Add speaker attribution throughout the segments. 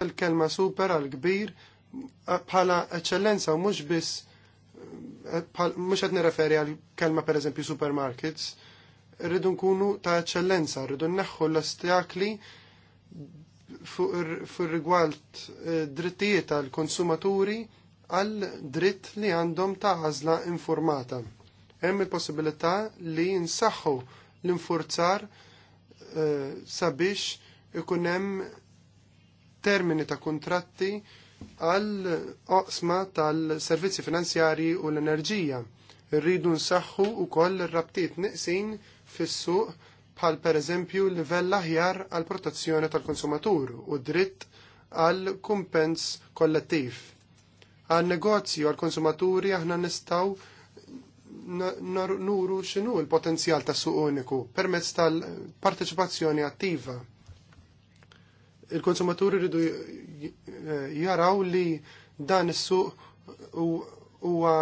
Speaker 1: l kelma super għal kbir bħala eccellenza u mhux biss eh, mhux qed nirreferi għal kelma pereżempju supermarkets, rridu nkunu ta' eccellenza, rridu nneħħu l-ostakli fu rigward eh, drittijiet tal-konsumaturi għal dritt li għandhom ta' għażla informata. Hemm il-possibilità li nsaħħu l-infurzar eh, sabiex ikun hemm termini ta' kontratti għal oqsma tal-servizzi finanzjari u l-enerġija. Rridu nsaħħu u koll rabtiet niqsin fis-suq bħal per eżempju livell aħjar għal protezzjoni tal-konsumatur u dritt għal kumpens kollettiv. Għal negozju għal konsumaturi aħna nistaw nuru xinu l-potenzjal ta' suq uniku permezz tal-parteċipazzjoni attiva il-konsumaturi rridu jaraw li dan is-suq huwa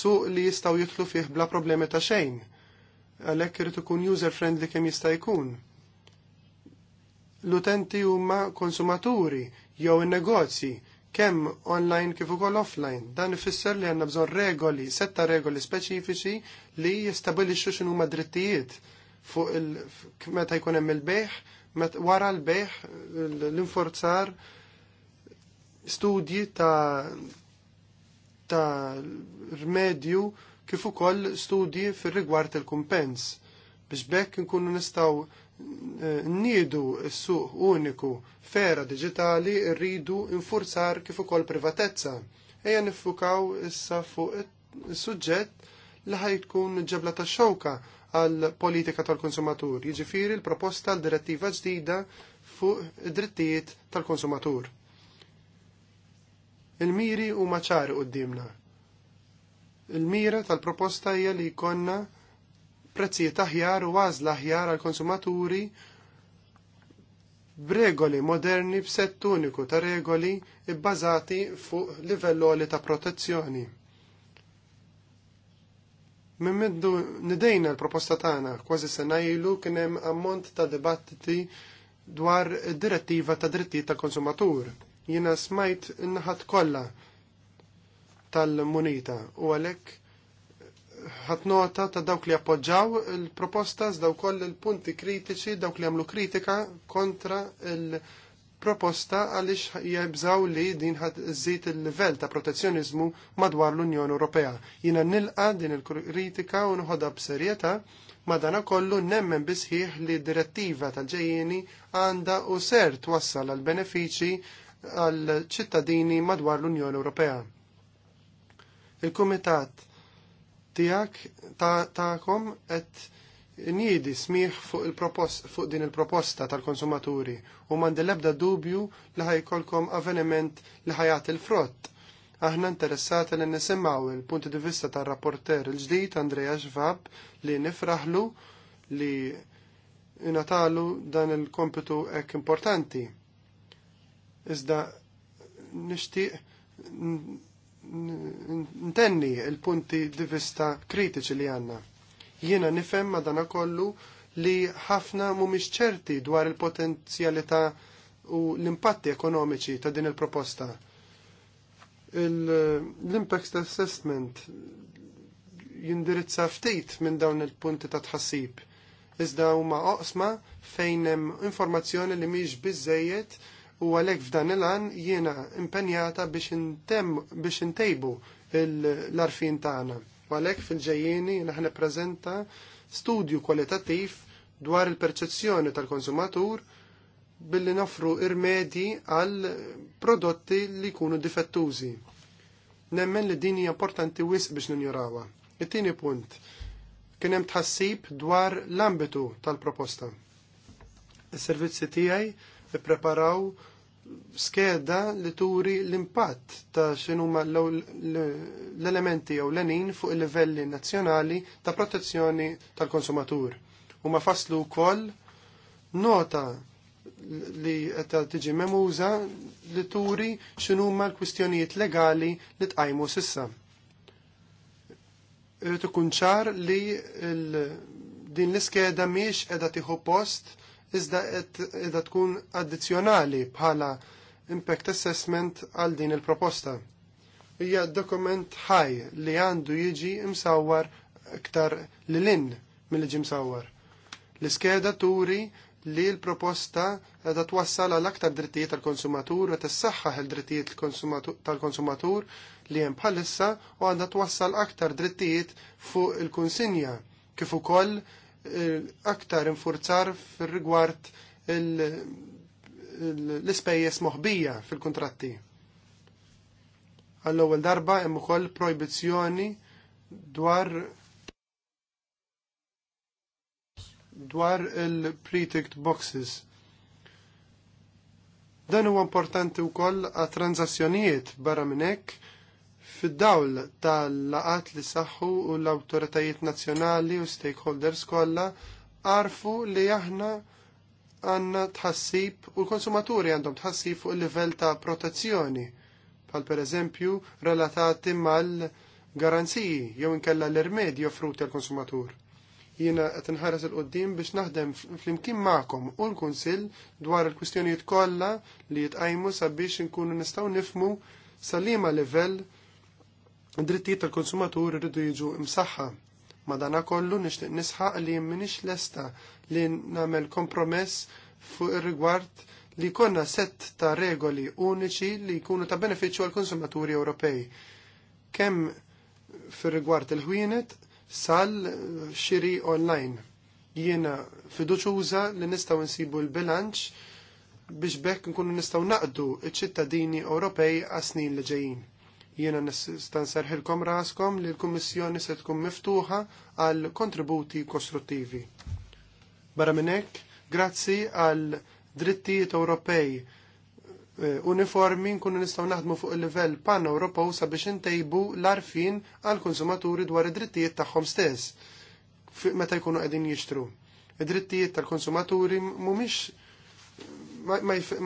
Speaker 1: suq li jistgħu jitlu fih bla problemi ta' xejn. Għalhekk irid ikun user friendly kemm jista' jkun. L-utenti huma konsumaturi jew in-negozji kemm online kif ukoll offline. Dan ifisser li għandna bżonn regoli, setta regoli speċifiċi li jistabilixxu x'inhuma drittijiet fuq il meta jkun hemm il-bejħ wara l beħ l-inforzar, studji ta' ta' rmedju kif ukoll studji fir-rigward il-kumpens biex bekk nkunu nistgħu eh, nniedu s-suq uniku fera digitali rridu infurzar kif ukoll privatezza. Ejja niffukaw issa fuq is-suġġett li ħajtkun ġebla ta' xewka għal politika tal-konsumatur, jġifiri l-proposta għal direttiva ġdida fuq id-drittijiet tal-konsumatur. Il-miri u maċari d-dimna. Il-mira tal-proposta hija li jkollna prezzijiet aħjar u għażla aħjar għal konsumaturi b'regoli moderni b'sett uniku ta' regoli bbażati fuq livell ta' protezzjoni Mimmiddu nidejna l-proposta tagħna kważi sena ilu kien hemm ammont ta' dibattiti dwar direttiva ta' drittijiet tal konsumatur. Jiena smajt in-naħat kollha tal-munita u għalhekk ħat nota ta' dawk li appoġġaw il-proposta daw koll il-punti kritiċi, dawk li għamlu kritika kontra il-proposta proposta għaliex jibżaw li din ħad żid il-livell ta' protezzjonizmu madwar l-Unjoni Ewropea. Jiena nilqa din il-kritika u nħodha b'serjetà madana kollu nemmen bisħiħ li direttiva tal-ġejjeni għanda u ser twassal għal benefiċi għal ċittadini madwar l-Unjoni Ewropea. Il-Kumitat tijak tagħkom ta et Niedi smieħ fuq, fuq din il-proposta tal-konsumaturi u mandi lebda dubju li ħajkolkom avveniment li ħajat il-frott. Aħna interessati li nisimaw il-punti di vista tal-rapporter il-ġdijt Andreja Xvab li nifraħlu li natalu dan il-kompitu ek importanti. Iżda nishtiq intenni il-punti di vista kritiċi li għanna Jiena nifhem madanakollu li ħafna mhumiex ċerti dwar il-potenzjalità u l-impatti ekonomiċi ta' din il-proposta. l impact assessment jindirizza ftit minn dawn il-punti ta' tħassib iżda huma oqsma fejn hemm informazzjoni li mhix biżejjed u għalhekk f'dan il-għan jiena impenjata biex intemm biex intejbu l-arfin tagħna. U għalhekk fil-ġejjieni naħna prezenta studju kwalitattiv dwar il-perċezzjoni tal-konsumatur billi nofru irmedi għal prodotti li jkunu difettużi. Nemmen li din hija importanti wisq biex ninjurawha. It-tieni punt kien hemm tħassib dwar l-ambitu tal-proposta. Is-servizzi tiegħi ippreparaw skeda li turi l-impatt ta' x'inhuma l-elementi jew l-enin fuq il-livelli nazzjonali ta' protezzjoni tal-konsumatur. U ma faslu wkoll nota li qed tiġi memuża li turi x'inhuma l-kwistjonijiet legali li tqajmu sissa. Irrid ikun ċar li din l-iskeda miex qiegħda tieħu post iżda edha tkun addizzjonali bħala impact assessment għal din il-proposta. Hija dokument ħaj li għandu jiġi imsawwar iktar li in mill-ġi msawwar. L-iskeda turi li l-proposta għada twassal għal aktar drittijiet tal-konsumatur u tissaħħaħ l drittijiet tal-konsumatur li hemm bħalissa u għandha twassal aktar drittijiet fuq il-kunsinja kif ukoll Eh, aktar infurzar fil-rigward l-ispejjeż moħbija fil-kontratti. Għall-ewwel darba hemm ukoll proibizzjoni dwar dwar il-pretict boxes. Dan huwa importanti wkoll għat tranzazzjonijiet barra minn hekk Fid-dawl tal-laqat li saħħu u l-autoritajiet nazzjonali u stakeholders kollha għarfu li aħna għanna tħassib u l-konsumaturi għandhom tħassib fuq il-livell ta' protezzjoni, pal per eżempju relatati mal-garanziji jew inkella l-irmedi offruti tal konsumatur jiena qed inħares il qoddim biex naħdem flimkien magħkom u l-Kunsill dwar il-kwistjonijiet kollha li jitqajmu sabiex inkunu nistgħu nifmu salima liema livell Id-drittijiet tal-konsumatur irridu jiġu imsaħħa. Madana kollu nixtieq nisħaq li minix lesta li nagħmel kompromess fuq ir-rigward li konna set ta' regoli uniċi li jkunu ta' benefiċċju għal konsumaturi Ewropej. Kemm fir-rigward il-ħwienet sal xiri online. Jiena fiduċuża li nistgħu nsibu l-bilanċ biex bekk nkunu nistgħu naqdu iċ-ċittadini Ewropej għas snin li ġejjin. Jiena nista' nserħilkom raskom li l-Kummissjoni se tkun miftuħa għal kontributi kostruttivi. Barra minn hekk, grazzi għal drittijiet Ewropej eh, uniformi nkunu nistgħu naħdmu fuq il-livell pan-Ewropew sabiex intejbu l-arfin għall konsumaturi dwar id-drittijiet tagħhom stess meta jkunu qegħdin jixtru. Id-drittijiet tal-konsumaturi mhumiex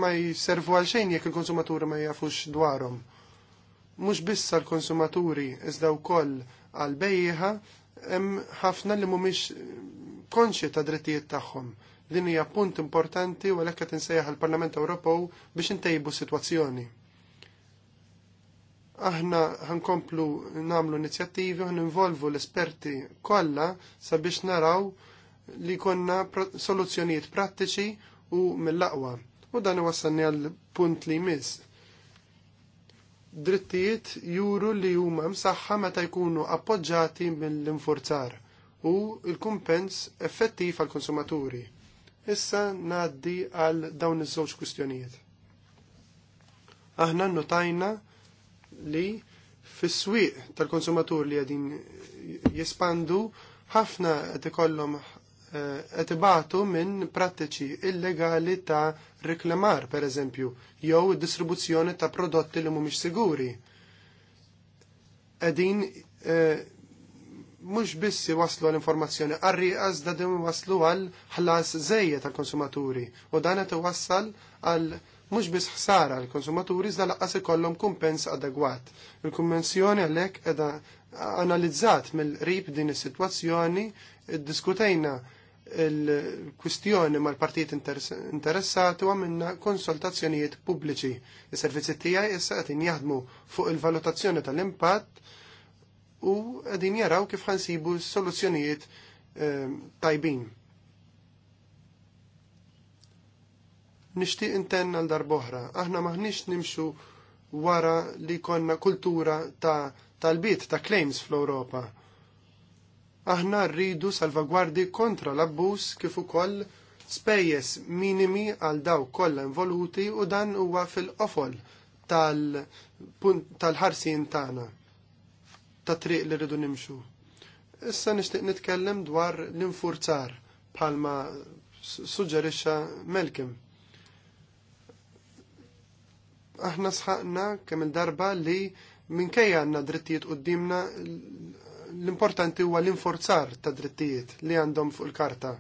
Speaker 1: ma jservu għal xejn jekk il-konsumaturi ma jafux dwarhom mhux biss l konsumaturi iżda wkoll għall-bejjeħa hemm ħafna li mhumiex konxi ta' drittijiet tagħhom. Din hija punt importanti u għalhekk qed insejjaħ il-Parlament Ewropew biex intejbu sitwazzjoni. Aħna ħankomplu nagħmlu inizjattivi u ninvolvu l-esperti kollha sabiex naraw li konna soluzzjonijiet prattiċi u mill-aqwa. U dan iwassalni għal punt li jmiss drittijiet juru li huma msaħħa meta jkunu appoġġati mill-infurzar u l-kumpens effettiv għal konsumaturi. Issa ngħaddi għal dawn iż-żewġ kwistjonijiet. Aħna notajna li fis-swieq tal-konsumatur li qegħdin jespandu ħafna qed ikollhom Eh, qed ibatu minn prattiċi illegali ta' reklamar, per eżempju, jew distribuzzjoni ta' prodotti li mhumiex siguri. Edin eh, mhux biss waslu għal informazzjoni qarri da din waslu għal ħlas żejjed tal-konsumaturi u dan qed iwassal għal mhux biss ħsara l konsumaturi iżda laqqas ikollhom kumpens adegwat. Il-Kummenzjoni għalhekk qiegħda analizzat mill-qrib din is-sitwazzjoni, diskutejna il-kwistjoni mal-partijiet interessati u għamilna konsultazzjonijiet pubbliċi. Is-servizzi tiegħi issa għatin jaħdmu fuq il-valutazzjoni tal-impatt u qegħdin jaraw kif ħansibu soluzzjonijiet eh, tajbin. Nixtieq inten għal darboħra, aħna maħniex nimxu wara li konna kultura ta' tal-bit ta' claims fl-Europa aħna rridu salvagwardi kontra l-abbuż kif ukoll spejjeż minimi għal daw kollha involuti u dan huwa fil-qofol tal-ħarsin tagħna ta' triq li rridu nimxu. Issa nixtieq nitkellem dwar l-infurzar bħalma suġġerixxa Melkim. Aħna sħaqna kemm il-darba li minkejja għandna drittijiet qudiemna l-importanti huwa l-inforzar ta' drittijiet li għandhom fuq il-karta.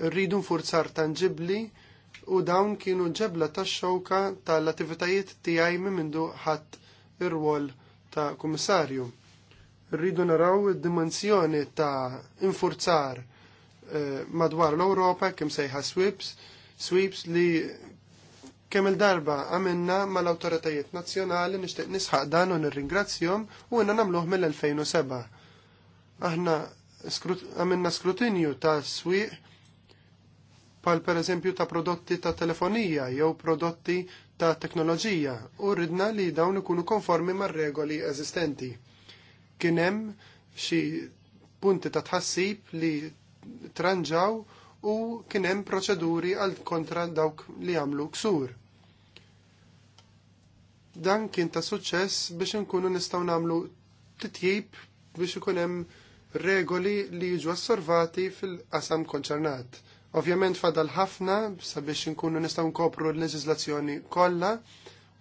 Speaker 1: Rridu nfurzar tangibli u dawn kienu ġebla tax xewka tal-attivitajiet tiegħi mindu ħadd ir-rwol ta' kummissarju. Rridu naraw id-dimensjoni ta' infurzar eh, madwar l-Ewropa kemm sejħa sweeps, sweeps li Kemm il-darba għamilna mal-awtoritajiet nazzjonali nixtieq nisħaq dan u nirringrazzjom u għandna nagħmluh mill-2007. Aħna għamilna skrutinju ta' swiq pal per eżempju ta' prodotti ta' telefonija jew prodotti ta' teknoloġija u rridna li dawn ikunu konformi mar-regoli eżistenti. Kien hemm xi punti ta' tħassib li tranġaw u kien hemm proċeduri għal kontra dawk li għamlu ksur dan kien ta' suċċess biex inkunu nistgħu nagħmlu titjib biex ikun hemm regoli li jiġu assorvati fil-qasam konċernat. Ovvjament fadal ħafna sabiex inkunu nistgħu nkopru l leġizlazzjoni kollha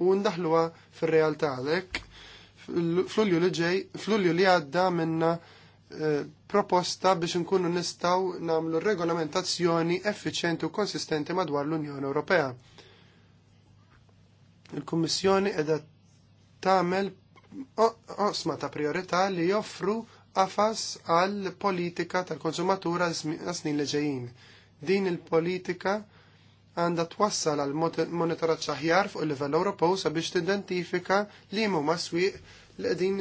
Speaker 1: u ndaħluha fir-realtà għalhekk. Flulju li ġej, flulju li għadda minna eh, proposta biex nkunu nistaw namlu regolamentazzjoni effiċjenti u konsistenti madwar l-Unjoni Ewropea. Il-Kummissjoni qiegħda tagħmel osma ta' priorità li joffru għafas għal politika tal-konsumatura snin li ġejjin. Din il-politika għandha twassal għal monitorat ċaħjar fuq il-livell Ewropew sabiex tidentifika li huma swieq li qegħdin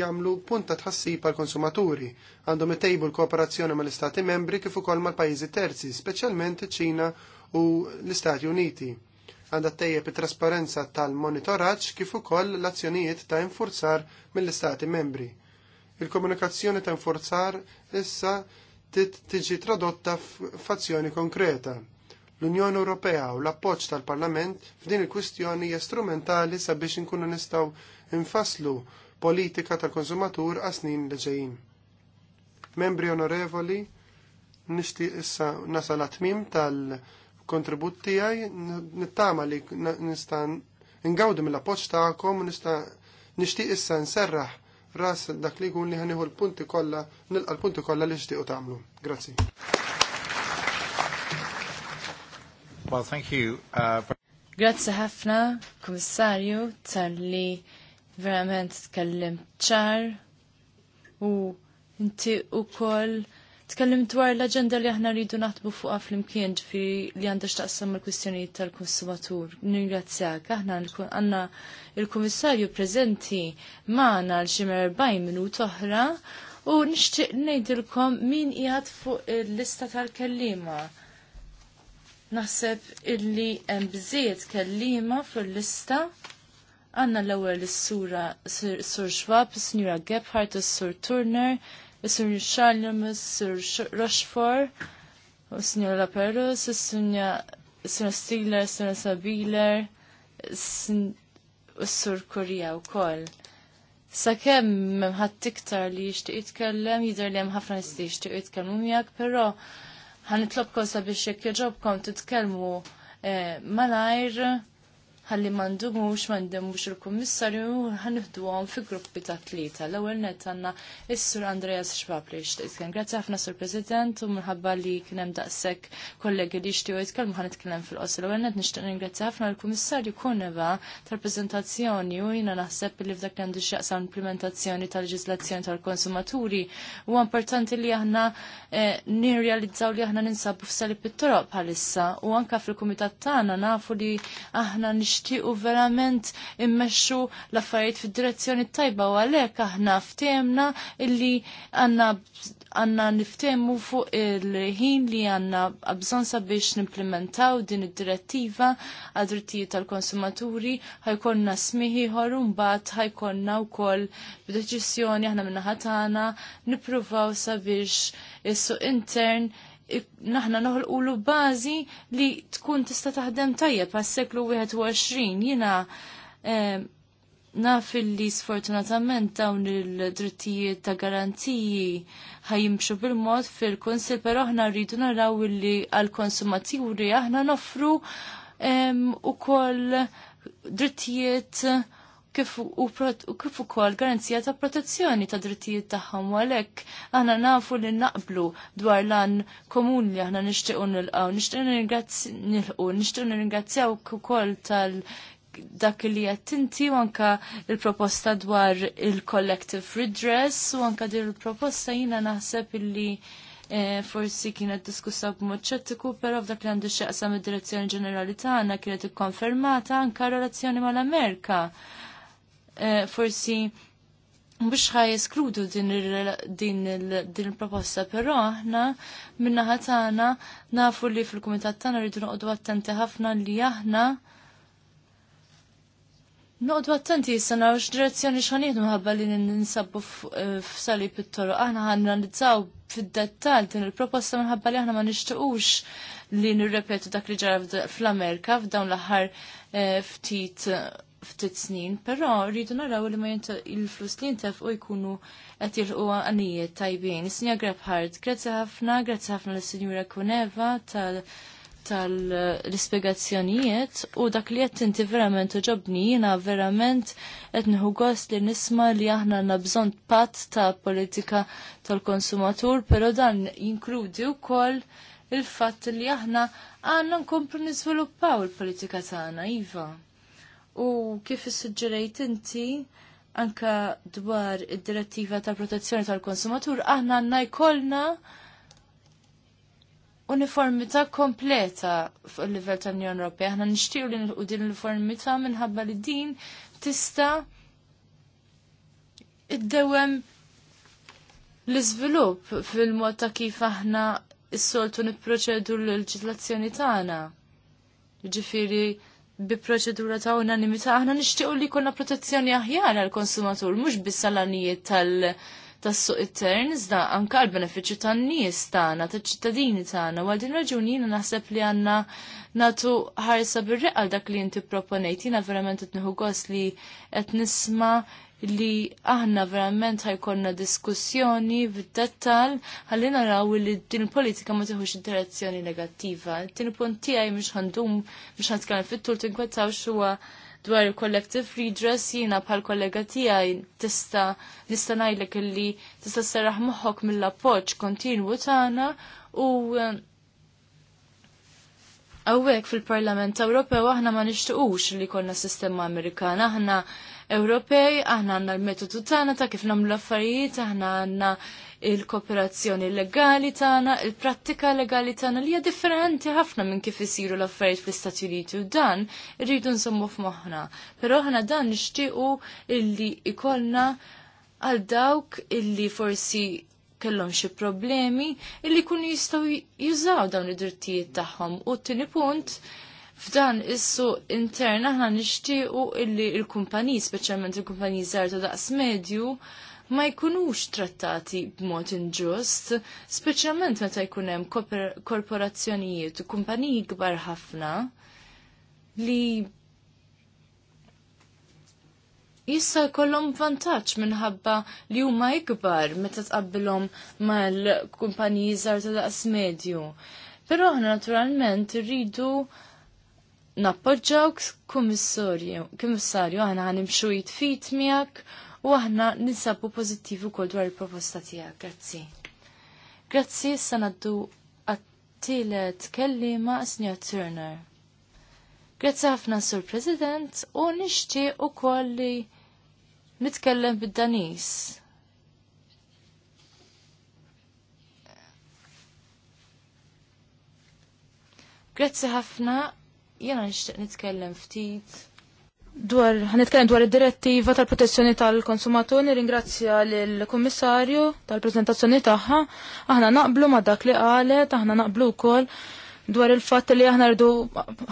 Speaker 1: jagħmlu punta tħassib għal konsumaturi għandhom itejbu l-kooperazzjoni mal-Istati membri kif ukoll mal-pajjiżi terzi, speċjalment iċ-Ċina u l-Istati Uniti għandha tejjeb it-trasparenza tal-monitoraġġ kif ukoll l-azzjonijiet ta' infurzar mill-Istati membri. Il-komunikazzjoni ta' infurzar issa tiġi tradotta f'azzjoni konkreta. L-Unjoni Ewropea u l-appoġġ tal-Parlament f'din il-kwistjoni hija strumentali sabiex inkunu nistgħu infaslu politika tal-konsumatur għas-snin li ġejjin. Membri onorevoli, nixtieq issa nasal tmim tal- kontribut tiegħi nittama li nista' ngawdu mill-appoġġ tagħkom u nista' nixtieq issa nserraħ ras dak li jkun li ħanieħu l-punti kollha nilqa' l-punti kollha li xtiequ tagħmlu. Grazzi. Well, thank you. Uh,
Speaker 2: Grazzi ħafna, komissarju, tal-li verament tkellim ċar u inti u koll Tkellim dwar l-agenda li aħna rridu naħdbu fuqha fl-imkien fi li għandha x'taqsam mal-kwistjonijiet tal-konsumatur. Ningrazzjak, aħna għandna il-Kummissarju preżenti magħna l xi 40 minut oħra u nixtieq ngħidilkom min qiegħed fuq il-lista tal-kellima. Naħseb illi hemm bżejjed kellima fil-lista għanna l-ewwel is-sura Sur Schwab, is-Sinjura Gebhardt, is-Sur Turner, Is-Sur Charles, Sur Rochefort, u Signor Laperus, Sr. Stigler, Sr. Sabiler, u Sur Korea u koll. Sakemm memħat tiktar li jishti jitkellem, jidher li hemm ħafna itkellem umjak, pero miegħek, però ħanitlobkom sabiex jekk jogħġobkom titkellmu eh, malajr ħalli mandumux mandumux il-kommissarju ħanihdu għom fi gruppi ta' tlita. L-ewel net għanna Is-Sur Andreas Schwab li grazie għafna ħafna Sur President u minħabba li kienem daqsek kollegi li u jitkellmu ħan itkellem fil-qosor. L-ewel net nixtieq ringrazzja ħafna l-Kummissarju Kuneva tal-preżentazzjoni u jiena naħseb li f'dak li għandu x'jaqsam implementazzjoni tal-leġislazzjoni tal-konsumaturi u importanti li aħna eh, nirrealizzaw li aħna ninsabu f'salib it pittorop bħalissa u għanka fil-kumitat tagħna nafu li aħna nix nixtiequ verament immexxu l-affarijiet fid-direzzjoni tajba u għalhekk aħna ftehmna illi għandna għanna niftemmu fuq il-ħin li għanna għabżon sabiex nimplementaw din id-direttiva għad-drittijiet tal-konsumaturi ħajkonna smiħi ħoru bat ħajkonna wkoll b'deċizjoni aħna minnaħa tagħna nippruvaw sabiex is-suq intern naħna l bażi li tkun tista' taħdem tajjeb għas-seklu 21 jiena naf li sfortunatament dawn il-drittijiet ta' garantiji ħajimxu bil-mod fil konsil pero aħna rridu naraw li għal-konsumaturi aħna noffru u koll drittijiet kif u kif ukoll garanzija ta' protezzjoni ta' drittijiet tagħhom u għalhekk aħna nafu li naqblu dwar lan komuni li aħna nixtiequ nilqgħu, nixtiequ nilqgħu, nixtiequ nirringrazzjaw ukoll tal dak li jattinti u anka il-proposta dwar il-collective redress u anka dir il-proposta jina naħseb illi eh, forsi kienet diskussa b'mod ċettiku, però f'dak li għandu xieqsam id-direzzjoni ġenerali tagħna kienet ikkonfermata anka relazzjoni mal-Amerika. Eh, forsi biex ħaj eskludu din il-proposta, pero aħna minnaħa tagħna nafu li fil-kumitat tagħna rridu noqogħdu attenti ħafna li aħna Noqdu attenti jissana u x-direzzjoni xħaniħdu ħabba li ninsabbu eh, f-sali pittoru. Aħna ħanna nizzaw fil-dettal din il-proposta minħabba li aħna ma nishtuqux li nirrepetu dak li ġara fl-Amerika f'dawn l-aħħar eh, ftit ftit snin, però rridu naraw li ma il-flus li jintef u jkunu qed jilqu għanijiet tajbin. Sinja Grabhardt, grazzi ħafna, grazzi ħafna l-Sinjura Kuneva tal tal-rispiegazzjonijiet u dak li qed inti verament uġobni jiena verament qed nieħu gost li nisma li aħna għandna bżonn patt ta' politika tal-konsumatur, però dan jinkludi wkoll il-fatt li aħna għandna nkomplu niżviluppaw il-politika tagħna, iva u kif suġġerejt inti anka dwar id-direttiva tal protezzjoni tal-konsumatur aħna għandna jkollna uniformità kompleta fuq il-livell tal-Unjoni Ewropea. Aħna nixtiequ li nilqu din l-uniformità minħabba li din tista' iddewem l-iżvilupp fil-mod ta' kif aħna s-soltu nipproċedu l-leġislazzjoni tagħna. Ġifieri bi proċedura ta' unanimità, aħna nixtiequ li jkollna protezzjoni aħjar għall konsumatur mhux biss salanijiet anijiet tal- tas-suq it-tern, iżda anke għall-benefiċċju tan-nies tagħna, taċ-ċittadini tagħna, u għal din raġuni jiena naħseb li għandna nagħtu ħarsa bir reqqal dak li inti proponejt. Jiena verament qed nieħu gost li qed nisma' li aħna verament ħajkonna diskussjoni fid-dettal ħalli naraw li din politika ma tieħux interazzjoni negattiva. Tin punt tiegħi mhux ħandum mhux ħantkellem fit-tul tinkwettaw xuwa dwar il-collective redress jina bħal kollega tiegħi tista' nista' ngħidlek li tista' serraħ moħħok mill-appoġġ kontinwu tagħna u Għawek eh, fil-Parlament Ewropew aħna ma nixtiqux li konna sistema Amerikana, aħna Ewropej, aħna għandna l-metodu tagħna ta' kif nagħmlu l-affarijiet, aħna għandna il-kooperazzjoni legali tagħna, il-prattika legali tagħna li hija differenti ħafna minn kif isiru l-affarijiet fl-Istati Uniti u dan irridu nsommu f'moħħna. Però aħna dan nixtiequ illi ikolna għal dawk illi forsi kellhom xi problemi illi jkunu jistgħu jużaw dawn id-drittijiet tagħhom. U t-tieni punt f'dan is-suq intern aħna nixtiequ illi l-kumpaniji, speċjalment il-kumpaniji żgħar ta' daqs medju, ma jkunux trattati b'mod inġust, speċjalment meta jkun hemm korporazzjonijiet u kumpaniji kbar ħafna li jissa jkollhom vantaġġ minħabba li huma ikbar meta tqabbilhom mal-kumpaniji żgħar ta' daqs medju. Però aħna naturalment irridu nappoġġawk kummissarju aħna ħanimxu jitfit miegħek u aħna ninsabu pożittivi wkoll dwar il-proposta tiegħek. Grazzi. Grazzi sanaddu ngħaddu għat-tielet kellima Turner. Grazzi ħafna Sur President u nixtieq ukoll li nitkellem bid-Danis. Grazzi ħafna Jena nixtieq nitkellem ftit
Speaker 3: dwar nitkellem dwar id-direttiva tal-protezzjoni tal-konsumaturi, ringrazzja lill-Kummissarju tal-preżentazzjoni tagħha. Aħna naqblu ma' dak li qalet, aħna naqblu wkoll dwar il-fatt li aħna rdu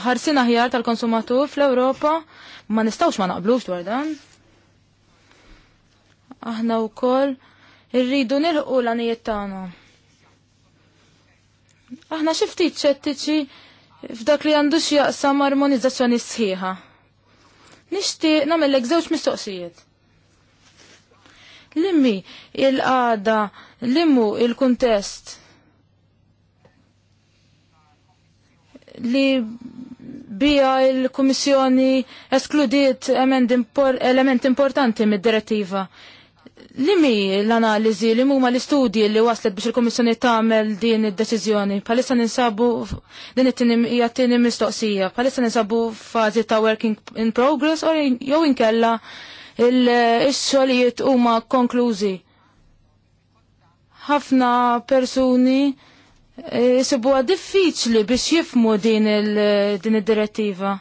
Speaker 3: ħarsin aħjar tal-konsumatur fl-Ewropa, ma nistgħux ma naqblux dwar dan. Aħna wkoll irridu nilħqu l-għanijiet tagħna. Aħna xi ftit ċettiċi f'dak li għandu jaqsam armonizzazzjoni sħiħa. Nixtieq nagħmellek żewġ mistoqsijiet. Limmi il għada limmu il-kuntest li bija il-Kummissjoni eskludiet element, element importanti mid-direttiva Limi l-analizi, li ma l-istudji li waslet biex il-Komissjoni tagħmel din id-deċiżjoni? Palissa ninsabu din it-tinimija tinim mistoqsija, palissa ninsabu fazi ta' working in progress or jow inkella il-xogħlijiet huma konklużi. Ħafna persuni jisibuha eh, diffiċli biex jifmu din id-direttiva.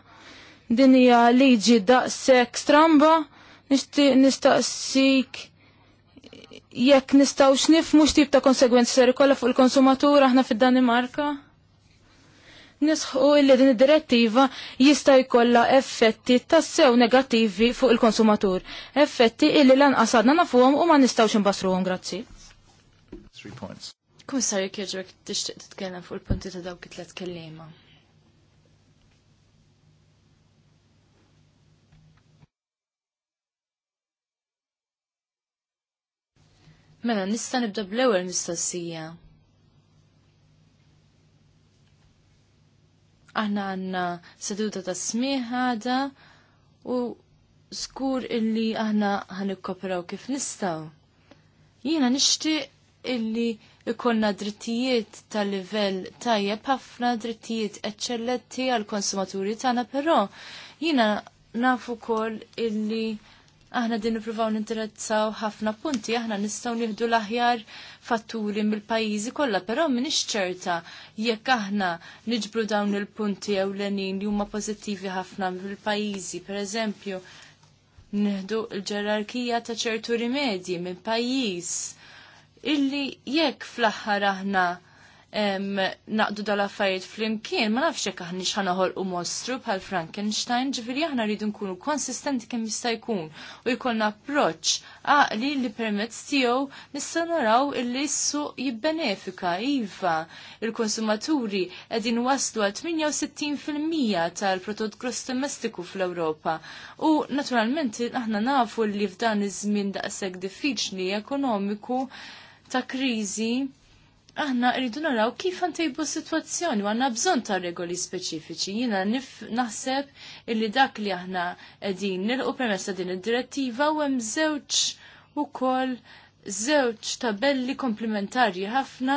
Speaker 3: Din hija liġi daqshekk stramba nistaqsik jekk nistaw mux tip ta' konsegwenzi ser ikollha fuq il-konsumatur aħna fid-Danimarka. Nisħu illi din id-direttiva jista' jkollha effetti tassew negattivi fuq il-konsumatur. Effetti illi lanqas għadna nafuhom u ma nistgħux imbassruhom grazzi.
Speaker 2: Kummissarju Kirġwek tixtieq titkellem fuq il-punti ta' dawk it tlet kelliema. Mela, nista' nibda bl-ewwel mistoqsija. Aħna għandna seduta ta' smieħ u skur illi aħna ħanikkoperaw kif nistgħu. Jiena nixtieq illi ikollna drittijiet tal livell tajjeb ħafna drittijiet eċċellenti għall konsumaturi tagħna, però jiena nafu wkoll illi aħna din nipruvaw ninteressaw ħafna punti, aħna nistgħu nieħdu l-aħjar fatturi mill-pajjiżi kollha, però m'iniex ċerta jekk aħna niġbru dawn il-punti ewlenin li huma pożittivi ħafna mill-pajjiżi, pereżempju nieħdu l-ġerarkija ta' ċertu rimedji minn pajjiż illi jekk fl-aħħar aħna naqdu dal-affarijiet flimkien, ma nafx jekk aħna xanaħol u mostru bħal Frankenstein, ġifiri aħna rridu nkunu konsistenti kemm jista' jkun u jkollna approċċ għaqli li permezz tiegħu nista' naraw illi s jibbenefika iva il-konsumaturi qegħdin waslu għal 68% tal-prodott gross domestiku fl-Ewropa. U naturalment aħna nafu li f'dan iż-żmien daqshekk diffiċli ekonomiku ta' kriżi aħna rridu naraw kif ntejbu s-sitwazzjoni u għanna bżon ta' regoli speċifiċi. Jina naħseb illi dak li aħna edin nilqu permessa din id-direttiva u hemm żewġ ukoll żewġ tabelli komplementarji ħafna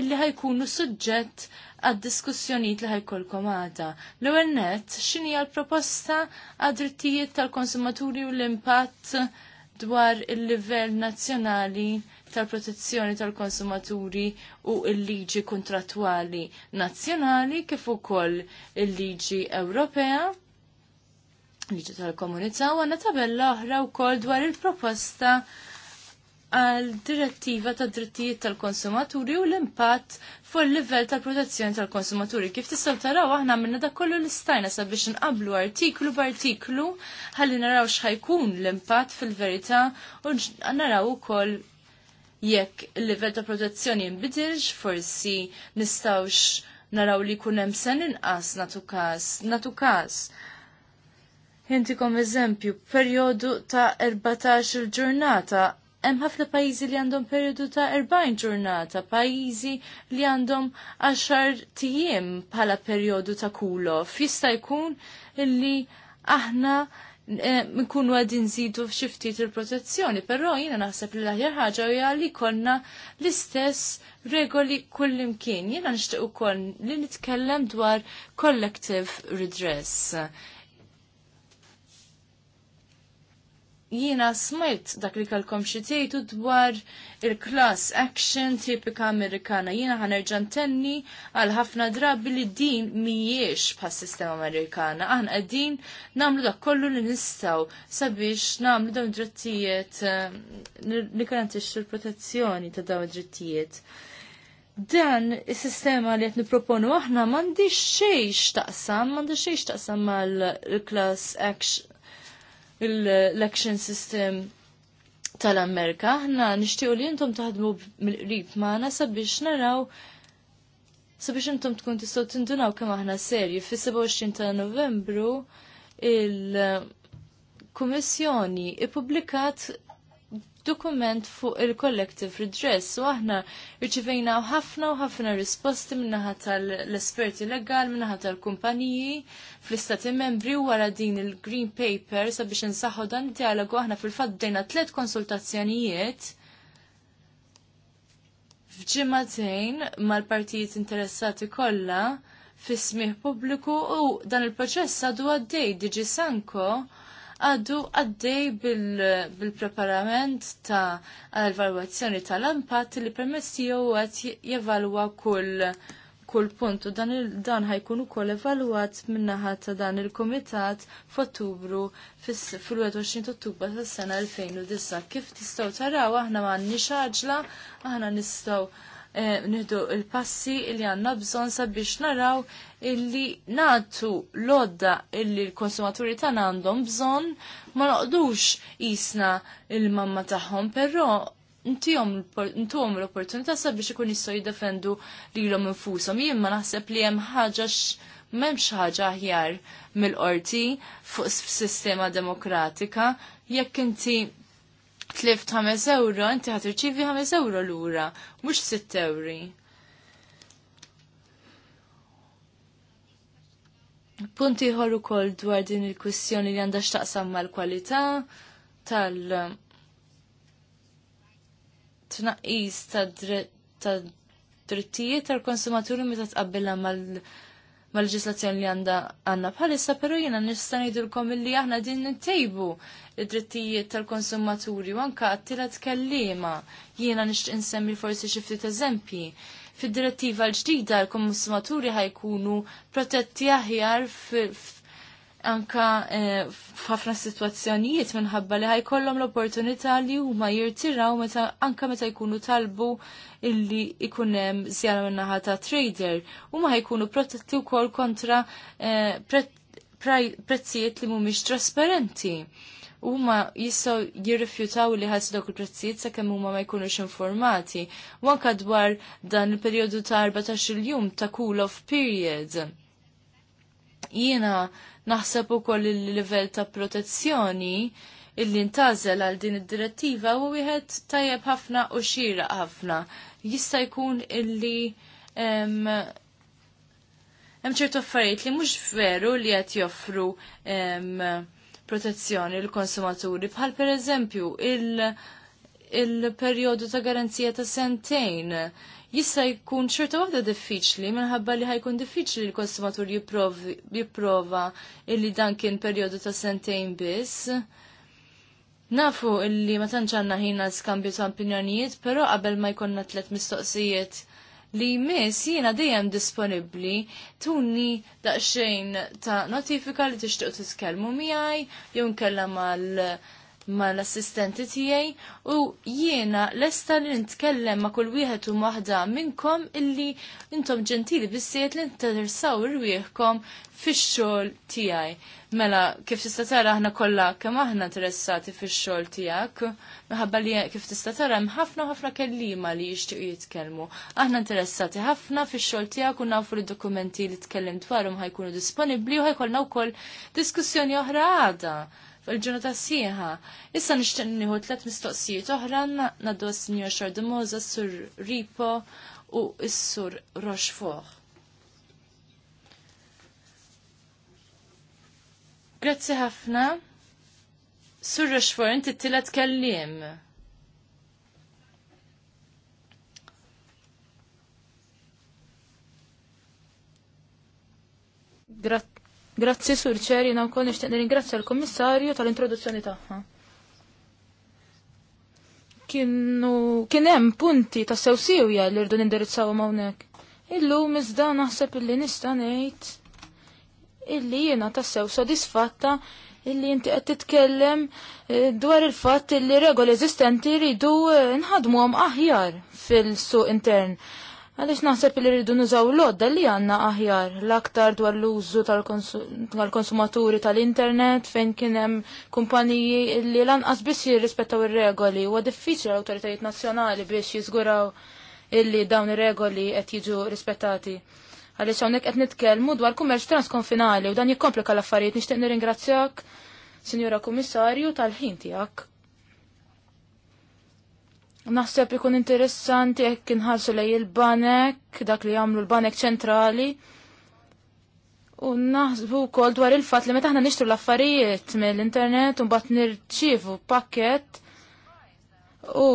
Speaker 2: illi ħajkunu suġġett għad diskussjonijiet li ħajkolkom għada. L-ewwel nett x'inhi l-proposta għad-drittijiet tal-konsumaturi u l-impatt dwar il-livell nazzjonali tal-protezzjoni tal-konsumaturi u l-liġi kontrattwali nazzjonali kif ukoll il-liġi Ewropea liġi tal-komunità u għanna tabella oħra wkoll dwar il-proposta għal direttiva ta' drittijiet tal-konsumaturi u l-impatt fuq il-livell tal-protezzjoni tal-konsumaturi. Kif tistgħu taraw aħna minna dak kollu l-istajna sabiex inqablu artiklu b'artiklu ħalli naraw x'ħajkun l-impatt fil-verità u naraw ukoll jekk il-livell ta' protezzjoni jinbidilx, forsi nistawx naraw li kun hemm sen inqas natu każ, natu każ. Intikom eżempju, perjodu ta' 14 il-ġurnata hemm ħafna pajjiżi li għandhom perjodu ta' 40 ġurnata, pajjiżi li għandhom 10 tijiem bħala perjodu ta' kulof. Jista' jkun illi aħna Eh, nkunu għadin zidu f'xiftit il-protezzjoni, però jina naħseb li l-aħjar ħaġa u li konna l-istess regoli kullimkien. Jina nishtiq u koll li nitkellem dwar collective redress. Jiena smajt dak li kalkom xi dwar il-class action tipika Amerikana. Jiena ħanerġa' ntenni għal ħafna drabi li din mhijiex pas sistema Amerikana. Aħna għaddin nagħmlu dak kollu li nistgħu sabiex nagħmlu dawn drittijiet li eh, garantixxu l-protezzjoni ta' dawn id-drittijiet dan is sistema li qed nipproponu aħna m'għandix xejn taqsam, m'għandix xejn taqsam mal-class action l-election system tal-Amerika. Aħna nixtiequ li intom taħdmu mill-qrib magħna sabiex naraw sabiex intom tkun tistgħu tindunaw kemm aħna serji. Fis-27 ta' Novembru il-Kummissjoni ippubblikat dokument fuq il-collective redress u aħna rċivejna ħafna u ħafna risposti minnaħa tal-esperti legal, minnaħa tal-kumpaniji fl-istati membri u wara din il-green paper sabiex nsaħħu dan dialogu aħna fil-fatt dejna tliet konsultazzjonijiet f'ġimatejn mal-partijiet interessati kollha fis-smih pubbliku u dan il-proċess għaddu għaddej diġi sanko għaddu għaddej bil-preparament ta' evalwazzjoni tal-impatt li permessi jew għat jevalwa kull kull punt u dan, dan ħajkun ukoll evalwat minnaħa ta' dan il-komitat f'Ottubru fil-21 Ottubru tas-sena 2009. Kif tistaw taraw aħna m'għandniex għaġla, aħna nistgħu eh, nihdu il-passi li għandna bżonn sabiex naraw illi natu lodda illi l-konsumaturi tan għandhom bżon ma noqdux isna il-mamma tagħhom, però ntijom l-opportunità sabiex ikun jistgħu jiddefendu lilhom infushom. Jien ma naħseb li hemm ħaġa m'hemmx ħaġa aħjar mill-qorti fuq sistema demokratika jekk inti tlift 5 euro, inti ħatirċivi 5 euro lura, mhux 6 euro. Punti ħorru ukoll dwar din il-kwistjoni li għandha x'taqsam mal-kwalità tal um, tnaqqis ta' drittijiet tal-konsumaturi meta tqabbilha mal-leġislazzjoni li għanda għandna bħalissa, però jiena nista' ngħidulkom li aħna din nittejbu id-drittijiet tal-konsumaturi u anke għattila tkellima. Jiena nixtieq insemmi forsi xi ftit eżempji fid-direttiva l-ġdida l-konsumaturi ħajkunu protetti aħjar anka eh, f'ħafna situazzjonijiet minħabba li ħajkollhom l-opportunità li huma jirtiraw meta anka meta jkunu talbu illi ikun hemm żjara min-naħa ta' trader huma ħajkunu protetti wkoll kontra eh, prezzijiet li mhumiex trasparenti huma jistgħu jirrifjutaw li ħassu dawk il-prezzijiet sakemm huma ma jkunux informati. U anke dwar dan il-perjodu ta' 14 jum ta' cool-off period. Jiena naħseb ukoll il-livell ta' protezzjoni illi ntażel għal din id-direttiva u wieħed tajjeb ħafna u xieraq ħafna. Jista' jkun illi hemm ċertu affarijiet li mhux veru li qed joffru protezzjoni l-konsumaturi bħal per eżempju il-periodu il ta' garanzija ta' sentejn jista' jkun ċerta waħda diffiċli minħabba li ħajkun diffiċli l-konsumatur jipprova illi dan kien perjodu ta' sentejn biss. Nafu illi ma tantx għandna ħina skambju ta' opinjonijiet, però qabel ma jkollna tliet mistoqsijiet li jmiss jiena dejjem disponibbli tuni daqsxejn ta' notifika li tixtieq titkellmu miegħi jew nkellem mal ma l-assistenti tiegħi u jiena lesta li nitkellem ma' kull wieħed u maħda minnkom illi intom ġentili bissiet li ninteressaw irwieħkom fix-xogħol tiegħi. Mela, kif tista' tara aħna kollha kemm aħna interessati fix-xogħol tiegħek, minħabba li kif tista' tara hemm ħafna ħafna kelliema li jixtiequ jitkellmu. Aħna interessati ħafna fix-xogħol tiegħek u nafu li dokumenti li tkellim dwarhom ħajkunu disponibbli u u wkoll diskussjoni oħra għada fil ta' sieħa. Issa nixtieq nieħu tliet mistoqsijiet oħra naddu s-Sinjor Xordemoza, Sur Ripo u s-Sur Roxfoħ. Grazzi ħafna. Sur Roxfoħ, inti t-tila kellim. Grazzi
Speaker 3: Grazzi, Sur Ċeri, na wkoll nixtieq nirringrazzja l-Kummissarju tal-introduzzjoni tagħha. Kienu kien hemm punti ta' sew sewja li rdu nindirizzawhom hawnhekk. Illum iżda naħseb illi nista' ngħid illi jiena tassew sodisfatta illi inti qed titkellem eh, dwar il-fatt illi regoli eżistenti jridu eh, nħadmuhom aħjar fil-suq intern. Għalix naħseb li rridu nużaw l-odda li għanna aħjar l-aktar dwar l-użu tal-konsumaturi tal-internet fejn kienem kumpaniji li lanqas biss jirrispettaw ir-regoli u diffiċli l-autoritajiet nazzjonali biex jiżguraw illi dawn ir-regoli qed jiġu rispettati. Għalix hawnhekk qed nitkellmu dwar kummerċ transkonfinali u dan jikkomplika l-affarijiet nixtieq nirringrazzjak, Sinjura Kummissarju, tal-ħin tiegħek. Naħseb ikun interessanti jekk inħarsu lej il-banek, dak li jagħmlu l-banek ċentrali. U naħsbu kol dwar il-fat li meta aħna nixtru l-affarijiet mill-internet u mbagħad nirċievu pakket u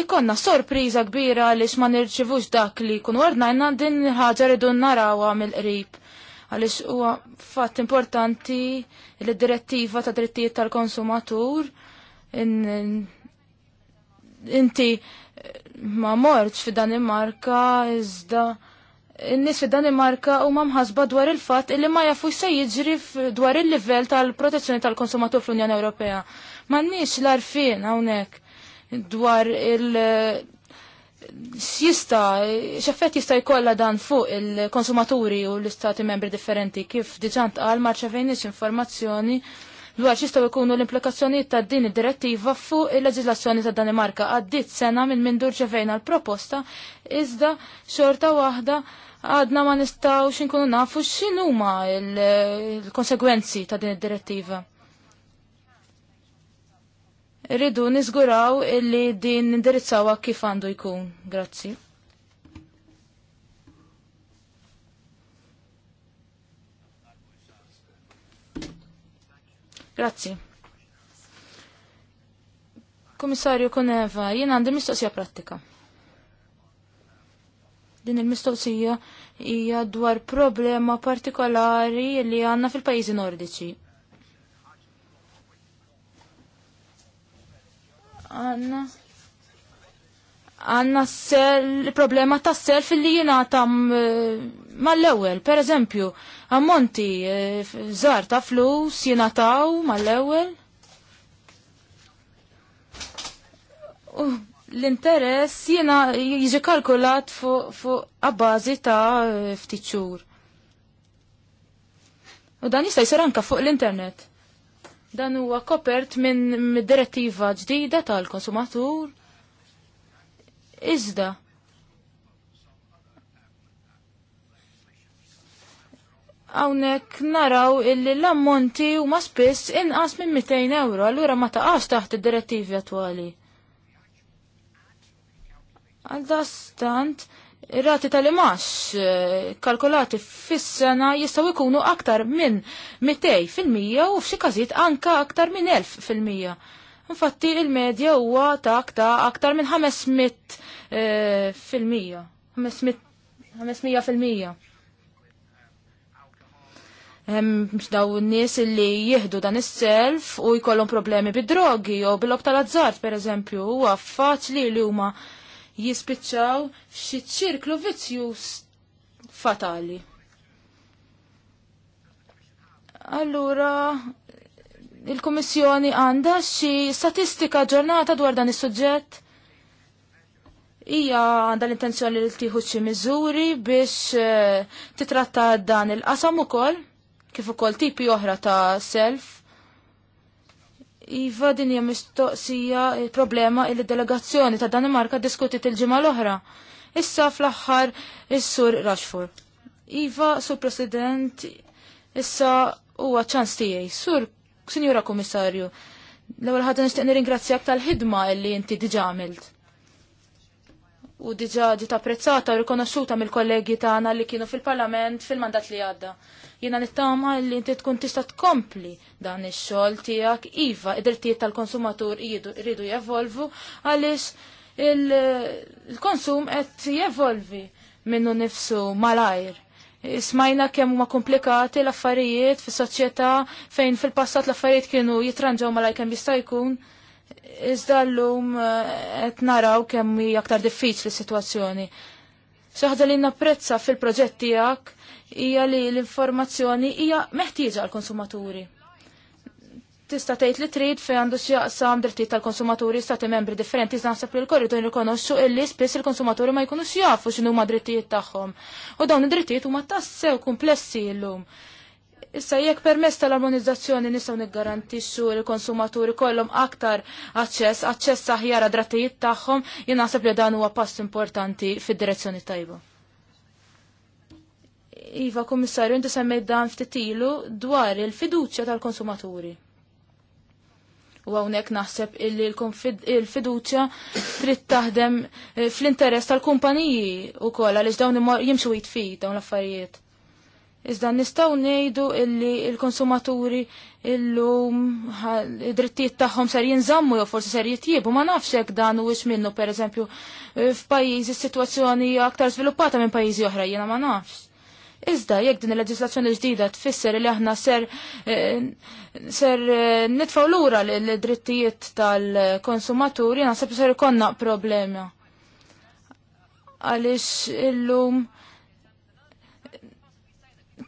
Speaker 3: ikonna sorpriża kbira għaliex ma nirċivux dak li kun ordnajna din ħaġa rridu narawha mill-qrib. Għaliex huwa fatt importanti li d direttiva ta' drittijiet tal-konsumatur inti eh, ma morċ fi Danimarka iżda n-nis fi Danimarka u mħasba dwar il-fat illi ma jafu se jiġri dwar il-livell tal-protezzjoni tal-konsumatur fl-Unjoni Ewropea. Ma n-nis l-arfin hawnhekk dwar il- Sista, xaffet jista jkolla dan fuq il-konsumaturi u l-istati membri differenti, kif diġant għal marċa fejnix informazzjoni dwar x'jistgħu jkunu l-implikazzjonijiet ta' din id-direttiva fuq il leġislazzjoni ta' Danimarka. Għaddit sena minn mindur ġevejna l-proposta iżda xorta waħda għadna ma nistgħux inkunu nafu x'inhuma l-konsegwenzi ta' din id-direttiva. Rridu niżguraw illi din indirizzawa kif għandu jkun. Grazzi. Grazzi. Komissarju Kuneva, jien għandi mistoqsija pratika. Din il-mistoqsija hija dwar problema partikolari li għandna fil-pajjiżi nordiċi. Anna għanna problema ta' self li jina tam mal-ewel, per eżempju, ammonti eh, zar ta' flus jina taw mal-ewel. L-interess jina jiġi kalkulat fuq fu għabbażi ta' ftitxur. U dan jista' jsir anka fuq l-internet. Dan huwa kopert minn direttiva ġdida tal-konsumatur Iżda hawnhekk naraw illi l-ammonti huma spiss inqas minn 200 euro, allura ma taqax taħt id-direttivi attwali. Għal dastant, rati tal-imax eh, kalkolati fis-sena jistgħu jkunu aktar minn 200 fil-mija u f'xi każijiet anka aktar minn 1000 fil-mija. Infatti il-medja huwa ta' ta' aktar minn 500 eh, fil-mija. 500 fil-mija. Hemm daw n-nies li jieħdu dan is-self u jkollhom problemi bid-drogi jew bil-lob tal per pereżempju huwa faċli li huma jispiċċaw f'xi ċirklu vizzjuż fatali. Allura, il-Kummissjoni għandha xi statistika ġurnata dwar dan is-suġġett? Ija għandha l-intenzjoni li tieħu xi miżuri biex eh, titratta dan il-qasam ukoll kif ukoll tipi oħra ta' self. Iva din hija mistoqsija il-problema il delegazzjoni ta' Danimarka diskutit il-ġimgħa l-oħra. Issa fl-aħħar is-sur Rashford. Iva, sur President, issa huwa ċans tiegħi. Sur Sinjura Komissarju, l-ewwel ħadd nixtieq nirringrazzjak tal-ħidma li inti diġà għamilt. U diġà ġiet apprezzata u rikonoxxuta mill-kollegi tagħna li kienu fil-Parlament fil-mandat li għadda. Jiena nittama li inti tkun tista' tkompli dan ix-xogħol tiegħek iva id-drittijiet tal-konsumatur jridu jevolvu għaliex il-konsum qed jevolvi minnu nifsu malajr smajna kemm huma komplikati l-affarijiet fis-soċjetà fejn fil-passat l-affarijiet kienu jitranġaw malaj kemm jista' jkun. Iżda llum eh, qed naraw kemm hi aktar diffiċli s-sitwazzjoni. Saħda li napprezza fil-proġett tiegħek hija li l-informazzjoni hija meħtieġa għall konsumaturi tista' tgħid li trid fejn għandu x'jaqsam drittijiet tal-konsumaturi stati membri differenti naħseb li l-korridu nirrikonoxxu illi spiss il-konsumaturi ma jkunux jafu x'inhu ma drittijiet tagħhom. U dawn id-drittijiet huma tassew komplessi llum. Issa jekk permess tal-armonizzazzjoni nistgħu niggarantixxu l konsumaturi kollhom aktar aċċess, aċċess aħjar drattijiet tagħhom, jien naħseb li dan huwa pass importanti fid-direzzjoni tajba. Iva, Kummissarju, inti semmejt dan ftitilu dwar il-fiduċja tal-konsumaturi. U hawnhekk naħseb illi l-fiduċja trid taħdem eh, fl-interess tal-kumpaniji wkoll għaliex dawn jimxu jitfi dawn l-affarijiet. Iżda nistgħu ngħidu illi l-konsumaturi illum id-drittijiet tagħhom ser jinżammu jew forsi ser jitjiebu ma nafx hekk dan huwiex minnu pereżempju eh, f'pajjiżi s-sitwazzjoni aktar sviluppata minn pajjiżi oħra jiena ma nafx. Iżda jekk din il-leġislazzjoni ġdida tfisser li aħna ser eh, ser eh, nitfaw lura l-drittijiet tal-konsumaturi naħseb ser konna problema. Għaliex illum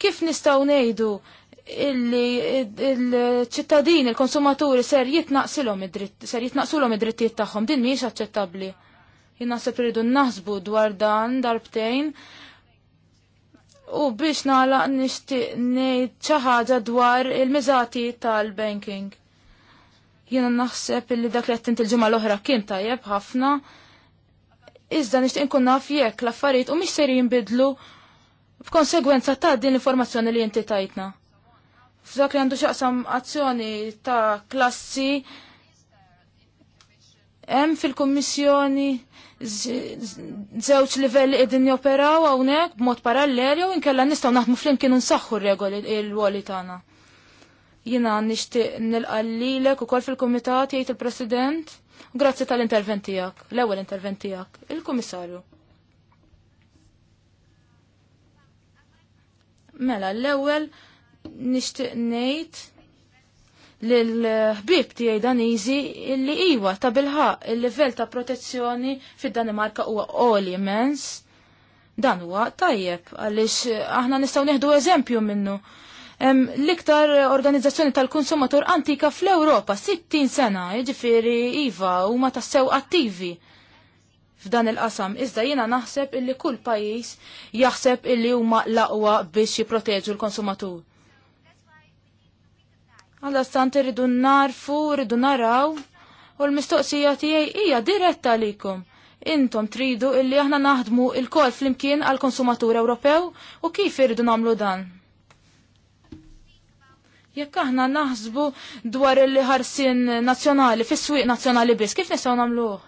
Speaker 3: kif nistgħu ngħidu illi il-ċittadin, il-konsumaturi ser jitnaqsilom id-dritt, ser jitnaqsulhom id-drittijiet tagħhom, din mhijiex aċċettabbli. Jien naħseb irridu naħsbu dwar dan darbtejn U biex nagħlaq nixtieq ngħid xi ħaġa dwar il-miżati tal-banking. Jiena naħseb li dak li qed il-ġimgħa l-oħra kien tajjeb ħafna. Iżda nixtieq nkun naf jekk l-affarijiet u mhix ser jinbidlu b'konsegwenza ta' din l-informazzjoni li inti tajtna. F'dak li għandu xaqsam azzjoni ta' klassi Hemm fil-Kummissjoni żewġ livelli qegħdin joperaw hawnhekk b'mod parallel jew inkella nistgħu naħdmu flimkien nsaħħu r-regoli l-woli tagħna. Jiena nixtieq nilqallilek ukoll fil-kumitat jgħid il-President. Grazzi tal-intervent tiegħek, l-ewwel intervent tiegħek, il-Kummissarju. Mela, l-ewwel nixtieq ngħid l-ħbib tiegħi Daniżi li iwa ta' bilħaq il-livell ta' protezzjoni fid-Danimarka huwa qoli immens. Dan huwa tajjeb għaliex aħna nistgħu nieħdu eżempju minnu. L-iktar organizzazzjoni tal-konsumatur antika fl-Ewropa 60 sena, jiġifieri iva huma tassew attivi f'dan il-qasam. Iżda jiena naħseb illi kull pajjiż jaħseb illi huma l biex jipproteġu l-konsumatur. Għalla stant irridu narfu, rridu naraw, u l-mistoqsija tiegħi hija diretta għalikom. Intom tridu illi aħna naħdmu il-kol fl-imkien għal-konsumatur Ewropew u kif irridu namlu dan? Jekk aħna naħsbu dwar il-ħarsin nazzjonali, fis-swieq nazzjonali biss, kif nistgħu nagħmluh?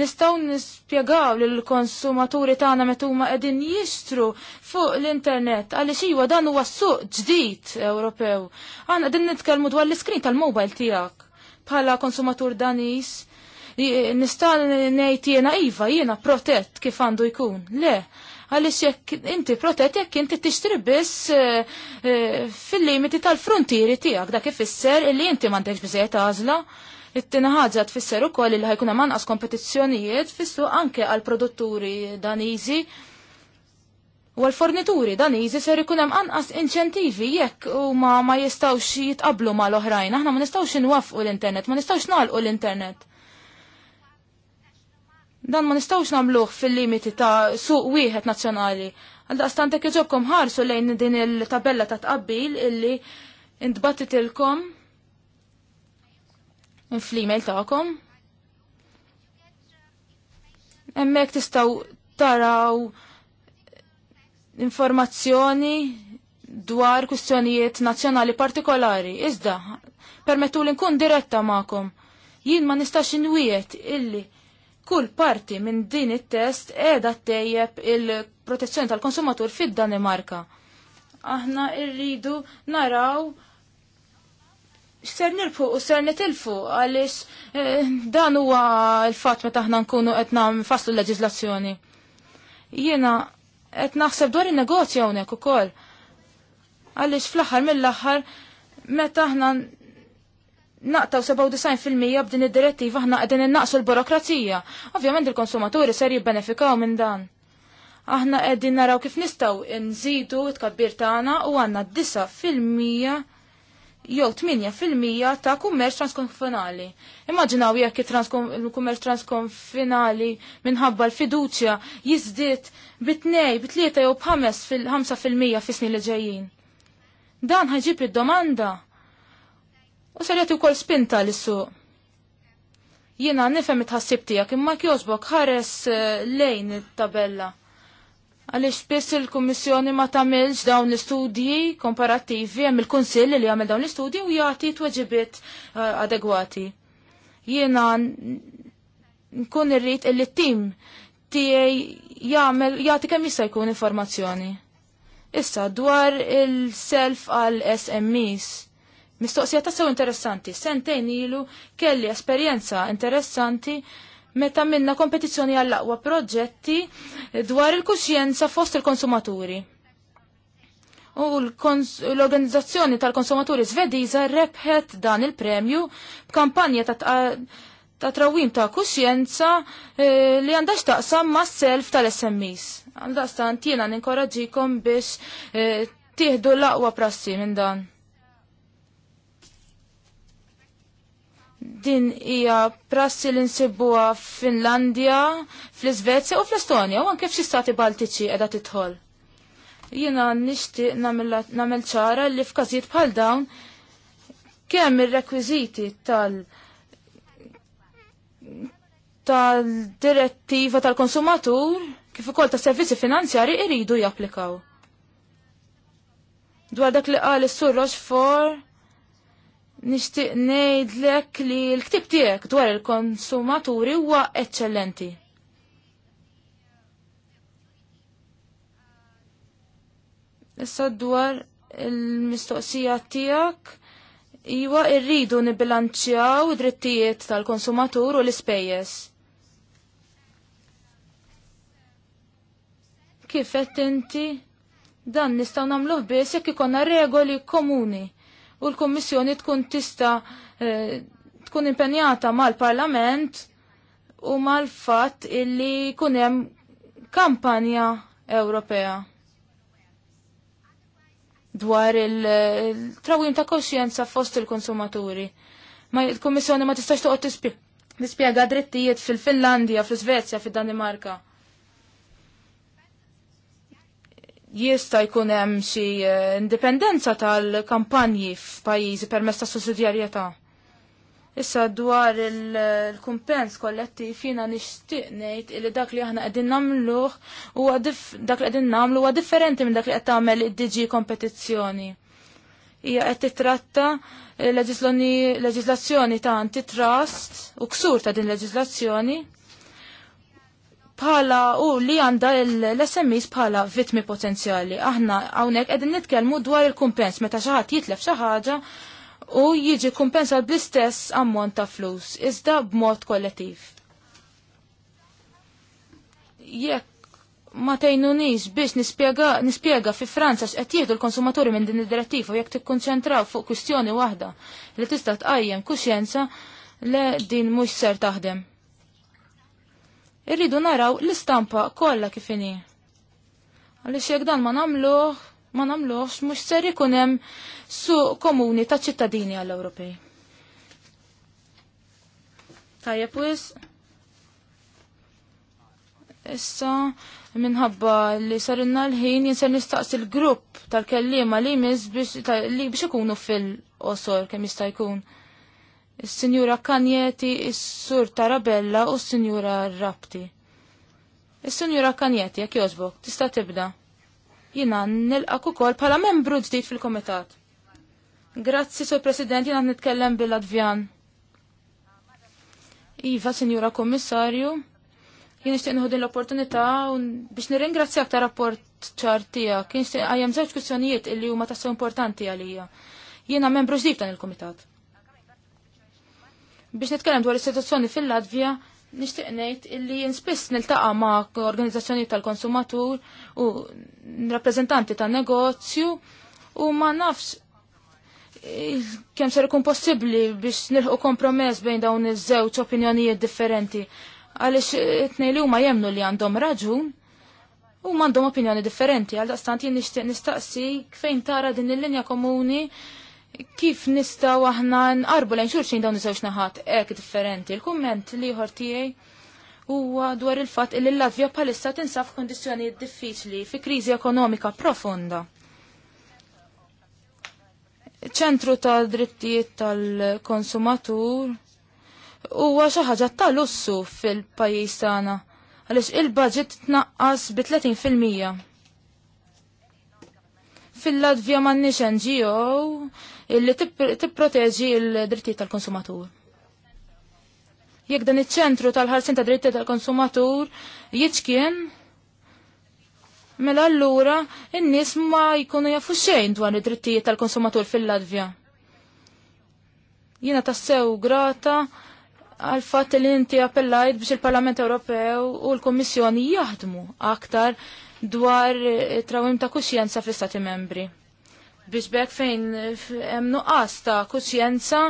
Speaker 3: Nistgħu nispiegaw lill-konsumaturi tagħna meta huma qegħdin jixtru fuq l-internet għaliex iwa dan huwa suq ġdid Ewropew. Aħna qegħdin nitkellmu dwar l-iskrin tal-mobile tiegħek bħala konsumatur Danis nista' ngħid jiena iva, jiena protett kif għandu jkun. Le, għaliex jekk inti protett jekk inti tixtri biss eh, eh, fil-limiti tal-frontieri tiegħek dak ifisser illi inti m'għandekx biżejjed għażla It-tina ħaġa tfisser ukoll li ħajkun hemm anqas kompetizzjonijiet fissu anke għal produtturi Daniżi u għal fornituri Daniżi ser ikun hemm anqas inċentivi jekk huma ma jistgħux jitqablu mal-oħrajn. Aħna ma nistgħux inwaffqu l-internet, ma nistgħux nagħlqu l-internet. Dan ma nistgħux nagħmluh fil-limiti ta' suq wieħed nazzjonali. għalda hekk iġobkom ħarsu lejn din il-tabella ta' tqabbil illi intbattitilkom fl-email tagħkom. Hemmhekk tistaw taraw informazzjoni dwar kwistjonijiet nazzjonali partikolari. Iżda, permettu li nkun diretta ma'kom. Jien ma nistax inwiet illi kull parti minn din it-test edha tejjeb il-protezzjoni tal-konsumatur fid-Danimarka. Aħna irridu naraw ser nirfu u ser nitilfu għalix eh, dan huwa l-fat meta aħna nkunu qed nfasslu l-leġiżlazzjoni. Jiena qed naħseb dwar in-negozju hawnhekk ukoll. Għalix fl-aħħar mill-aħħar meta aħna naqtaw 97% b'din id-direttiva aħna qegħdin innaqsu l-burokrazija. Ovvjament il-konsumaturi ser jibbenefikaw minn dan. Aħna qegħdin naraw kif nistgħu nżidu t-kabbir tagħna u għandna 9 fil-mija jew 8% ta' kummerċ transkonfinali. Immaġinaw jekk il-kummerċ transkonfinali minħabba l-fiduċja jizdiet bitnej, bitlieta jew bħames fil-5% fis-snin li ġejjin. Dan ħajġib id-domanda u ser u kol spinta lis-suq. Jiena nifhem it-ħassib tiegħek imma kjozbok ħares eh, lejn it-tabella. Għaliex spess il-Kummissjoni ma tagħmilx dawn l-istudji komparattivi hemm il konsil li jagħmel dawn l-istudji u jagħti tweġibiet eh, adegwati. Jiena nkun irrid il tim tiegħi jgħamil, jagħti kemm jista' jkun informazzjoni. Issa dwar il-self għal SMEs. Mistoqsija tassaw interessanti. Sentejn ilu kelli esperjenza interessanti meta minna kompetizzjoni għall-aqwa proġetti dwar il-kuxjenza fost il-konsumaturi. U l-organizzazzjoni tal-konsumaturi svediza rebħet dan il-premju b'kampanja ta' trawim ta' kuxjenza eh, li għandax taqsam ma' self tal smis Għandax ta' jiena ninkoraġikom biex eh, tieħdu l-aqwa prassi minn dan. din hija prassi li nsibuha f'Finlandja, fl-Iżvezja u fl-Estonja u anke f'xi stati Baltiċi qiegħda tidħol. Jiena nixtieq nagħmel ċara li f'każijiet bħal dawn kemm ir-rekwiżiti tal tal-direttiva tal-konsumatur kif ukoll ta' servizzi finanzjari iridu japplikaw. Dwar dak li qal is-sur for nixtieq ngħidlek li l-ktib tiegħek dwar il-konsumaturi huwa eċċellenti. Issa dwar il-mistoqsija tiegħek jwa irridu nibilanċjaw id drittijiet tal-konsumatur u l-ispejjeż. Kif qed inti dan nistgħu nagħmluh biss jekk ikonna regoli komuni u l-Kommissjoni tkun tista eh, tkun impenjata mal-Parlament u mal-fatt illi kunem kampanja Ewropea dwar il-trawim ta' kosjenza fost il-konsumaturi. Ma il-Kommissjoni ma tistax toqgħod tispjega drittijiet fil-Finlandja, fil-Svezja, fil-Danimarka. fil finlandja fil svezja fil danimarka fil fil svezja fil danimarka jista jkun hemm xi eh, indipendenza tal-kampanji f'pajjiżi permezz ta' sussidjarjetà. Issa dwar il-kumpens kollettiv jiena nixtieq ngħid li dak li aħna qegħdin nagħmluh huwa dak li qegħdin nagħmlu huwa differenti minn dak li qed tagħmel id-DG kompetizzjoni. Hija qed titratta eh, leġislazzjoni ta' antitrust u ksur ta' din leġislazzjoni bħala u li għanda l-SMEs bħala vitmi potenzjali. Aħna hawnhekk qegħdin nitkellmu dwar il-kumpens meta xi ħadd jitlef xi ħaġa u jiġi kumpensat bl-istess ammont ta' flus, iżda b'mod kollettiv. Jekk ma tejnunix biex nispjega, fi Franza x'qed jieħdu l-konsumaturi minn din id-direttiva jekk tikkonċentraw fuq kwistjoni waħda li tista' tqajjem kuxjenza le din mhux ser taħdem irridu naraw l-istampa kollha kif inhi. Għaliex jekk dan ma namluħ, ma nagħmluhx mhux ser ikun hemm suq komuni ta' ċittadini għall-Ewropej. Tajja wis. Issa minħabba li sarinna l-ħin jinser nistaqsi l-grupp tal-kellima li biex ikunu fil-qosor kemm jista' jkun is-Sinjura Kanjeti, is-Sur Tarabella u s-Sinjura Rapti. Is-Sinjura Kanjeti, jekk jogħġbok, tista' tibda. Jiena nilqak ukoll bħala membru ġdid fil-Komitat. Grazzi, Sur President, jiena nitkellem bil advjan Iva, Sinjura Kommissarju, jien nixtieq nħu din l-opportunità biex nirringrazzjak ta' rapport ċar tiegħek. Jien ixtieq għajjem żewġ kwistjonijiet illi huma tassew importanti għalija. Jiena membru ġdid dan il-Kumitat. Biex nitkellem dwar is-sitwazzjoni fil-Latvja, nixtieq ngħid illi spiss niltaqa' ma' organizzazzjoni tal-konsumatur u rappreżentanti tan-negozju u ma nafx kemm ser ikun possibbli biex nilħu kompromess bejn dawn iż-żewġ opinjonijiet differenti. Għaliex it li huma jemnu li għandhom raġun u għandhom opinjoni differenti għal daqstant jien nixtieq nistaqsi fejn tara din il-linja komuni kif nistaw aħna nqarbu lejn xurxin dawn iż naħat hekk differenti. Il-kumment ieħor tiegħi huwa dwar il-fatt li l-Latvja bħalissa tinsab f'kundizzjonijiet diffiċli fi kriżi ekonomika profonda. Ċentru ta' drittijiet tal-konsumatur huwa xi ħaġa ta' lussu fil-pajjiż tagħna għaliex il-budget tnaqqas bi 30 fil-mija. Fil-Latvja m'għandniex NGO, illi tipproteġi l-drittijiet tal-konsumatur. Jekk dan iċ-ċentru tal-ħarsin ta' drittijiet tal-konsumatur jiċkien, mela allura n nies ma jkunu jafu xejn dwar id-drittijiet tal-konsumatur fil-Latvja. Jiena tassew grata għal fatt li inti appellajt biex il-Parlament Ewropew u l kummissjoni jaħdmu aktar dwar eh, trawim ta' kuxjenza fl Stati membri biex bekk fejn hemm nuqqas ta' kuxjenza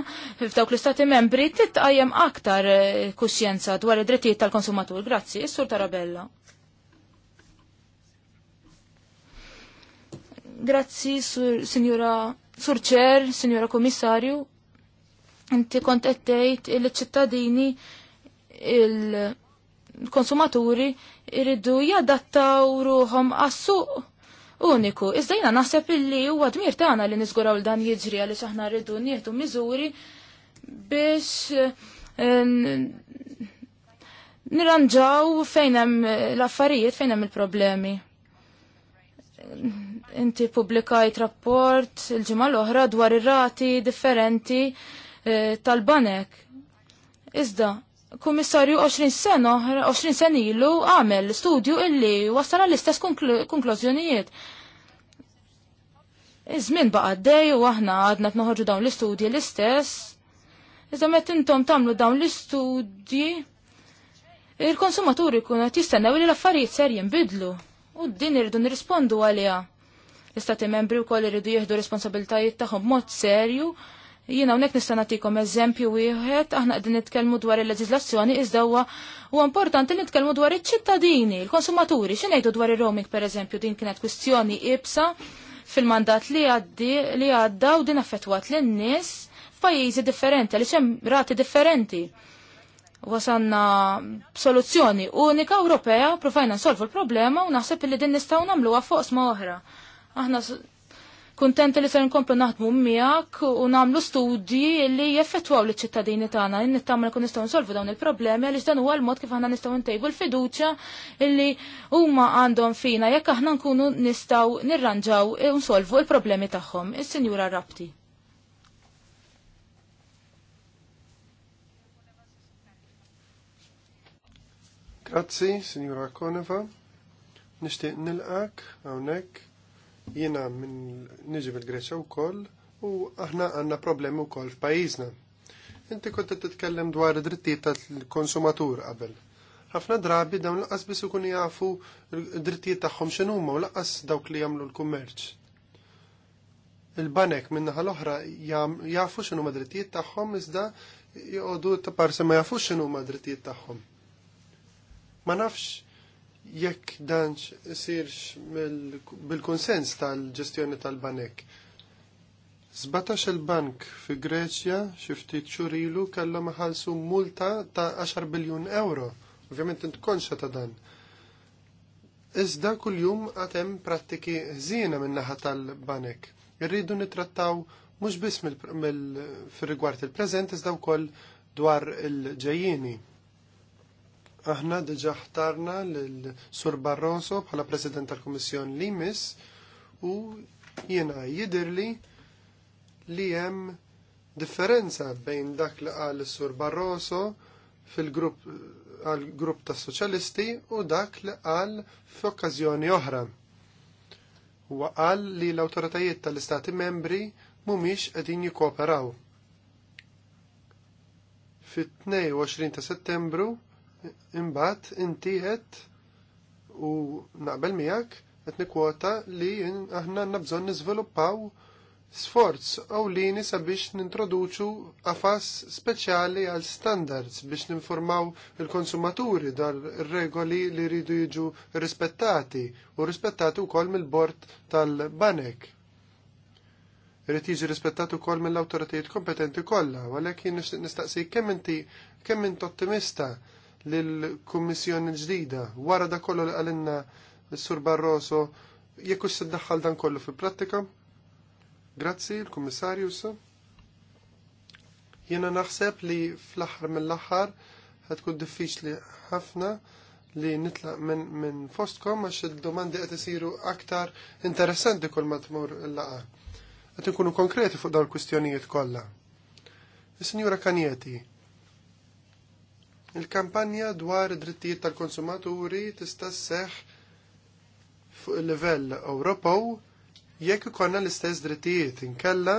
Speaker 3: f'dawk l-istati membri titqajjem aktar eh, kusjenza dwar id-drittijiet tal-konsumatur. Grazzi, sur Tarabella. Grazzi, sur, Sinjura Sur Ċer, Sinjura Komissarju. Inti kont qed tgħid il-ċittadini il-konsumaturi irridu jadattaw ruhom għas-suq uniku. Iżda jiena naħseb illi u għadmir tagħna li niżguraw dan jiġri għaliex aħna rridu nieħdu miżuri biex eh, niranġaw fejn hemm l-affarijiet, fejn hemm il-problemi. Inti pubblikajt rapport il-ġimgħa l-oħra dwar ir-rati differenti eh, tal-banek. Iżda, kummissarju 20 sena, 20 sena ilu għamel studju illi wasal l-istess konklużjonijiet. Iżmin baqa d-dej u aħna għadna t-noħorġu dawn l-istudji l-istess. Iżda met intom tamlu dawn l-istudji, il-konsumaturi kun qed jistennew li l-affarijiet ser jinbidlu. U din irridu nirrispondu għaliha. L-istati membri wkoll iridu jieħdu responsabiltajiet tagħhom mod serju Jina hawnhekk nista' nagħtikom eżempju wieħed aħna qegħdin nitkellmu dwar il leġizlazzjoni iżda huwa huwa importanti nitkellmu dwar iċ-ċittadini, il-konsumaturi, xi dwar ir-roaming pereżempju din kienet kwistjoni ibsa fil-mandat li għaddi li għadda u din affettwat lin-nies f'pajjiżi differenti li hemm rati differenti. Wasanna soluzzjoni unika Ewropea profajna nsolvu l-problema u naħseb li din nistgħu nagħmluha fuq sma oħra. Aħna Kuntenti li ser nkomplu naħdmu miegħek u nagħmlu studji li jeffettwaw liċ-ċittadini tagħna li nittama kun nistgħu nsolvu dawn il-problemi għaliex dan huwa l-mod kif aħna nistgħu ntejbu l-fiduċja li huma għandhom fina jekk aħna nkunu nistgħu nirranġaw u nsolvu l-problemi tagħhom. Is-Sinjura Rabti.
Speaker 1: Grazzi, sinjura Koneva. Nishtiq nilqak, hawnhekk. Jiena minn niġi mill-Greċja wkoll u aħna għandna problemi wkoll f'pajjiżna. Inti kont titkellem dwar id-drittijiet tal-konsumatur qabel. Ħafna drabi dawn laqas biss ikun jafu d-drittijiet tagħhom x'inhuma u laqas dawk li jagħmlu l-kummerċ. Il-banek min-naħa l-oħra jafu x'inhuma drittijiet tagħhom iżda jgħodu ta' parse ma jafux x'inhu drittijiet tagħhom. Ma nafx jekk danċ sirx bil-konsens tal-ġestjoni tal-banek. Zbatax il-bank fi Greċja xiftit xurilu kalla maħalsu multa ta' 10 biljun euro. Ovvjament int konxa ta' dan. Iżda kull-jum għatem prattiki ħżiena minnaħa tal-banek. Irridu nitrattaw mux biss fil-rigward il-prezent iżda wkoll dwar il-ġejjini Aħna diġa ħtarna l-Sur Barroso bħala President tal komissjon Limis u jiena jidirli li hemm differenza bejn dak li qal sur Barroso fil-grupp għal grupp ta' soċjalisti u dak li qal f'okkażjoni oħra. Huwa qal li l-awtoritajiet tal-Istati membri mhumiex qegħdin jikkooperaw. Fit-22 ta' Settembru imbagħad inti u naqbel miegħek qed nikkwota li aħna għandna bżonn niżviluppaw sforz awlini sabiex nintroduċu għafas speċjali għal standards biex ninformaw il-konsumaturi dar regoli li rridu jiġu rispettati u rispettati wkoll mill-bord tal-banek. Rrid jiġi rispettati wkoll mill-awtoritajiet kompetenti kollha, għalhekk jien nixtieq nistaqsi kemm inti kemm int ottimista lill-Kummissjoni l-ġdida wara da kollu li għalinna s-Sur Barroso jekk s daħħal dan kollu fil-prattika? Grazzi, l-Kummissarju s Jena naħseb li fl-aħħar mill-aħħar ħad tkun diffiċli ħafna li nitlaq minn min fostkom għax il-domandi qed isiru aktar interessanti kull ma tmur il-laqa. Qed nkunu konkreti fuq dawn il-kwistjonijiet kollha. Is-Sinjura Kanjeti, Il-kampanja dwar id-drittijiet tal-konsumaturi tista' sseħħ fuq il-livell Ewropew jekk ikollna l-istess drittijiet inkella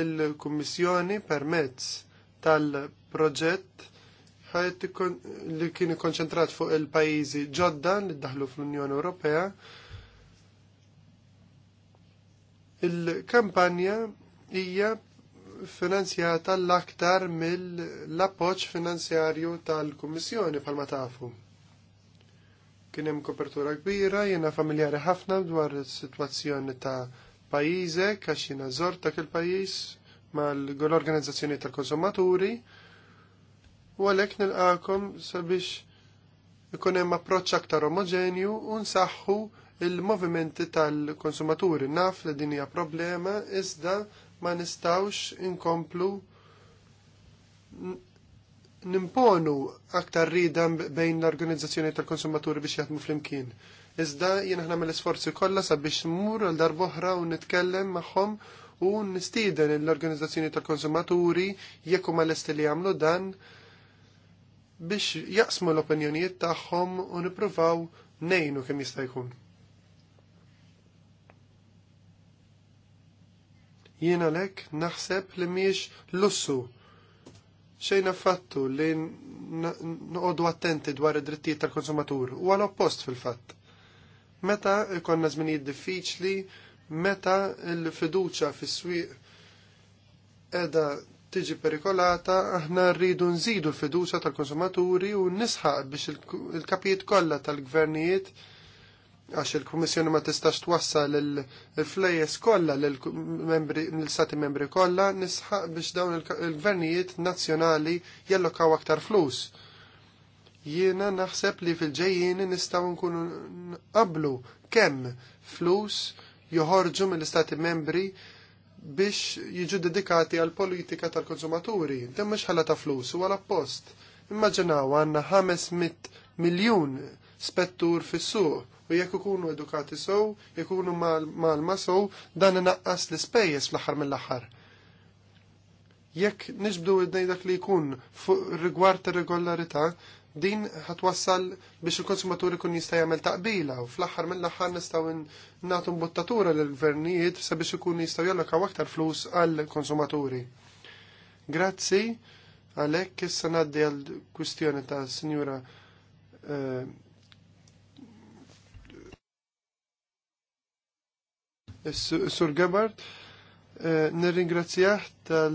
Speaker 1: il-Kummissjoni permezz tal-proġett li kien ikkonċentrat fuq il-pajjiżi ġodda li ddaħlu fl-Unjoni Ewropea. Il-kampanja hija finanzjata l-aktar mill-appoċ finanzjarju tal-Kummissjoni bħalma tafu. Kien hemm kopertura kbira, jiena familjari ħafna dwar is-sitwazzjoni ta' pajjiżek għax jiena żor dak il-pajjiż mal-organizzazzjoni tal-konsumaturi u għalhekk nilqakom sabiex ikun hemm approċċ aktar omoġenju u nsaħħu il-movimenti tal-konsumaturi. Naf li din hija problema iżda ma nistawx inkomplu nimponu aktar rida bejn l-organizzazzjoni tal-konsumaturi biex jaħdmu fl-imkien. Iżda jien ħna mill-isforzi kollha sabiex mmur għal darboħra u nitkellem magħhom u nistieden l-organizzazzjoni tal-konsumaturi jekk huma lesti li jagħmlu dan biex jaqsmu l-opinjonijiet tagħhom u nippruvaw nejnu kemm jista' jkun. Jiena lek naħseb li miex lussu xejn affattu li noqogħdu attenti dwar id-drittijiet tal-konsumatur u għal oppost fil-fatt. Meta ikonna żminijiet diffiċli, meta l-fiduċa fis-swieq edha tiġi perikolata, aħna rridu nżidu l-fiduċa tal-konsumaturi u nisħaq biex il-kapijiet kollha tal-gvernijiet għax il-Kummissjoni ma tistax twassal il-flejes kollha lill-Stati membri kollha nisħaq biex dawn il-gvernijiet nazzjonali jallokaw aktar flus. Jiena naħseb li fil ġejjini nistgħu nkunu qablu kemm flus joħorġu mill-Istati membri biex jiġu dedikati għal politika tal-konsumaturi. Dem mhux ħalla ta' flus u għal appost. Immaġinaw għandna 500 miljun spettur fis-suq u jekk ikunu edukati sow, ikunu mal-ma sow, dan inaqqas l-ispejjeż fl-aħħar mill-aħħar. Jekk niġbdu id-dej dak li jkun rigward ir-regolarità, din ħatwassal biex il-konsumatur ikun jista' jagħmel taqbila u fl-aħħar mill-aħħar nistgħu nagħtu mbuttatura lill gvernijiet sabiex ikun jistgħu jallokaw aktar flus għall-konsumaturi. Grazzi għalhekk issa ngħaddi għall kwistjoni ta' Sinjura eh, Sur Gebhardt, eh, nirringrazzjah eh,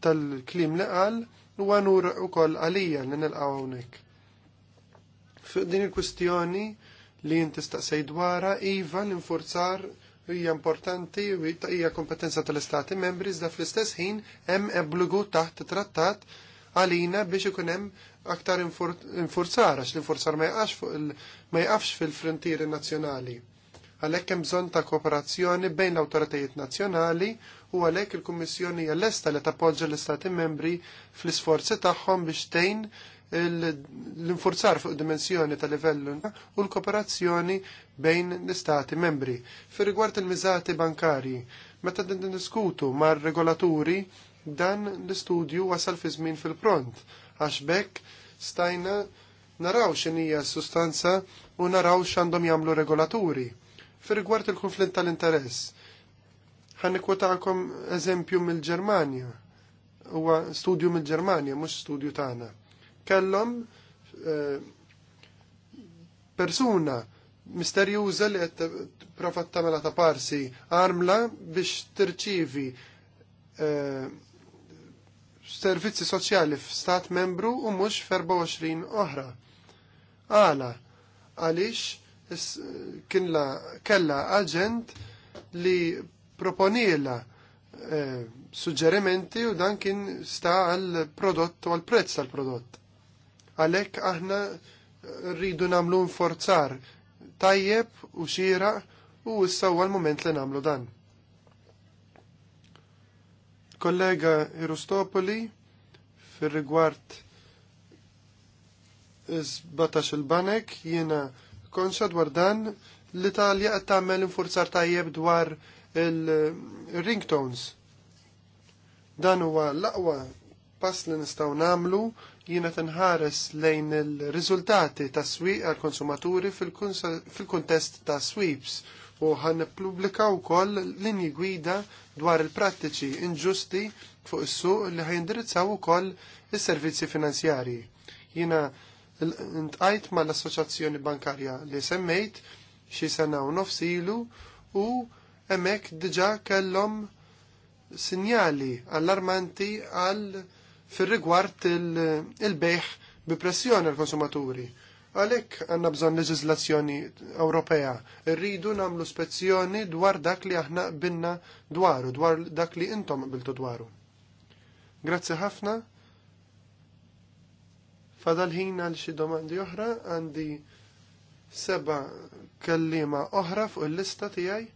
Speaker 1: tal-klim li qal u għanur u koll għalija li nilqaw hawnhekk. Fuq din il-kwistjoni li jinti staqsej dwara, iva l-infurzar hija importanti u hija kompetenza tal-Istati membri iżda fl-istess ħin hemm eblugu taħt trattat għalina biex ikun hemm aktar infurzar għax l-infurzar ma jqafx fil-frontieri nazzjonali. Għalhekk hemm bżonn ta' kooperazzjoni bejn l-awtoritajiet nazzjonali u għalhekk il-Kummissjoni hija esta li tappoġġa l-Istati membri fl-isforzi tagħhom biex tgħin l-infurzar fuq dimensjoni ta' livellu u l-kooperazzjoni bejn l-istati membri. fir rigward il-miżati bankari, meta din diskutu mar regolaturi dan l-istudju wasal fi żmien fil-pront għax bekk stajna naraw x'inhija s-sustanza u naraw x'għandhom jagħmlu regolaturi. Fir-rigward il-konflitt tal-interess, ħan eżempju mill-Ġermanja, huwa studju mill-Ġermanja, mhux studju tagħna. Kellhom eh, persuna misterjuża li qed prova tagħmilha ta' parsi armla biex tirċivi eh, servizzi soċjali f'stat membru u mhux f'24 oħra. Għala, għaliex kienla kella aġent li proponila eh, suġġerimenti u dan kien sta għal prodott u għal prezz tal prodott. Għalhekk aħna rridu nagħmlu nforzar tajjeb u xira u issa huwa l-mument li nagħmlu dan kollega Irustopoli fir-rigward batax il-banek jiena konxa dwar dan l-Italja qed tagħmel infurzar tajjeb dwar il-ringtones. Dan huwa l-aqwa pass li nistgħu nagħmlu jiena tinħares lejn il-riżultati ta' swieq għal konsumaturi fil-kuntest ta' sweeps u ħan pubblika wkoll linji gwida dwar il-prattiċi inġusti fuq is-suq li ħajindirizzaw ukoll is-servizzi finanzjarji. Jiena ma mal-Assoċjazzjoni Bankarja li semmejt xi sena u nofs ilu u hemmhekk diġa' kellhom sinjali allarmanti għal fil rigward il-bejħ bi pressjoni l konsumaturi Għalhekk għandna bżonn leġiżlazzjoni Ewropea. Rridu nagħmlu spezzjoni dwar dak li aħna binna dwaru, dwar dak li intom qbiltu dwaru. Grazzi ħafna. Fadal ħin għal xi domandi oħra għandi seba kellima oħra fuq il-lista tiegħi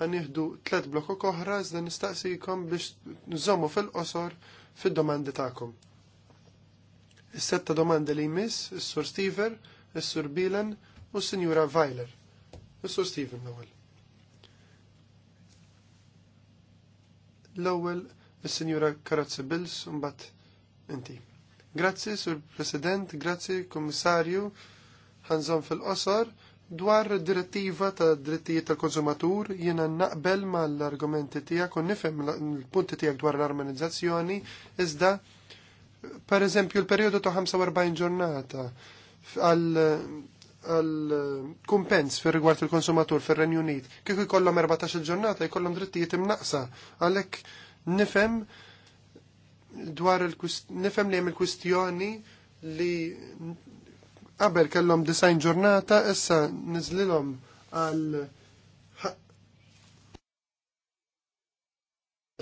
Speaker 1: ħanieħdu tlet blokok oħra iżda nistaqsikom biex nżommu fil-qosor fid-domandi tagħkom. Is-setta domandi li jmiss, is-Sur Stever, is-Sur Bilen u s-Sinjura Weiler. Is-Sur Steven l-ewwel. L-ewwel is-Sinjura Karazzi Bills mbagħad inti. Grazzi, Sur President, grazzi, Kummissarju, ħanżon fil-qosor dwar direttiva ta' drittijiet tal-konsumatur jiena naqbel mal-argumenti tiegħek u nifhem l-punti tiegħek dwar l-armonizzazzjoni iżda per eżempju l-perjodu ta' 45 ġurnata għal-kumpens fir rigward il-konsumatur fir renju Unit, kif ikollhom 14 ġurnata jkollhom drittijiet imnaqsa għalhekk nifhem dwar nifhem li hemm il-kwistjoni li qabel kellhom design ġurnata issa niżlilhom għal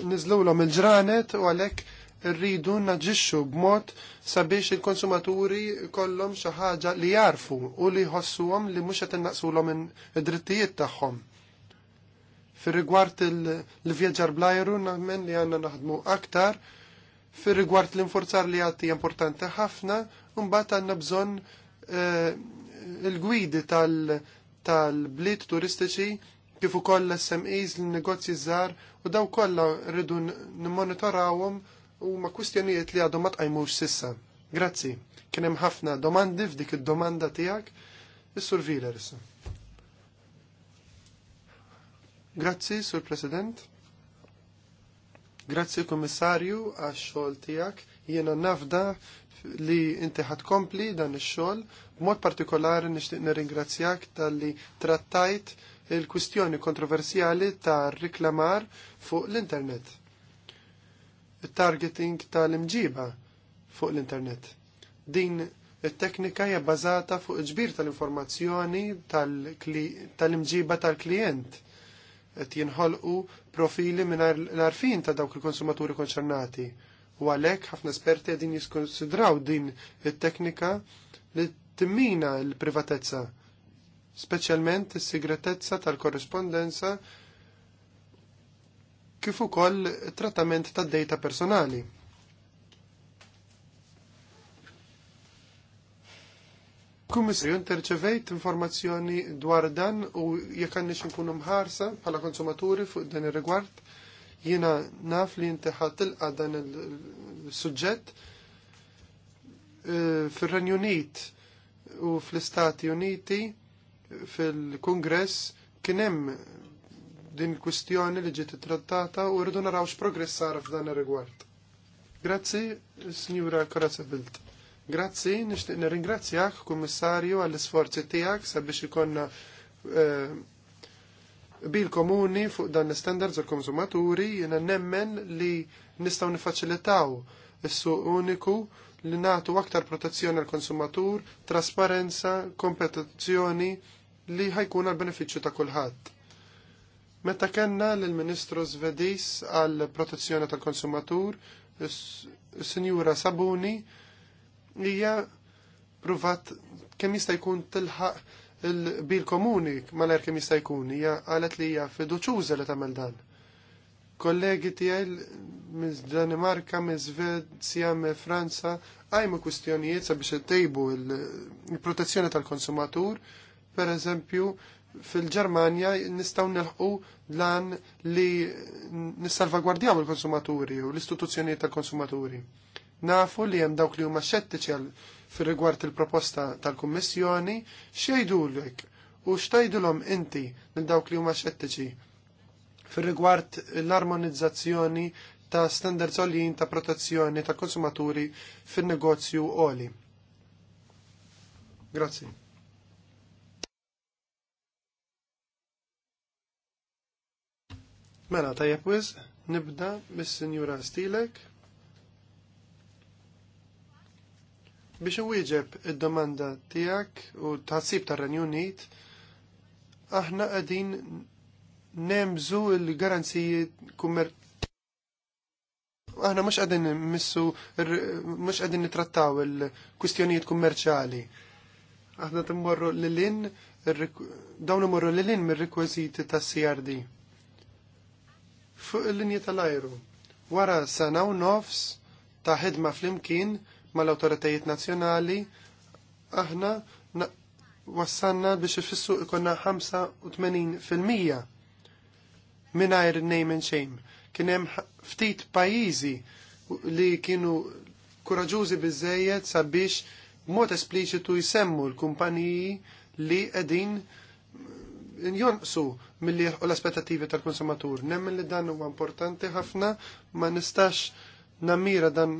Speaker 1: nizlulom il-ġranet u għalek rridu naġixxu b'mod sabiex il-konsumaturi kollhom xi ħaġa li jarfu u li jħossuhom li mhux qed innaqsulhom id-drittijiet tagħhom. Fir-rigward il-vjaġġar blajru naħmen li għandna naħdmu aktar, fir-rigward l-infurzar li għati importanti ħafna, mbagħad għandna bżonn eh, il-gwidi tal-bliet turistiċi kif ukoll l-SMEs, l-negozji żgħar u daw kollha rridu nimmonitorawhom ma kwistjonijiet li għadhom ma tqajmux sissa. Grazzi. Kien hemm ħafna domandi f'dik id-domanda tiegħek is-Sur Wheeler Grazzi, Sur President. Grazzi Komissarju, għax-xogħol tiegħek. Jiena nafda li inti kompli dan ix-xogħol, b'mod partikolari nixtieq nirringrazzjak tal-li trattajt il-kwistjoni kontroversjali ta' riklamar fuq l-internet bit-targeting tal-imġiba fuq l-internet. Din it-teknika hija bbażata fuq ġbir tal-informazzjoni tal-imġiba tal-klient qed jinħolqu profili mingħajr l-arfin ta' dawk il-konsumaturi konċernati. U għalhekk ħafna esperti qegħdin jiskonsidraw din it-teknika li timmina l-privatezza, speċjalment is-sigretezza tal-korrespondenza kif ukoll trattament tad data personali. Kummissarju, interċevejt informazzjoni dwar dan u jekk għandix nkunu mħarsa bħala konsumaturi fuq dan ir-rigward, jiena naf li inti ħatilqa dan il-suġġett eh, fir-Renju Unit u fl-Istati Uniti fil-Kungress kien hemm din il-kwistjoni li ġiet trattata u rridu naraw x'progress sar f'dan ir-rigward. Grazzi, Sinjura Korazza Bilt. Grazzi, nixtieq nirringrazzjak, Kummissarju, għall-isforzi tiegħek sabiex ikonna eh, bil komuni fuq dan l-standards għal konsumaturi jena nemmen li nistaw nifacilitaw is-suq uniku li natu aktar protezzjoni għal konsumatur, trasparenza, kompetizzjoni li ħajkun għal beneficju ta' kulħadd. Meta kellna l-Ministru Svedis għal protezzjoni tal-konsumatur, s sinjura Sabuni hija pruvat kemm jista' jkun tilħaq il-bil komuni malajr kemm jista' jkun hija qalet li hija fiduċuża li tagħmel dan. Kollegi tiegħi minn Danimarka, minn Svezja, minn Franza għajmu kwistjonijiet sabiex tejbu il-protezzjoni tal-konsumatur, per eżempju, fil-Ġermanja nistaw nelħu lan li nissalvagwardjaw il-konsumaturi u l-istituzzjonijiet tal-konsumaturi. Nafu li hemm dawk li huma xettiċi fir rigward il-proposta tal-Kummissjoni xejdulek u xtajdulhom inti lil dawk li huma xettiċi fir rigward l-armonizzazzjoni ta' standards għoljin ta' protezzjoni tal konsumaturi fin negozju għoli. Grazie. Mela, tajjeb wisq, nibda bis-Sinjura Stilek. Biex iwieġeb id-domanda tiegħek u tħassib tar-Renju Unit, aħna qegħdin nemżu l-garanzijiet kummer aħna mhux qegħdin missu mux qegħdin nittrattaw il-kwistjonijiet kummerċali. Aħna l-lin, lil dawn l-lin mir-rekwiżiti tas-CRD fuq il-linji tal-ajru. Wara sena u nofs ta' ħidma fl-imkien mal-autoritajiet nazzjonali, aħna wassanna biex ifissu ikonna 85% minajr name and shame. Kien hemm ftit pajjiżi li kienu kuraġużi biżejjed sabiex mod espliċitu jsemmu l-kumpaniji li qegħdin jonqsu mill-li l-aspettativi tal-konsumatur. Nemmen li dan huwa importanti ħafna ma nistax namira dan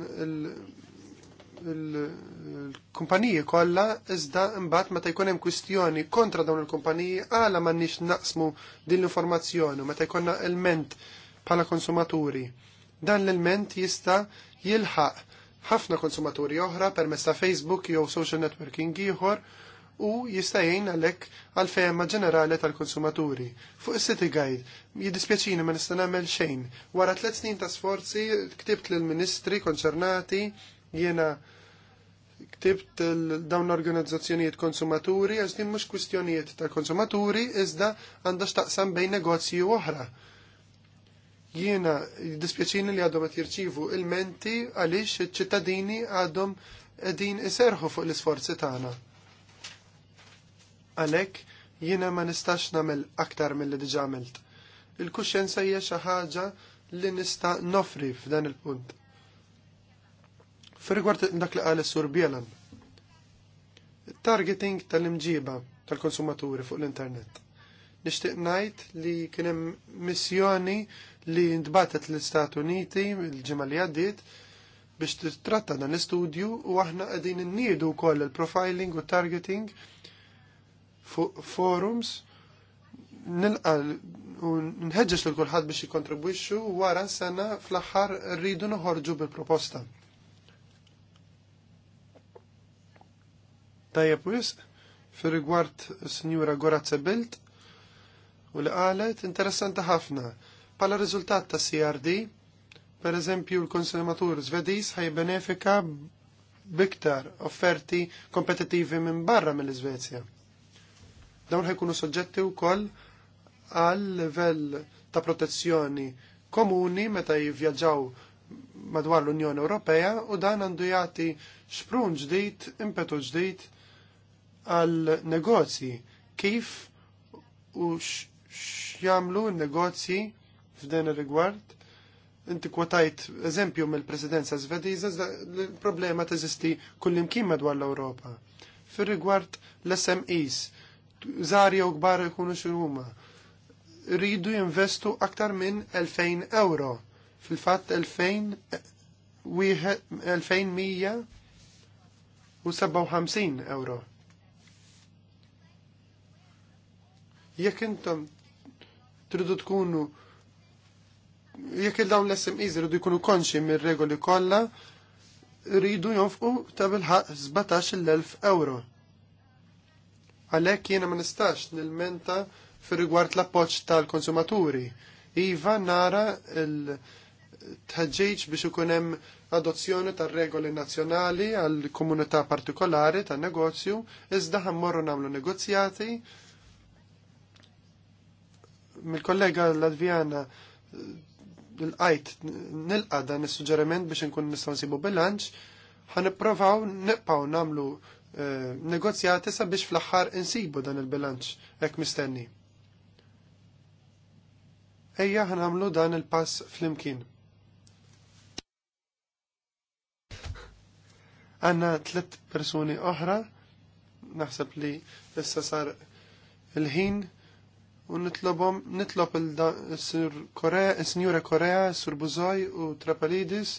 Speaker 1: il-kumpaniji kollha iżda mbagħad meta jkun hemm kwistjoni kontra dawn il-kumpaniji għala m'għandniex naqsmu din l-informazzjoni meta jkollna element bħala konsumaturi. Dan l-element jista' jilħaq ħafna konsumaturi oħra permezz ta' Facebook jew social networking ieħor u jistajjen għalek għal-fema ġenerali tal-konsumaturi. Fuq is-City Guide, jiddispjaċini ma nista' nagħmel xejn. Wara tliet snin ta' sforzi ktibt lill-ministri konċernati jiena ktibt dawn l-organizzazzjonijiet konsumaturi għax din mhux kwistjonijiet ta' konsumaturi iżda għandha x'taqsam bejn negozji oħra. Jiena jiddispjaċini li għadhom qed jirċivu il-menti għaliex iċ-ċittadini għadhom qegħdin iserħu fuq l-isforzi tagħna Għalhekk jiena ma nistax nagħmel aktar mill-li diġà Il-kuxjenza hija xi ħaġa li nista' nofri f'dan il-punt. Fir-rigward dak li qal is-sur Bielan. Targeting tal-imġiba tal-konsumaturi fuq l-internet. Nixtieq ngħid li kien hemm missjoni li ntbatet l-Istat Uniti il-ġimgħa li għaddiet biex titratta dan l-istudju u aħna qegħdin inniedu wkoll il-profiling u targeting forums nilqal u nħeġġeġ lil kulħadd biex jikontribwixxu wara sena fl-aħħar rridu noħorġu bil-proposta. Tajjeb wisq, fir rigward s-njura Gorazza Bilt u li qalet interessanti ħafna. Pala riżultat ta' CRD, per eżempju l-konsumatur Svediż ħaj benefika biktar offerti kompetitivi minn barra mill-Iżvezja Dawn ħajkunu soġġetti wkoll għal level ta' protezzjoni komuni meta jivvjaġġaw madwar l-Unjoni Ewropea u dan għandu jagħti xprun ġdid, impetu ġdid għal negozji kif u x'jagħmlu n-negozji f'dan ir-rigward. Inti kwotajt eżempju mill-Presidenza Svediża l-problema teżisti kullimkien madwar l-Ewropa. Fir-rigward l-SMEs, żari jew kbar ikunu xi huma. Rridu jinvestu aktar minn 2000 euro. Fil-fatt 2157 euro. Jekk intom tridu tkunu jekk il-dawn l-SMEs rridu jkunu konxi mir regoli kollha, rridu jonfqu ta' bil-ħaq 17,000 euro. Għalhekk jiena ma nistax nilmenta fir-rigward l-appoġġ tal-konsumaturi. Iva nara l tħagġiċ biex ikun hemm adozzjoni tar regoli nazzjonali għal komunità partikolari tan negozju, iżda ħammorru nagħmlu negozjati. Mill-kollega Latvjana l-qajt nil dan is-suġġeriment biex inkun nistgħu nsibu bilanċ, ħanipprovaw nibqgħu nagħmlu Eh, negozjati sabiex fl-aħħar insibu dan il-bilanċ hekk mistenni. Ejja ħanamlu dan il-pass fl-imkien. Għanna tliet persuni oħra, naħseb li issa sar il-ħin u nitlobom, nitlob il-Sinjura Korea, Sur Buzoj u Trapalidis,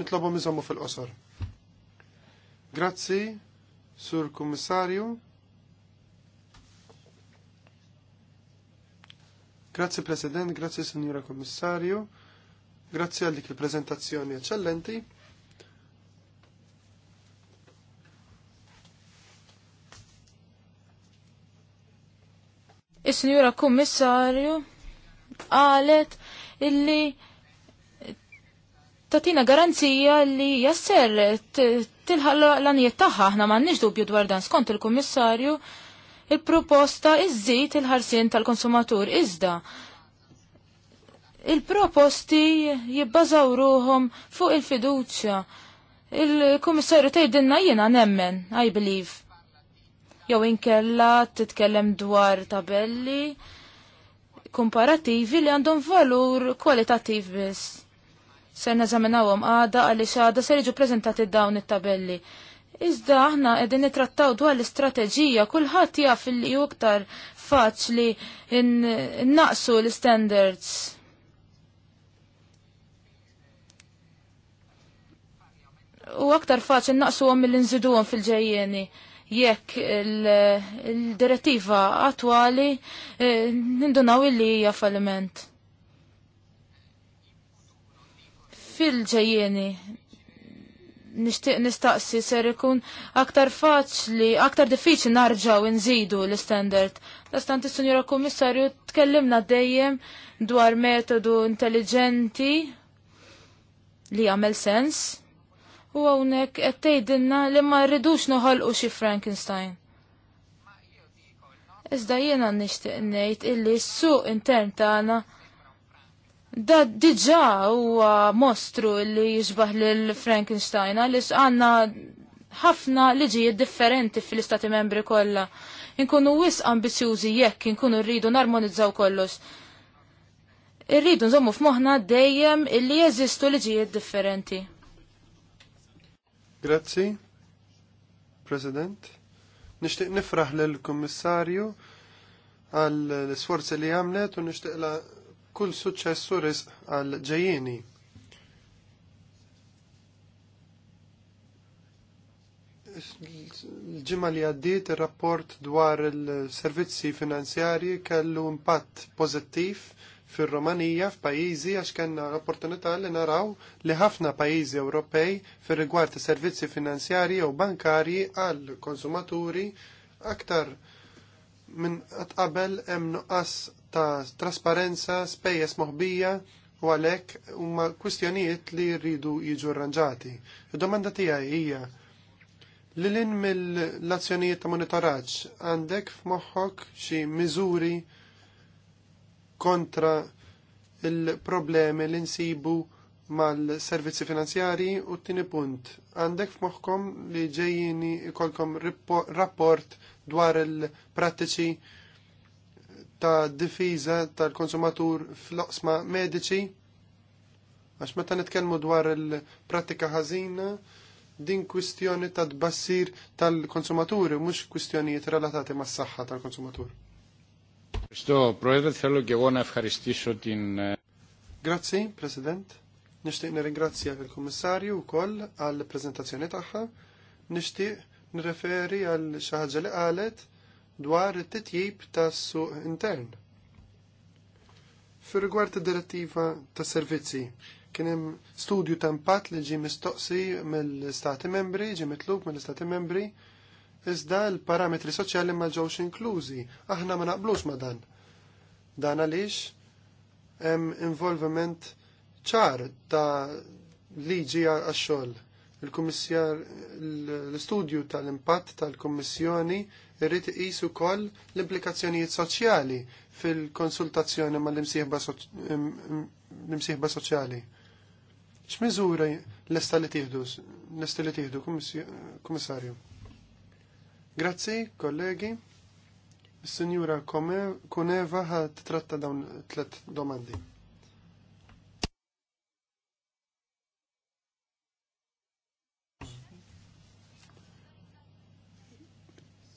Speaker 1: nitlobom iżommu fil-qosor. Grazzi Sur Kummissarju. Grazie President, grazie Signora Commissario. grazie a dik il eccellenti.
Speaker 3: signora Commissario, għalet illi tatina garanzija li jasser tilħal l-għanijiet taħħa, ħna m'għandniex dubju dwar dan skont il-Kummissarju, il-proposta iżżid il-ħarsien tal-konsumatur iżda. Il-proposti jibbażaw ruhom fuq il-fiduċja. Il-Kummissarju tgħidilna jiena nemmen, I believe. Jew inkella titkellem dwar tabelli komparativi li għandhom valur kwalitattiv biss ser nażaminawhom għada għaliex għada ser jiġu prezentati dawn it-tabelli. Iżda aħna qegħdin nitrattaw dwar l-istrateġija kulħadd jaf li hu li faċli naqsu l-standards. U aktar faċli l-inżidu għom fil-ġejjeni jekk il-direttiva attwali eh, nindunaw li hija falliment. fil-ġejjeni nishtiq nistaqsi ser ikun aktar faċli, aktar diffiċli narġaw nżidu l-standard. Dastant is Sunjura Kummissarju tkellimna dejjem dwar metodu intelligenti li għamel sens u hawnhekk qed tgħidilna li ma rridux noħolqu xi Frankenstein. Iżda jiena nixtieq ngħid illi s-suq intern tagħna ta Da diġa huwa mostru li jixbaħ lil Frankenstein għalis għandna ħafna liġijiet differenti fil-istati membri kollha. Inkunu wis ambizjużi jekk inkunu rridu narmonizzaw kollox. Irridu nżommu f'moħħna dejjem illi jeżistu liġijiet differenti.
Speaker 1: Grazzi, President. Nixtieq nifraħ lill kummissarju għall isforzi li għamlet u nixtieq kull suċċess u risq għal ġejjieni. l-ġimma li għaddiet il-rapport dwar il-servizzi finanzjarji kellu impatt pozittiv fir-Romanija f'pajjiżi għax kellna l-opportunità li naraw li ħafna pajjiżi Ewropej fir-rigward servizzi finanzjarji u bankarji għal konsumaturi aktar minn qabel hemm nuqqas ta' trasparenza, spejjeż moħbija u għalhekk huma kwistjonijiet li rridu jiġu arranġati. Id-domanda tiegħi hija li lin mill-azzjonijiet ta' monitoraġġ għandek f'moħħok xi miżuri kontra il-problemi li nsibu mal-servizzi finanzjari u t-tini punt. Għandek f'moħħkom li ġejjini ikolkom rapport dwar il-prattiċi ta' difiza tal-konsumatur fl-oqsma mediċi, għax meta nitkellmu dwar il-pratika ħażina, din kwistjoni ta' tbassir tal-konsumaturi, mhux kwistjonijiet relatati mas saħħa tal-konsumatur. Sto, għewona fħaristisġu din. Grazzi, President. Nishtiq nirringrazzja lill kummissarju wkoll għall-preżentazzjoni tagħha. Nixtieq nirreferi għal xi ħaġa li qalet dwar it-titjib tas-suq intern. Fir rigward id-direttiva tas servizzi, kien hemm studju ta' impatt li ġie mistoqsi mill-Stati Membri, ġie mitlub mill-Stati Membri, iżda l-parametri soċjali ma ġewx inklużi, aħna ma naqblux ma dan. Dan għaliex hemm involviment ċar ta' liġi għax-xogħol. L-Istudju tal-impatt tal-Kummissjoni irrid iqis ukoll l-implikazzjonijiet soċjali fil-konsultazzjoni mal-imsieħba l-imsieħba soċjali. X'miżuri lesta li tieħdu lesta li tieħdu kummissarju. Grazzi, kollegi. Is-Sinjura Kuneva ħad titratta dawn tliet domandi.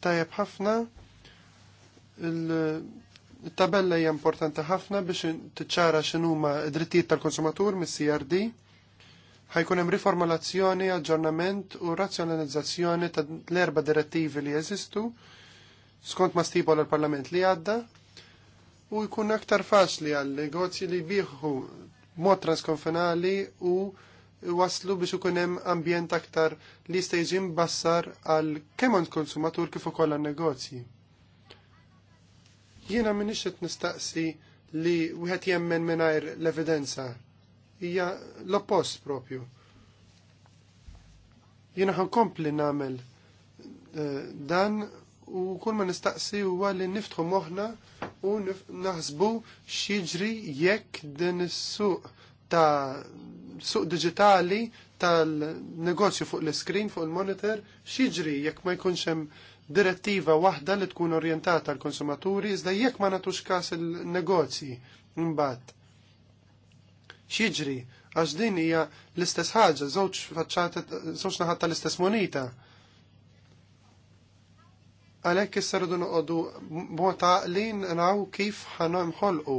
Speaker 1: tajab ħafna il-tabella hija importanti ħafna biex tiċċara x'inhuma d-drittijiet tal-konsumatur mis-CRD. Ħajkun hemm riformulazzjoni, aġġornament u razzjonalizzazzjoni ta' l-erba direttivi li jeżistu skont ma stipol l-Parlament li għadda u jkun aktar faċli għal negozji li jbieħu mod transkonfinali u waslu biex ikun hemm ambjent aktar li jista' jiġi mbassar għal kemm għand konsumatur kif ukoll għan-negozji. Jiena m'iniex qed nistaqsi li wieħed jemmen mingħajr l-evidenza. Hija l-oppost propju. Jiena ħankompli nagħmel eh, dan u kull ma nistaqsi huwa li niftħu moħħna u naħsbu x'jiġri jekk din is-suq ta' suq digitali tal-negozju fuq l-screen, fuq il-monitor, xieġri jekk ma jkunx hemm direttiva waħda li tkun orjentata għal konsumaturi iżda jekk ma natux kas il-negozji mbagħad. Xieġri għax din hija l-istess ħaġa, żewġ faċċata żewġ naħat tal-istess monita. Għalhekk issa rridu noqogħdu b'mod għaqli naraw kif ħolqu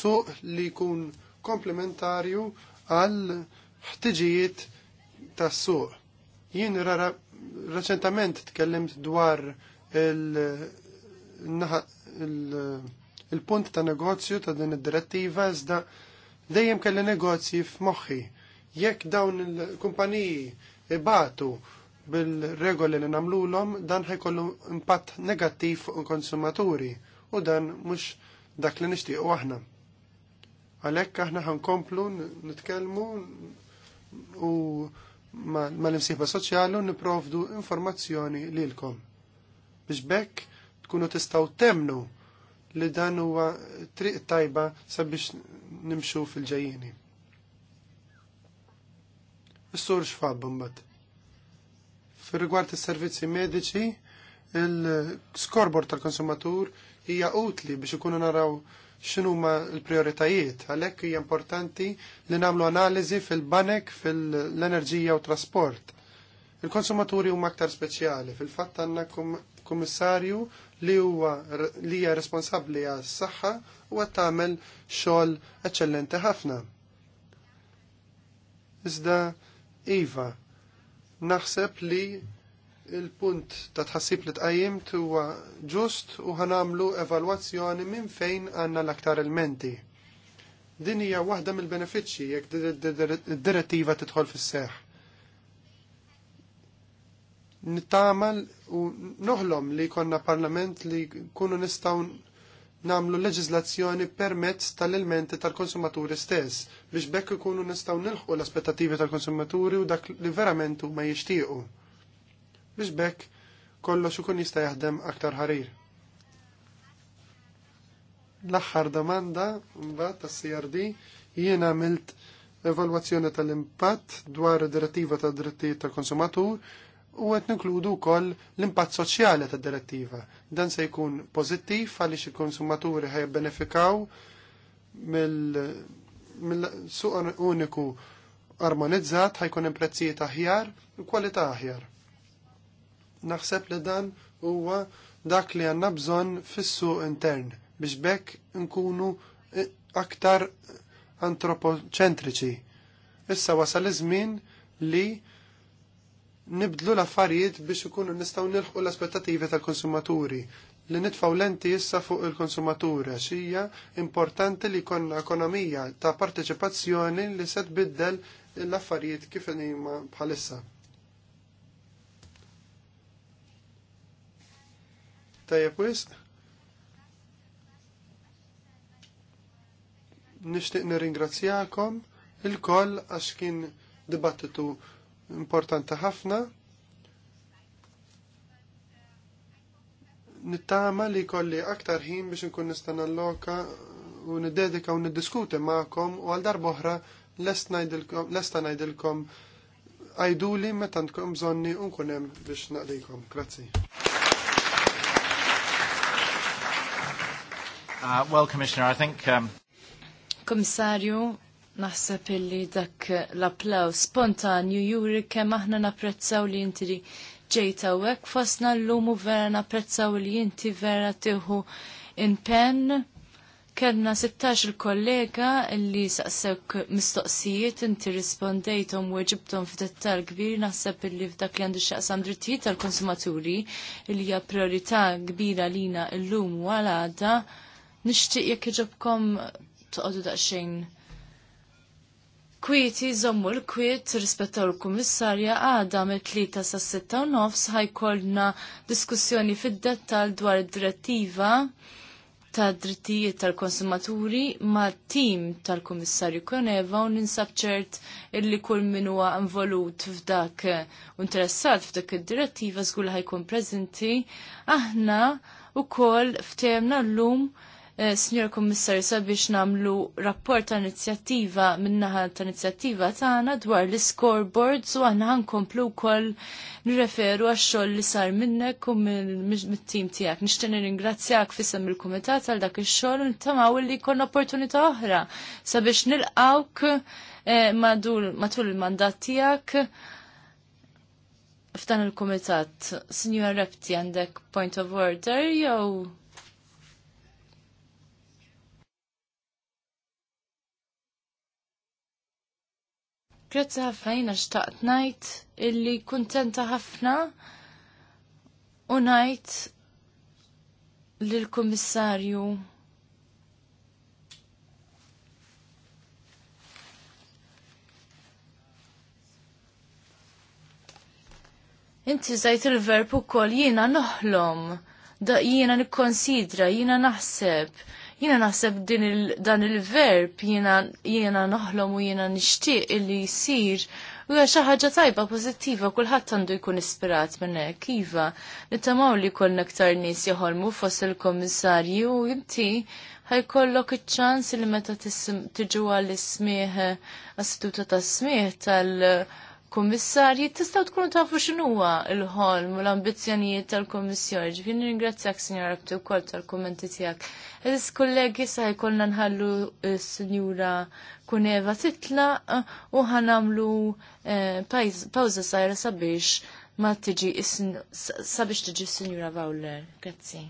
Speaker 1: suq li jkun komplementarju għal ħtiġijiet tas-suq. Jien rara reċentament tkellimt dwar il-punt ta' negozju ta' din id-direttiva iżda dejjem kelli negozji f'moħħi. Jekk dawn il-kumpaniji ibatu bil-regoli li namlulhom dan ħajkollu impatt negattiv fuq il-konsumaturi u dan mhux dak li nixtiequ aħna. Għalhekk aħna ħankomplu nitkellmu u mal imsiħba soċjali niprovdu informazzjoni lilkom. Biex bekk tkunu tistgħu temnu li dan huwa triq tajba sabiex nimxu fil ġajjini Is-sur xfab mbagħad. Fir-rigward is-servizzi mediċi, il-skorbor tal-konsumatur hija utli biex ikunu naraw x'inhuma l-prioritajiet għalhekk hija importanti li nagħmlu analiżi fil-banek fil-enerġija u trasport. Il-konsumaturi huma aktar speċjali, fil-fatt għandna kummissarju li huwa li hija responsabbli għas-saħħa u qed tagħmel xogħol eċċellenti ħafna. Iżda iva, naħseb li il-punt ta' tħassib li tqajjim huwa ġust u ħanamlu evalwazzjoni minn fejn għandna l-aktar elementi. Din hija waħda mill-benefiċċji jekk id-direttiva tidħol fis-seħħ. Nittamal u noħlom li konna parlament li kunu nistaw namlu leġizlazzjoni permezz tal-elementi tal-konsumaturi stess biex bekk ikunu nistaw nilħu l-aspettativi tal-konsumaturi u dak li verament huma jixtiequ biex bekk kollox ukun jista' jaħdem aktar ħarir. L-aħħar domanda mbagħad tas-CRD jiena għamilt evalwazzjoni tal-impatt dwar id-direttiva tad drittijiet tal-konsumatur u qed ninkludu wkoll l-impatt soċjali ta' direttiva. Dan se jkun pożittiv għaliex il-konsumaturi ħaj benefikaw mill-suq uniku armonizzat ħajkun hemm prezzijiet aħjar u kwalità aħjar. Naħseb li dan huwa dak li għanna bżonn fis-suq intern biex bekk nkunu aktar antropoċentriċi. Issa wasal iż-żmien li nibdlu l-affarijiet biex ikunu nistgħu nilħu l-aspettativi tal-konsumaturi li nitfaw lenti issa fuq il-konsumaturi hija importanti li konna ekonomija ta' parteċipazzjoni li se tbiddel l-affarijiet kif nima bħalissa. Tajja wisq. Nixtieq nirringrazzjakom il-koll għax kien dibattitu importanti ħafna. Nittama li kolli aktar ħin biex nkun l loka u niddedika u niddiskuti magħkom u għal darba oħra lesta ngħidilkom għajduli meta tkun bżonni u nkun hemm biex naqdikom. Grazzi.
Speaker 2: Uh, well, Commissioner, I think... Um... naħseb illi dak l-applaw spontanju juri kemm aħna napprezzaw li inti ġejta hekk fosna l-lumu vera napprezzaw li inti vera tieħu in pen. Kellna 16 il-kollega li saqsek mistoqsijiet inti rispondejtom u ġibtom f'dettal kbir naħseb illi f'dak li għandu xaqsam drittijiet tal-konsumaturi li hija priorità kbira lina l-lum u għal nixtieq jekk iġobkom toqgħodu daqsxejn kwieti żommu l-kwiet rispettaw l-kummissarja għada mill tlieta sa' sitta u nofs ħajkollna diskussjoni fid-dettal dwar id-direttiva ta' drittijiet tal-konsumaturi ma' tim tal-kummissarju Koneva u ninsab ċert illi kull min huwa involut f'dak u interessat f'dak id-direttiva żgur ħajkun preżenti aħna u kol ftehmna l-lum Eh, Signor Kommissarju, sabiex namlu rapport ta' inizjattiva minnaħa ta' inizjattiva tagħna dwar l-scoreboards u aħna għan wkoll nirreferu għax-xogħol li sar minnek u mit-tim tiegħek. Nixtieq nirringrazzjak fisem il-kumitat għal dak ix-xogħol un tamaw li jkollna opportunità oħra sabiex nil-għawk eh, matul il-mandat tiegħek f'dan il-kumitat. Signor Repti għandek point of order jew Grazzi ħafna jina xtaqt najt illi kuntenta ħafna u najt lill-Kummissarju Inti zajt il-verb u kol jina noħlom, da jina nikkonsidra, jina naħseb Jiena naħseb din il, dan il-verb jiena jina naħlom u jiena nixtieq illi jsir u għaxa xi ħaġa tajba pożittiva kulħadd għandu jkun ispirat minn hekk iva. Nittamaw li kollna aktar nies jaħolmu fost il komissarju u inti ħajkollok iċ-ċans li meta tiġu għal ismieħ astituta ta' smieħ tal- kummissarji tistgħu tkunu tafu xinuwa l-ħolm u l-ambizzjonijiet tal-Kummissjoni. Ġifini nirringrazzjak signor Rabti wkoll tal-kummenti tijak. Eżis kollegi sa kolna nħallu eh, signora Kuneva Titla eh, u ħanamlu eh, pawza sajra sabiex ma tiġi sabiex tiġi s-Sinjura Grazzi.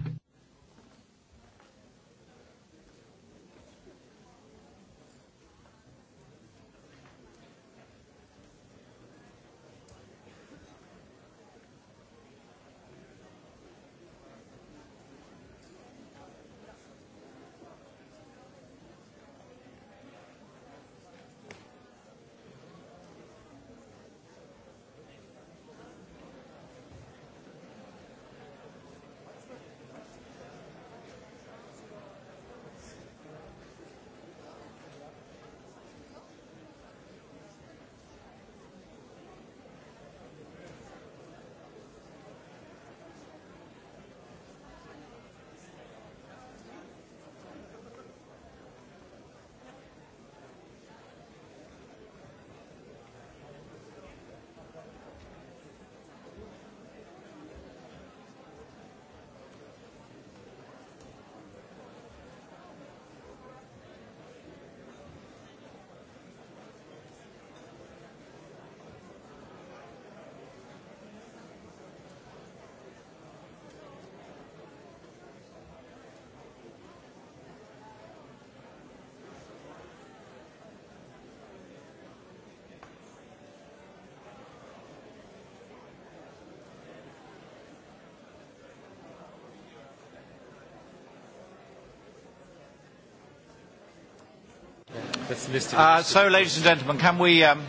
Speaker 2: Uh, so, ladies and
Speaker 1: gentlemen, can we, um,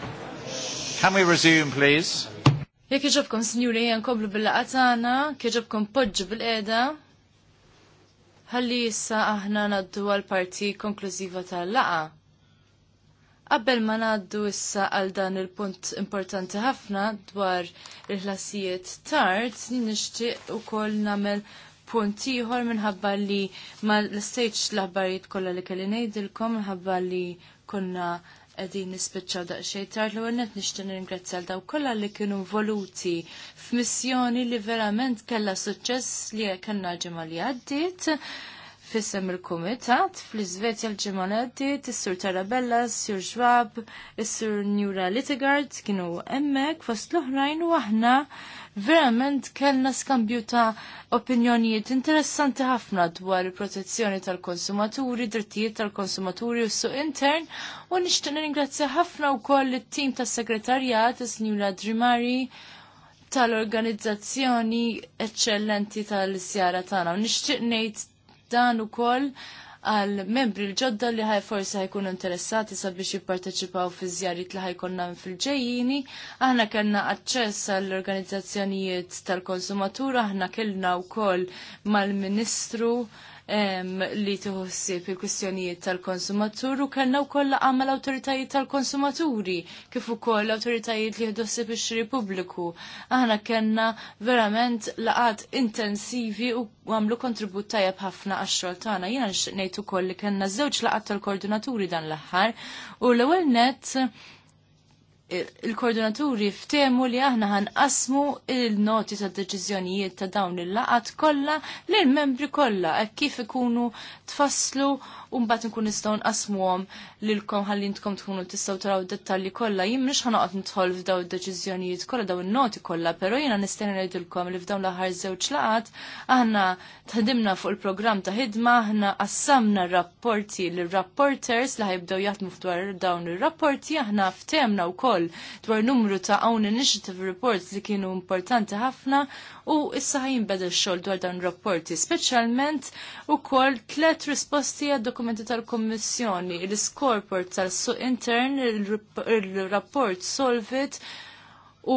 Speaker 1: can we resume, please?
Speaker 2: Jek iġobkom, signori, jankoblu bil-laqatana, kieġobkom podġu bil-eda. Ħalli jissa aħna naddu għal-parti konklużiva tal-laqa. Qabel ma naddu issa għal dan il-punt importanti ħafna dwar il-ħlasijiet tard, nixtieq ukoll nagħmel punt ieħor minħabba li ma l-stage l-aħbarijiet kollha li kelli ngħidilkom minħabba li konna qegħdin nispiċċaw daqsxejn tard l għonet nixtieq ningrazzjal daw kollha li kienu voluti f'missjoni li verament kellha suċċess li kellna ġimgħa li għaddiet fissem il-komitat fl-Izvezja l ġemaneti t-sur Tarabella, s-sur Schwab, s-sur Njura Litigard kienu emmek fost l-oħrajn u aħna verament kellna skambju ta' opinjonijiet interessanti ħafna dwar il-protezzjoni tal-konsumaturi, drittijiet tal-konsumaturi u s-suq intern u nishtan ringrazzja ħafna u koll il-tim ta' segretarjat, s-Njura Drimari, tal-organizzazzjoni eccellenti tal-sjara tagħna u nixtieq ngħid dan ukoll għal membri l-ġodda li ħaj forsi ħajkunu interessati sabiex jipparteċipaw fi żjarit li ħajkonna fil-ġejjini. Aħna kellna aċċess għall organizzazzjonijiet tal-konsumatur, aħna kellna wkoll mal-Ministru li tħossib il-kwistjonijiet tal-konsumatur u kellna wkoll għamma l-awtoritajiet tal-konsumaturi kif ukoll l-awtoritajiet li jħossib ix-xri pubbliku. Aħna kellna verament laqat intensivi u għamlu kontribut tajjeb ħafna għax-xogħol tagħna. Jiena nixtieq ngħid ukoll li kellna żewġ laqat tal-koordinaturi dan l-aħħar u l-ewwel nett il-koordinaturi ftemu li aħna ħanqasmu il-noti ta' deċiżjonijiet ta' dawn il-laqat kollha lill-membri kollha hekk kif ikunu tfasslu u mbagħad nkun nistgħu nqasmuhom lilkom ħalli intkom tkunu tistgħu taraw dettalji kollha. Jien mhux ħanoqgħod nidħol f'daw id-deċiżjonijiet kollha daw in-noti kollha, però jiena nista' ngħidilkom li f'dawn l-aħħar żewġ laqat aħna tħadimna fuq il-programm ta' ħidma, aħna qassamna rapporti lir-rapporters li ħajbdew jaħdmu f'dwar dawn ir-rapporti, aħna ftemna wkoll ukoll dwar numru ta' own initiative reports li kienu importanti ħafna u issa ħajin x-xogħol dwar dan rapporti, speċjalment ukoll tliet risposti għad dokumenti tal-Kommissjoni, l scoreport tal-suq intern, il-rapport Solvit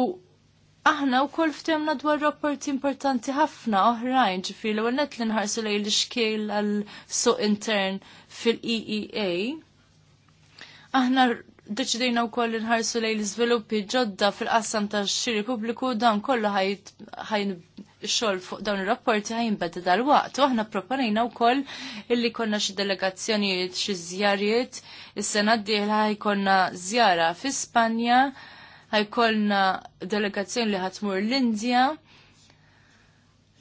Speaker 2: u Aħna u kol ftemna dwar rapporti importanti ħafna oħrajn ġifir l għannet li nħarsu lej l-xkil għal suq intern fil-EEA. Aħna deċidejna wkoll nħarsu lejn l-iżviluppi ġodda fil-qassam tax-xiri pubbliku dan kollu ħajn xogħol fuq dawn ir-rapporti ħajnbeda dal-waqt. U aħna u wkoll illi konna xi delegazzjonijiet xi żjarijiet is-sena d-dieħla konna żjara fi Spanja, ħajkollna delegazzjoni li ħatmur l-Indja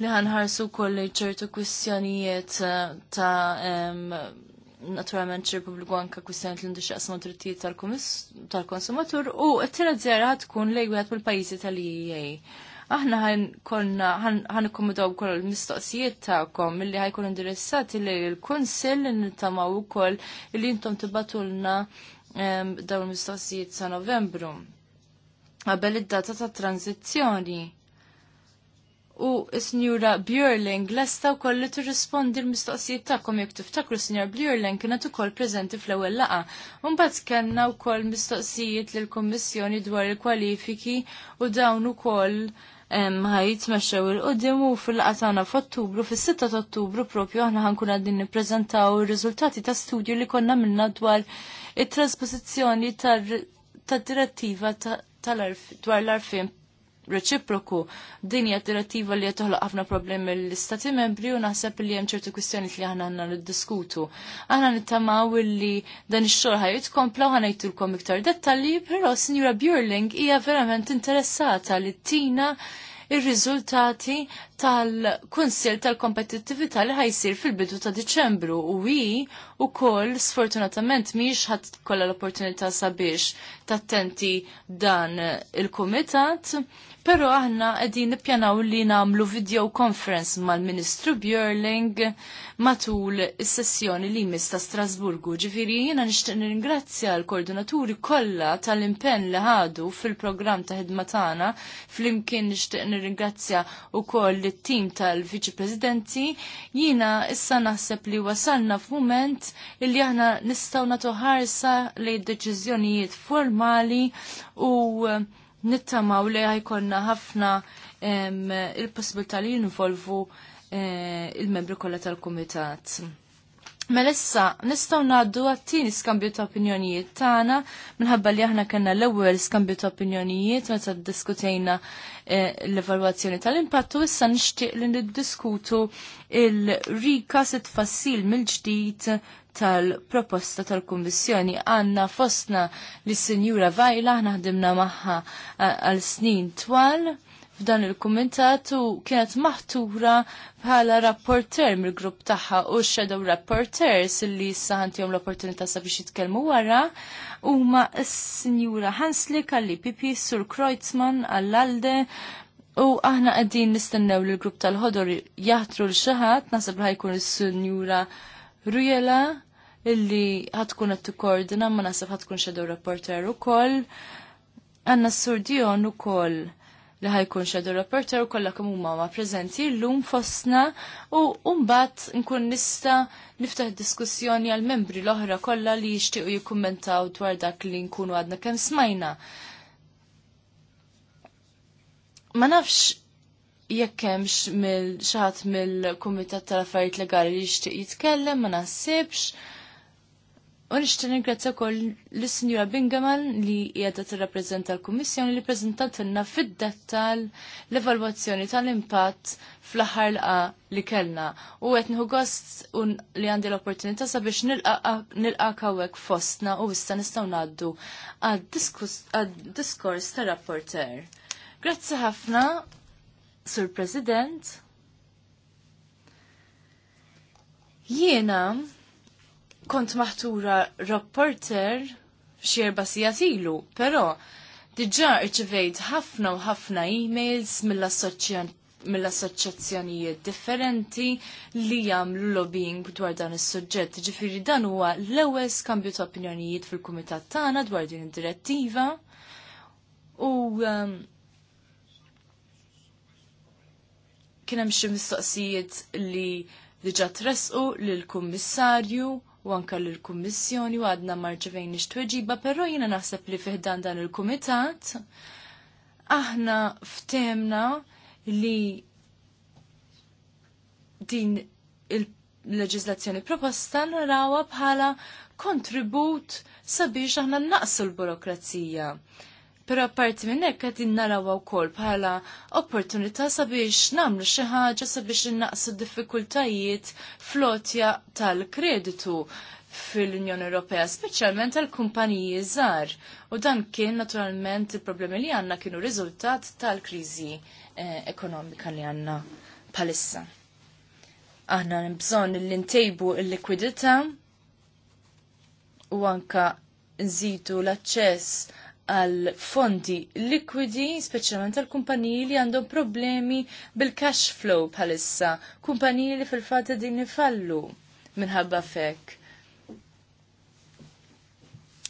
Speaker 2: li ħanħarsu koll ċertu kwistjonijiet eh, ta' naturalment Republiku anka kwistjoni l indixxaqs drittijiet tal-konsumatur u t-tielet żjara tkun lej wieħed mill-pajjiżi tal-EEA. Aħna ħan konna ħan ikkomodaw kol il-mistoqsijiet tagħkom milli ħajkun indirissati li l kunsill li nittamaw ukoll li intom tibatulna ehm, dawn il-mistoqsijiet sa' Novembru qabel id-data ta' tranzizjoni u s-Njura Björling lesta u kollu t-rispondi l-mistoqsijiet ta'kom jek tiftakru s-Njura Björling kienet tu koll prezenti fl-ewel laqa. Unbat skenna u koll mistoqsijiet l-Kommissjoni dwar il-kwalifiki u dawn u koll ħajt meċċew il-qoddim u fil-qatana f'Ottubru, fil-6 ta' Ottubru propju aħna ħankun għaddin nippreżentaw il riżultati ta' studju li konna minna dwar it-trasposizzjoni ta' direttiva dwar l-arfim reċiproku. Din hija direttiva li qed toħloq ħafna problemi l-istati membri u naħseb li hemm ċerti kwistjonijiet li aħna għandna niddiskutu. Aħna nittamaw li dan ix-xogħol ħajt kompla u ħanajtulkom iktar dettalji, però Sinjura Burling hija verament interessata li tina ir-riżultati tal-Kunsil tal-Kompetittività li ħajsir fil-bidu ta' Diċembru u wi u koll sfortunatament miex ħadd kollha l-opportunità sabiex tattenti dan il-kumitat Pero aħna qegħdin nippjanaw li nagħmlu video conference mal-Ministru Björling matul is-sessjoni li jmiss ta' Strasburgu. Ġifiri, jiena nixtieq ringrazzja l-koordinaturi kollha tal-impenn li ħadu fil-programm ta' ħidma tagħna flimkien nixtieq nirringrazzja wkoll it-tim tal-Viċi Presidenti. Jiena issa naħseb li wasalna f'mument li aħna nistgħu nagħtu ħarsa lejn deċiżjonijiet formali u nittamaw li ħajkonna ħafna il-possibilità li jinvolvu eh, il-membri kollha tal-kumitat. Mela issa nistgħu ngħaddu għat skambju ta' opinjonijiet tagħna minħabba li aħna kellna l-ewwel skambju ta' opinjonijiet meta ddiskutejna E, l-evalwazzjoni tal-impattu issa nixtieq li niddiskutu il-rika se tfassil mill-ġdid tal-proposta tal-Kummissjoni għanna fostna li sinjura Vajla ħnaħdimna maħħa għal snin twal f'dan il-kumentat kienet maħtura bħala rapporter mill-grupp tagħha u shadow rapporters li issa ħantihom l-opportunità sabiex jitkellmu wara Uma s-Sinjura Hanslik Kalli Pipi, Sur Kreutzmann għall-Alde, U aħna għaddin nistennew li l-grupp tal-ħodor jahtru l-xaħat, nasab li ħajkun s-Sinjura Rujela, illi ħatkun għattu koordina, ma nasab ħatkun xedow rapporter u koll. Għanna s-sur Dion u koll li ħajkun xedu reporter u kollha kemm huma ma preżenti llum fostna u mbagħad nkun nista' niftaħ diskussjoni għal membri l-oħra kollha li jixtiequ jikkummentaw dwar dak li nkunu għadna kemm smajna. Ma nafx jekk hemmx mill xaħat mill-Kumitat tal-Affarijiet Legali li jixtieq jitkellem, ma nasibx. U nixtieq ningrazzja wkoll lis-Sinjura Bingamal li qiegħda tirrappreżenta l-Kummissjoni li preżentatilna fid-dettal l-evalwazzjoni tal-impatt fl-aħħar lqa li kellna. U qed nieħu gost li għandi l-opportunità sabiex nilqak hawnhekk fostna u issa nistgħu ngħaddu għad-diskors tar-rapporter. Grazzi ħafna, Sur President. Jiena kont maħtura rapporter xierba sijatilu, pero diġa irċivejt ħafna u ħafna e-mails mill-assoċjazzjonijiet differenti li jagħmlu lobbying dwar dan is-suġġett. Ġifieri dan huwa l-ewwel skambju ta' opinjonijiet fil-kumitat tagħna dwar din id-direttiva. U um, kien hemm xi mistoqsijiet li diġa tresqu lill-kummissarju u anka l-Kummissjoni u għadna marġivejn ix-tweġiba, però jiena naħseb li fiħdan dan il-Kumitat aħna ftemna li din il-leġizlazzjoni proposta narawa bħala kontribut sabiex aħna naqsu l-burokrazija. Pero apparti minn hekk qed naraw wkoll bħala opportunità sabiex nagħmlu xi ħaġa sabiex innaqsu diffikultajiet flotja tal-kreditu fil-Unjoni Ewropea, speċjalment tal kumpaniji żgħar. U dan kien naturalment il-problemi li għandna kienu riżultat tal-kriżi eh, ekonomika li għandna bħalissa. Aħna bżonn li ntejbu l-likwidità u anka nżidu l-aċċess għal fondi likwidi, speċjalment għal kumpaniji li għandhom problemi bil-cash flow bħalissa, kumpaniji li fil-fatt din ifallu minħabba fek.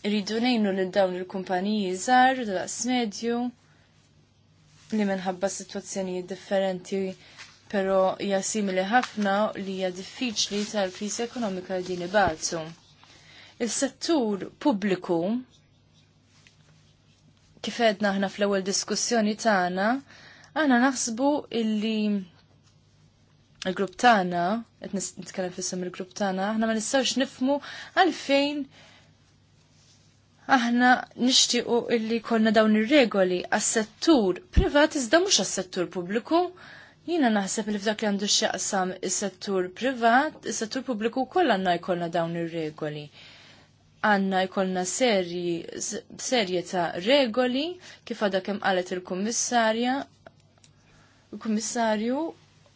Speaker 2: Rridu nejnu lil dawn il-kumpaniji żgħar daqs medju li minħabba situazzjoni differenti pero hija simili ħafna li hija diffiċli tal-kriżi ekonomika li din ibatu. Il-settur pubbliku kif ħna aħna fl-ewwel diskussjoni tagħna, aħna naħsbu illi il-grupp tagħna, qed nitkellem fissem il-grupp tagħna, aħna ma nistgħux nifmu għalfejn aħna nixtiequ illi konna dawn ir-regoli għas-settur privat iżda mhux għas-settur pubbliku. Jina naħseb li f'dak li għandu x'jaqsam is-settur privat, is-settur pubbliku kollha għandna jkollna dawn ir-regoli għanna jkollna serji, serje ta' regoli kif għada kem qalet il-kummissarja, il-kummissarju,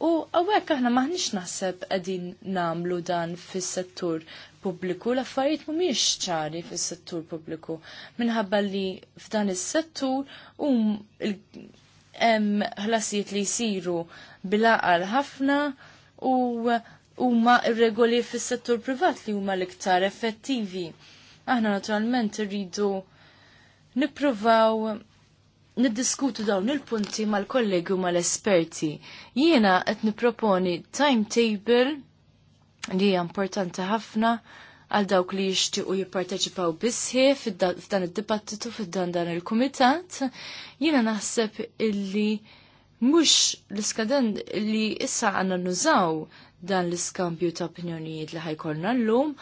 Speaker 2: u għawek aħna maħnix naħseb għedin namlu dan fis-settur pubbliku, l-affarijiet mhumiex ċari fis-settur pubbliku. Minħabba li f'dan is-settur u um hemm ħlasijiet li jsiru bilaqal ħafna u huma regoli fis-settur privat li huma l-iktar effettivi. Aħna naturalment irridu nippruvaw niddiskutu dawn il-punti mal-kollegi u mal-esperti. Jiena qed nipproponi timetable li hija importanti ħafna għal dawk li jixtiequ jipparteċipaw bisħieħ f'dan id-dibattitu f'dan dan il-kumitat, jiena naħseb illi mhux l-iskaden li issa għandna nużaw dan l-iskambju ta' opinjonijiet li ħajkolna l-lum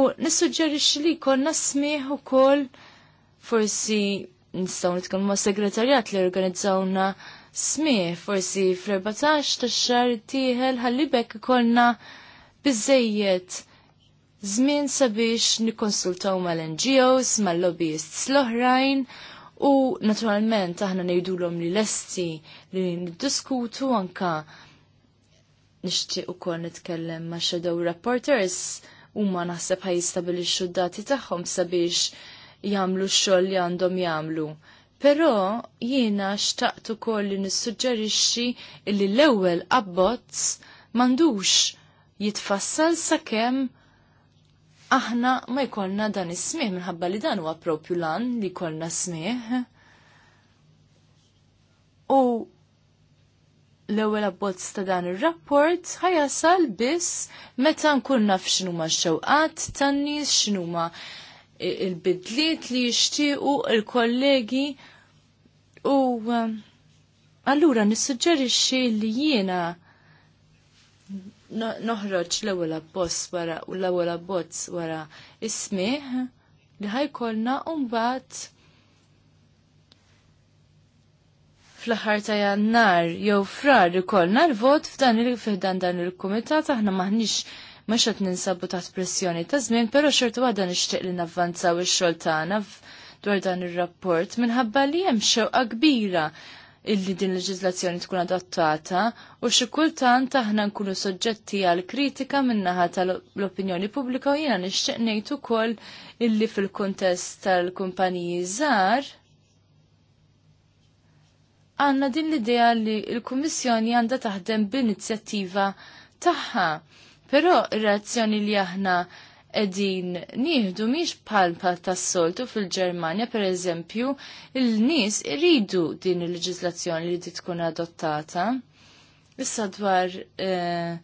Speaker 2: u nissuġġerixxi li jkollna smieħ ukoll forsi nistgħu nitkellmu ma' segretarjat li organizzawna smieħ forsi fl-14 ta' xar tieħel ħalli bekk ikollna biżejjed Zmin sabiex nikonsultaw mal-NGOs, mal-lobbyists l-oħrajn u naturalment aħna ngħidulhom li lesti li niddiskutu anka nixtieq ukoll nitkellem ma' shadow reporters huma naħseb ħaj d-dati tagħhom sabiex jagħmlu x-xogħol li għandhom jagħmlu. Però jiena xtaqt ukoll li nissuġġerixxi li l-ewwel abbozz m'għandux jitfassal sakemm aħna ma jkollna dan is-smih minħabba li dan huwa propju lan li jkollna smih. U l-ewwel abbozz ta' dan ir-rapport ħajasal biss meta nkun naf x'inhuma x-xewqat tan-nies, x'inhuma il-bidliet li jixtiequ il-kollegi u um, allura nissuġġerixxi li jiena noħroġ l-ewwel abbozz wara u l-ewwel abbozz wara ismih li ħajkolna u mbagħad fl-aħħar ta' jannar jew frar ikollna l-vot f'dan il-fihdan dan il-kumitat aħna maħniex ma xed ninsabu taħt pressjoni ta' żmien, però xertu waħda nixtieq li navvanzaw ix-xogħol tagħna dwar dan ir-rapport minħabba li hemm xewqa kbira illi din leġiżlazzjoni tkun adottata u xi kultant aħna nkunu soġġetti għal kritika min-naħa tal-opinjoni pubblika u jiena nixtieq ngħid ukoll illi fil-kuntest tal-kumpaniji żgħar għanna din l-idea li l-Kummissjoni għandha taħdem b'inizjattiva tagħha. Però ir-reazzjoni li aħna edin nieħdu miex palpa tas-soltu fil-Ġermanja, per eżempju, il-nies iridu din il-leġislazzjoni li di tkun adottata. Issa dwar eh,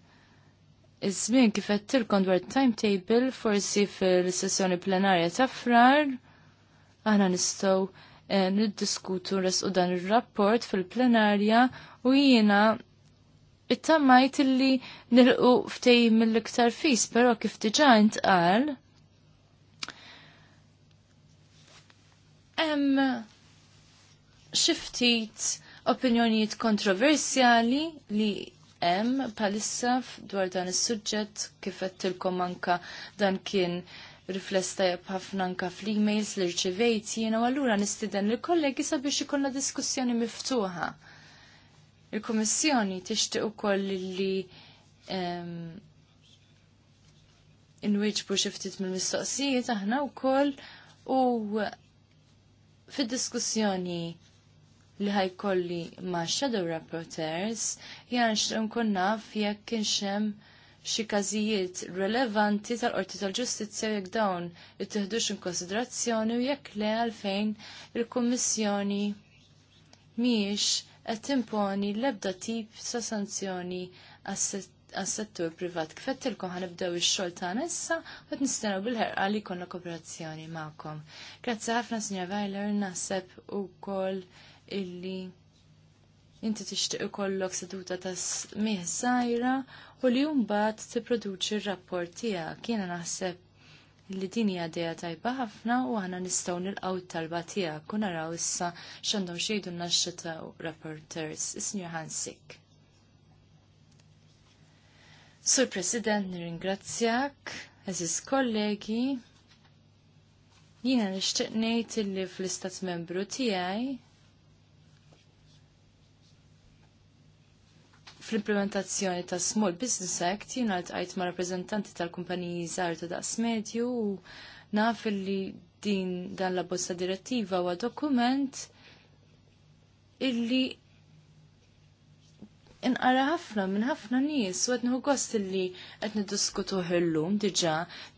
Speaker 2: iż-żmien kif qed tilkom dwar timetable forsi fil-sessjoni plenarja ta' frar aħna nistgħu Eh, niddiskutu resqu dan il-rapport fil-plenarja u jiena it-tammajt illi nilqu ftej mill-iktar fis, pero kif diġa intqal. Hemm xiftit opinjonijiet kontroversjali li hemm palissa dwar dan is-suġġett kif qedtilkom anka dan kien riflesta tajab ħafna anka fl-emails li rċivejt jiena u allura nistiden l-kollegi sabiex ikonna diskussjoni miftuħa. Il-Kummissjoni tixtieq ukoll li inwiġbu xi ftit mill-mistoqsijiet aħna wkoll u fid-diskussjoni li ħajkolli ma' Shadow Rapporteurs, jgħan nkun naf jekk kienx hemm xi każijiet rilevanti tal-Qorti tal-Ġustizzja jekk dawn ittieħdux konsiderazzjoni u jekk le għalfejn il-Kummissjoni mhijiex qed timponi l-ebda tip sa' sanzjoni għas-settur privat. Kfettilkom ħanibdew ix-xogħol tagħna issa u qed nistennew bil-ħerqa li jkollna kooperazzjoni magħkom. Grazzi ħafna Sinja Weiler naħseb ukoll illi inti tixtieq ikollok seduta ta' smih sajra u li mbagħad tipproduċi r-rapport tiegħek. Jiena naħseb li din hija tajba ħafna u aħna nistgħu nilqgħu t-talba tiegħek u naraw issa x'għandhom xejdu u rapporters, isni sinjur Hansik. Sur President, nirringrazzjak, eżis kollegi, jiena nixtieq ngħid illi fl-istat membru tiegħi Fl-implementazzjoni ta' Small Business Act jiena ltqajt ma' rappreżentanti tal-kumpaniji żgħar ta' daqs medju u naf li din dan la bosta direttiva huwa dokument illi inqara ħafna minn ħafna nies u qed nieħu gost li qed niddiskutu ħillum diġà,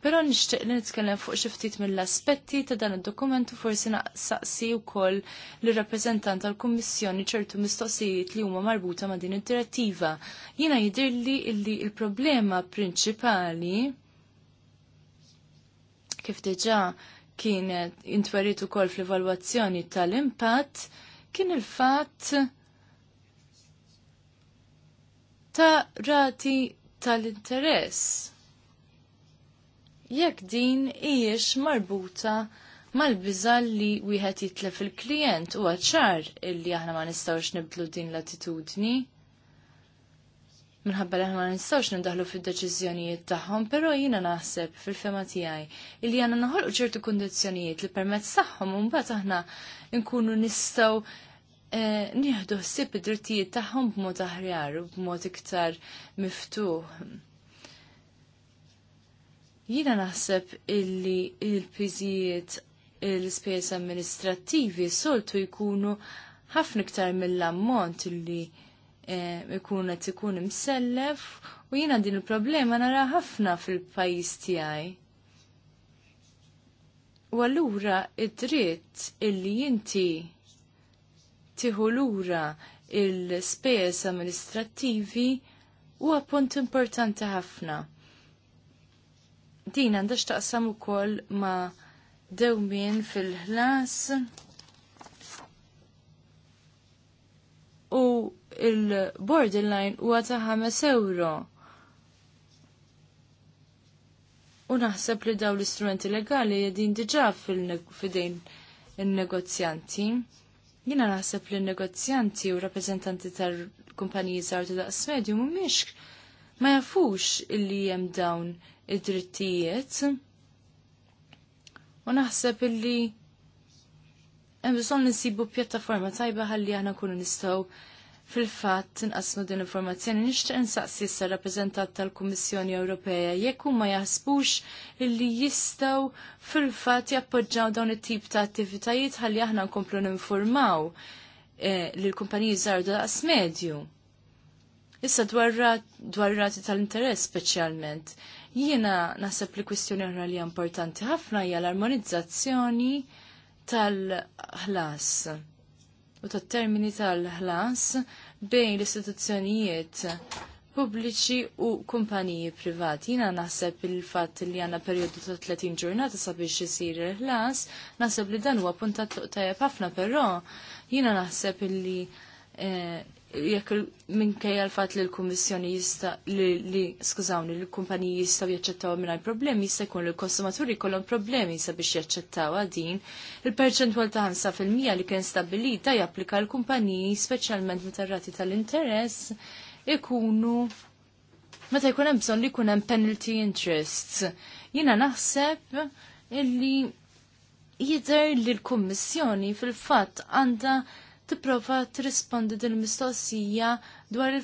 Speaker 2: però nixtieq li nitkellem fuq xi ftit mill-aspetti ta' dan id dokumentu forsi naqsaqsi wkoll lir rappreżentant tal-Kummissjoni ċertu mistoqsijiet li huma marbuta ma' din id-direttiva. Jiena jidhirli li il-problema prinċipali kif diġà kienet intwerit ukoll fl-evalwazzjoni tal-impatt kien il-fatt ta' rati tal-interess. Jekk din hijiex marbuta mal biżal li wieħed jitlef il-klient u ċar illi aħna ma nistgħux nibdlu din l-attitudni. Minħabba li aħna ma nistgħux nindaħlu fid-deċiżjonijiet tagħhom, però jiena naħseb fil-fema tiegħi illi għandna naħolqu ċertu kundizzjonijiet li permezz tagħhom u mbagħad aħna nkunu nistgħu Eh, nieħdu ħsieb id-drittijiet tagħhom b'mod aħjar u b'mod iktar miftuħ. Jiena naħseb illi il-piżijiet l-ispejjeż amministrattivi soltu jkunu ħafna iktar mill-ammont illi eh, ikun qed ikun imsellef u jiena din il-problema nara ħafna fil-pajjiż tiegħi. U allura id-dritt illi inti tieħu lura il-spejjeż amministrattivi huwa punt importanti ħafna. Din għandha x'taqsam ukoll ma' dewmien fil-ħlas u il-borderline huwa ta' ħames euro. U naħseb li daw l-istrumenti legali jedin diġa fil-fidejn il-negozjanti. Il Jina naħseb li negozjanti u rappresentanti tal-kumpaniji sartu ta' daqs medju mhumiex ma jafux illi hemm dawn id-drittijiet. U naħseb illi hemm bżonn insibu pjattaforma tajba ħalli aħna kunu nistgħu fil-fatt tinqasmu din informazzjoni nixtieq insaqsi issa rappreżentant tal-Kummissjoni Ewropea jekk huma jaħsbux illi jistgħu fil-fatt jappoġġaw dawn it-tip ta' attivitajiet ħalli aħna nkomplu ninformaw eh, lil kumpaniji żgħar daqs medju. Issa dwar rati tal-interess speċjalment, jiena naħseb li kwistjoni oħra li importanti ħafna hija l-armonizzazzjoni tal-ħlas u tat termini tal-ħlas bejn l-istituzzjonijiet pubbliċi u kumpaniji privati. Jina naħseb il-fat li għanna periodu ta' 30 ġurnata sabiex jisir il-ħlas, naħseb li dan huwa puntat tajjeb ħafna, però jina naħseb li eh, jekk minkejja l-fatt li l-Kummissjoni jista' li skużawni li l-kumpaniji jistgħu jaċċettaw mingħajr problemi jista' jkun li l-konsumaturi jkollhom problemi sabiex jaċċettaw din. Il-perċentwal ta' 5% li kien stabbilita japplika l-kumpaniji speċjalment meta rati tal-interess ikunu meta jkun hemm bżonn li jkun hemm penalty interests. Jiena naħseb illi jidher li l-Kummissjoni fil-fatt għandha tipprova tirrispondi din mistoqsija dwar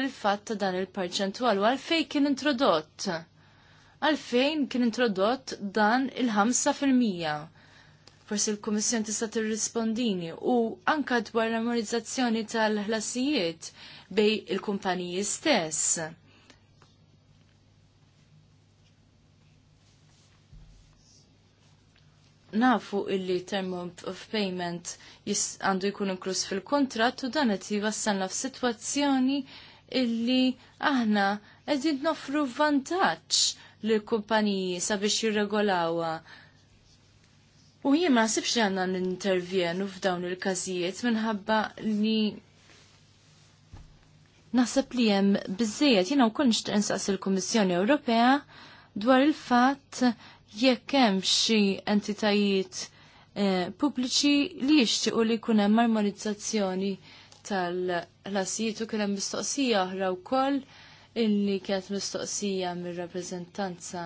Speaker 2: il-fatt ta' dan il-perċentwal u għalfejn kien introdott. Għalfejn kien introdott dan il-5%. Forsi l kummissjoni tista' tirrispondini u anka dwar l-armonizzazzjoni tal-ħlasijiet bej il-kumpaniji stess nafu illi term of payment għandu jkun inkluż fil kontrat u dan qed jwassalna f'sitwazzjoni illi aħna qegħdin nofru vantaġġ lill kumpaniji sabiex jirregolawha. U jien ma nasibx li għandna nintervjenu f'dawn il-każijiet minħabba li Naħseb li hemm biżejjed jiena wkoll nixtieq insaqs il-Kummissjoni Ewropea dwar il-fatt jekk hemm xi entitajiet eh, pubbliċi li jixtiequ li jkun hemm marmonizzazzjoni tal ħlasijiet u kien hemm mistoqsija oħra wkoll illi kienet mistoqsija mir-rappreżentanza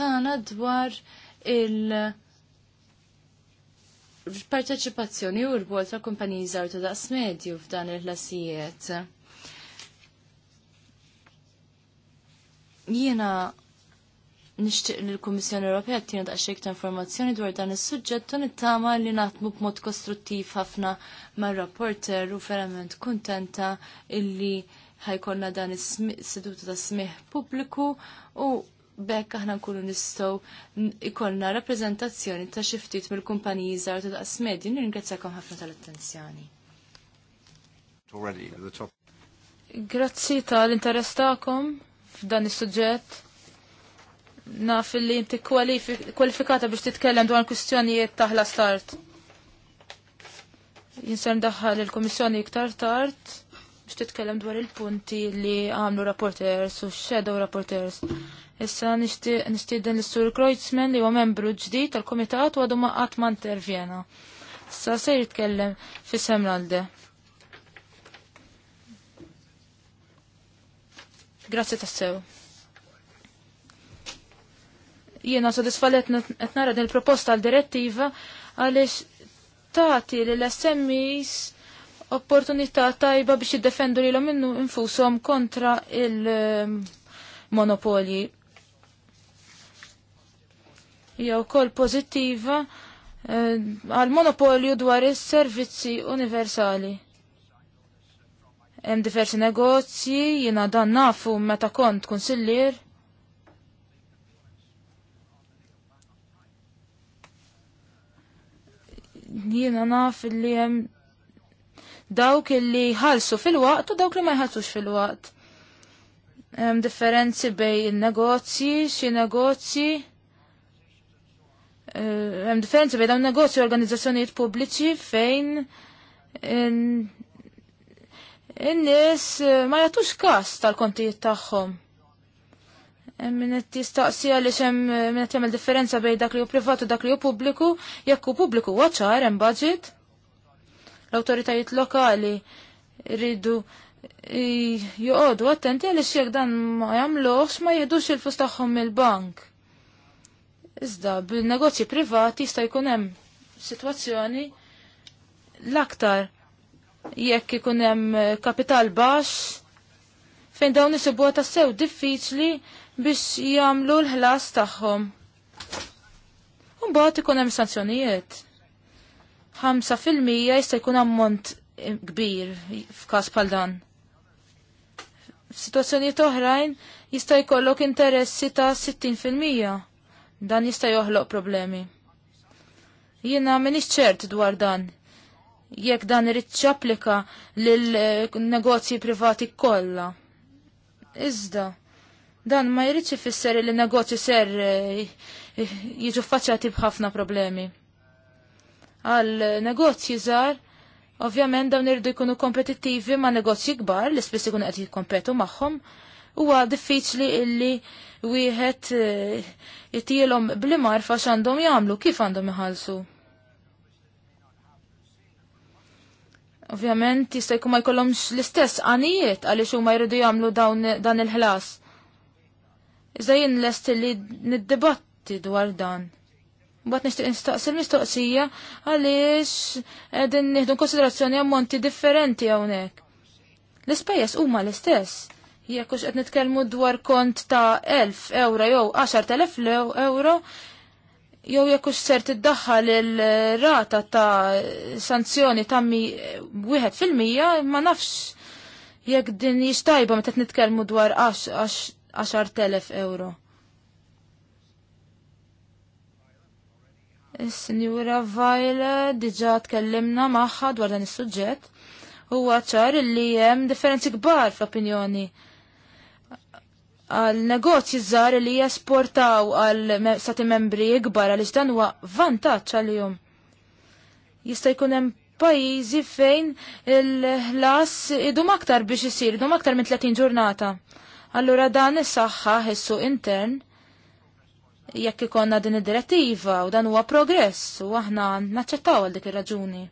Speaker 2: tagħna dwar il- parteċipazzjoni u rwol ta' kumpaniji żgħar ta' daqs medju f'dan il-ħlasijiet. Jiena nixtieq li l-Kummissjoni Ewropea tina daqsxejn ta' informazzjoni dwar dan is-suġġett u nittama li naħdmu b'mod kostruttiv ħafna mar-rapporter u verament kuntenta illi ħajkonna dan is-seduta ta' smih pubbliku u bekk aħna nkunu nistgħu ikollna rappreżentazzjoni ta' xi ftit mill-kumpaniji żgħar ta' daqs medji nirringrazzjakom ħafna tal-attenzjoni. Grazzi tal-interess
Speaker 3: tagħkom f'dan is-suġġett. Naf li inti kwalifikata biex titkellem dwar kwistjonijiet taħla start. Jinser ndaħħal il-Komissjoni iktar tard biex titkellem dwar il-punti li għamlu rapporters u shadow rapporters. Issa nistieden l-Sur Kreutzmann li huwa membru ġdid tal-Komitat u għadu ma qatt ma intervjena. Issa se jitkellem fi semralde. Grazzi tassew. Jiena sodisfallet qed nara din il-proposta għal direttiva għaliex tagħti lill SMEs opportunità tajba biex jiddefendu lilhom minnu infushom kontra il-monopolji. Hija wkoll pożittiva eh, għal monopolju dwar is-servizzi universali. Hemm diversi negozji, jiena dan nafu meta kont kunsillier. Jiena naf li hemm dawk li ħalsu fil-waqt u dawk li ma jħalsux fil-waqt. Hemm differenzi bej il negozji xi negozji. Eh, hemm differenzi bej dawn negozji u organizzazzjonijiet pubbliċi fejn in-nies eh, ma jagħtux każ tal-kontijiet tagħhom. Min qed li għaliex hemm min qed eh, differenza bejn dak li hu privat u dak li hu publiku, jekku hu pubbliku huwa ċar hemm budget. L-awtoritajiet lokali rridu eh, joqogħdu attenti għaliex jekk dan ma jamluħx ma jieħdux il fus tagħhom mill-bank. Iżda, bil-negozji privati jista' jkun hemm sitwazzjoni l-aktar jekk ikun hemm eh, kapital baxx fejn dawn isibuha tassew diffiċli biex jagħmlu l-ħlas tagħhom. Mbagħad ikun hemm sanzjonijiet. 5% jista' jkun ammont eh, kbir f'każ bħal dan. F'sitwazzjonijiet oħrajn jista' jkollok interessi ta' 60%. Dan jista' joħloq problemi. Jiena minix ċert dwar dan jekk dan irid applika lil negozji privati kollha. Iżda, dan ma jridx ifisser li negozji ser eh, jiġu faċċati b'ħafna problemi. Għal negozji żgħar, ovvjament dawn irridu jkunu kompetittivi ma' negozji kbar li spiss ikun qed jikkompetu magħhom, huwa diffiċli illi wieħed jitielhom eh, bli marfa x'għandhom jagħmlu kif għandhom iħallsu. Ovvjament jista' jkun ma jkollhomx l-istess għanijiet għaliex huma jridu jagħmlu dawn dan il-ħlas. Iżda jien lest li niddibatti dwar dan. Bat nishtiq nistaqsil mistoqsija għaliex qegħdin nieħdu konsiderazzjoni ammonti differenti hawnhekk. L-ispejjeż huma l-istess. Jekk hux qed nitkellmu dwar kont ta' 1000 euro jew 10,000 euro, jew jekk hux ser tiddaħħal il-rata ta' sanzjoni ta' wieħed fil-mija ma nafx jekk din jixtajba meta nitkellmu dwar 10,000 euro. Is-Sinjura Vajla diġa tkellimna magħha dwar dan is-suġġett huwa ċar li hemm differenzi kbar fl-opinjoni għal negozji żgħar li jesportaw għal stati membri ikbar għaliex dan huwa vantaġġ għalihom. Jista' jkun hemm pajizi fejn il-ħlas idum aktar biex isir, idum aktar minn 30 ġurnata. Allura dan is-saħħa ħessu intern jekk ikonna din id-direttiva u dan huwa progress u aħna naċċettaw għal dik ir-raġuni.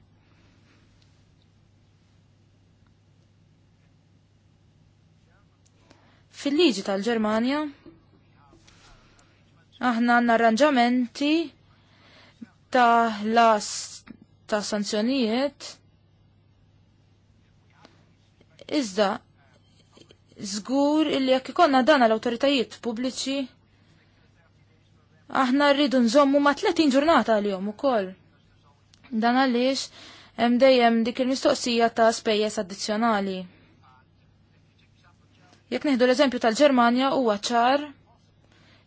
Speaker 3: Fil-liġi tal-Ġermanja aħna għandna arranġamenti ta' last ta' sanzjonijiet iżda żgur illi jekk ikonna dan l-awtoritajiet pubbliċi aħna rridu nżommu ma' 30 ġurnata għal-jom ukoll. Dan għaliex hemm dejjem dik il-mistoqsija ta' spejjeż addizzjonali. Jekk neħdu l-eżempju tal-Ġermanja huwa ċar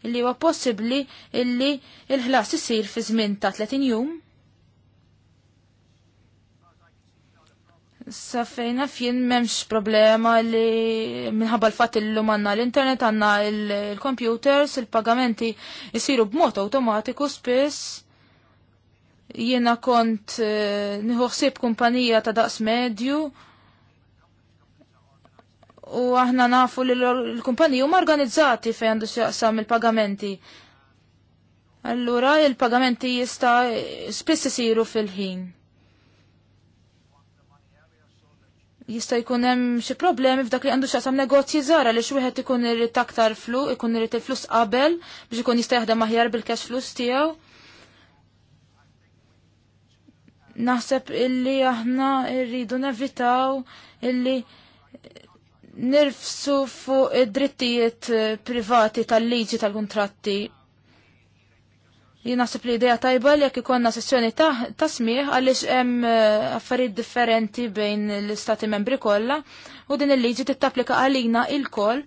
Speaker 3: illi huwa possibbli illi il-ħlas isir fi żmien ta' 30 jum. Safejna fien memx problema li minħabba l-fat illum għanna l-internet għanna l-computers, il pagamenti jisiru b'mod automatiku spiss. Jiena kont eh, nħuħsib kumpanija ta' daqs medju u aħna nafu li l-kumpaniju ma' organizzati fej għandu xaqsam il-pagamenti. Allura il-pagamenti jista' spiss isiru fil-ħin. jista' jkun hemm xi problemi f'dak li għandu x'aqsam negozji żara li wieħed ikun irid aktar flu, ikun irid il-flus qabel biex ikun jista' jaħdem aħjar bil-cash flus tiegħu. Naħseb illi aħna rridu nevitaw illi nirfsu fuq id-drittijiet privati tal-liġi tal-kontratti Jinaħseb li ideja tajba li jekk ikonna sessjoni ta', tasmih għaliex hemm eh, affarijiet differenti bejn l-istati membri kollha u din il-liġi tittapplika għalina il-koll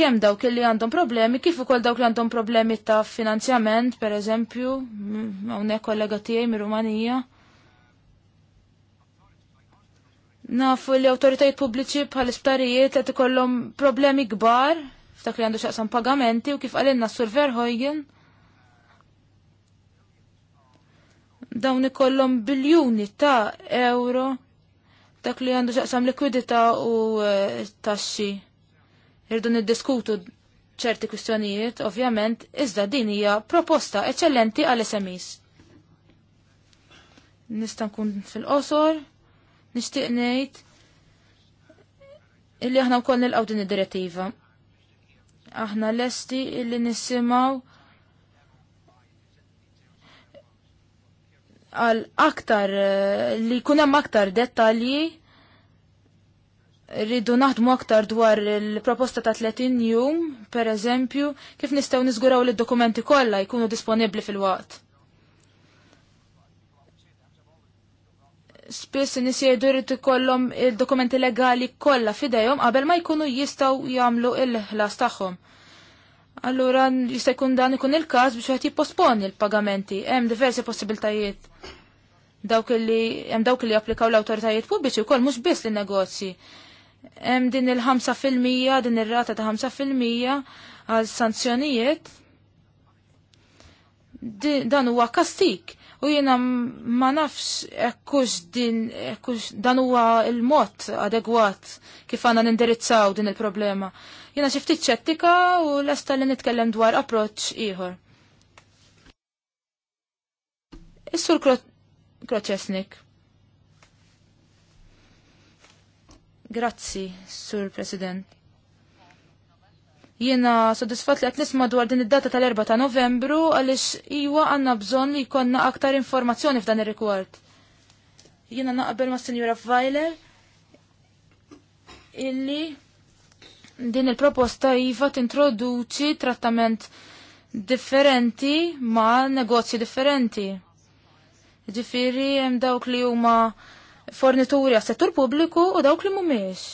Speaker 3: kemm dawk li għandhom problemi, kif ukoll dawk li għandhom problemi ta' finanzjament, per eżempju, hawnhekk kollega tiegħi mir-Rumanija. Nafu li awtoritajiet pubbliċi bħal isptarijiet qed ikollhom problemi kbar f'dak li għandu xaqsam pagamenti u kif għalinna s-Surver Hoygen dawn ikollhom biljuni ta' euro dak li għandu xaqsam likwidità u e, taxxi. Irdu niddiskutu ċerti kwistjonijiet, ovvjament, iżda din hija proposta eċċellenti għal SMEs. Nista' nkun fil-qosor, nixtieq ngħid illi aħna wkoll nilqgħu din id-direttiva aħna lesti illi nisimaw għal aktar eh, li kunem aktar dettalji rridu naħdmu aktar dwar il-proposta ta' 30 jum, per eżempju, kif nistaw nizguraw li dokumenti kollha jkunu disponibli fil-waqt. spiss nies rritu kollom ikollhom id-dokumenti legali kollha f'idejhom qabel ma jkunu jistgħu jagħmlu il ħlas tagħhom. Allura jista' jkun dan ikun il-każ biex qed jipposponi l-pagamenti. Hemm diversi possibiltajiet. Dawk li hemm dawk li japplikaw l-awtoritajiet pubbliċi wkoll mhux biss lin-negozji. Hemm din il-5 fil-mija, din ir-rata ta' 5 fil-mija għal sanzjonijiet. Dan huwa kastik U jiena ma nafx ekkux din ekkux dan huwa il-mod adegwat kif għandna nindirizzaw din il-problema. Jiena xi ċettika u lesta li nitkellem dwar approċċ ieħor. Is-sur Kroċesnik. Grazzi, Sur President. Jiena sodisfat li qed nisma' dwar din id-data tal-4 ta' Novembru għaliex iwa għandna bżonn li jkollna aktar informazzjoni f'dan ir-rigward. Jiena naqbel ma' senjura Vajler illi din il-proposta iva tintroduċi trattament differenti ma' negozji differenti. Ġifiri hemm dawk li huma fornituri għas settur pubbliku u dawk li mhumiex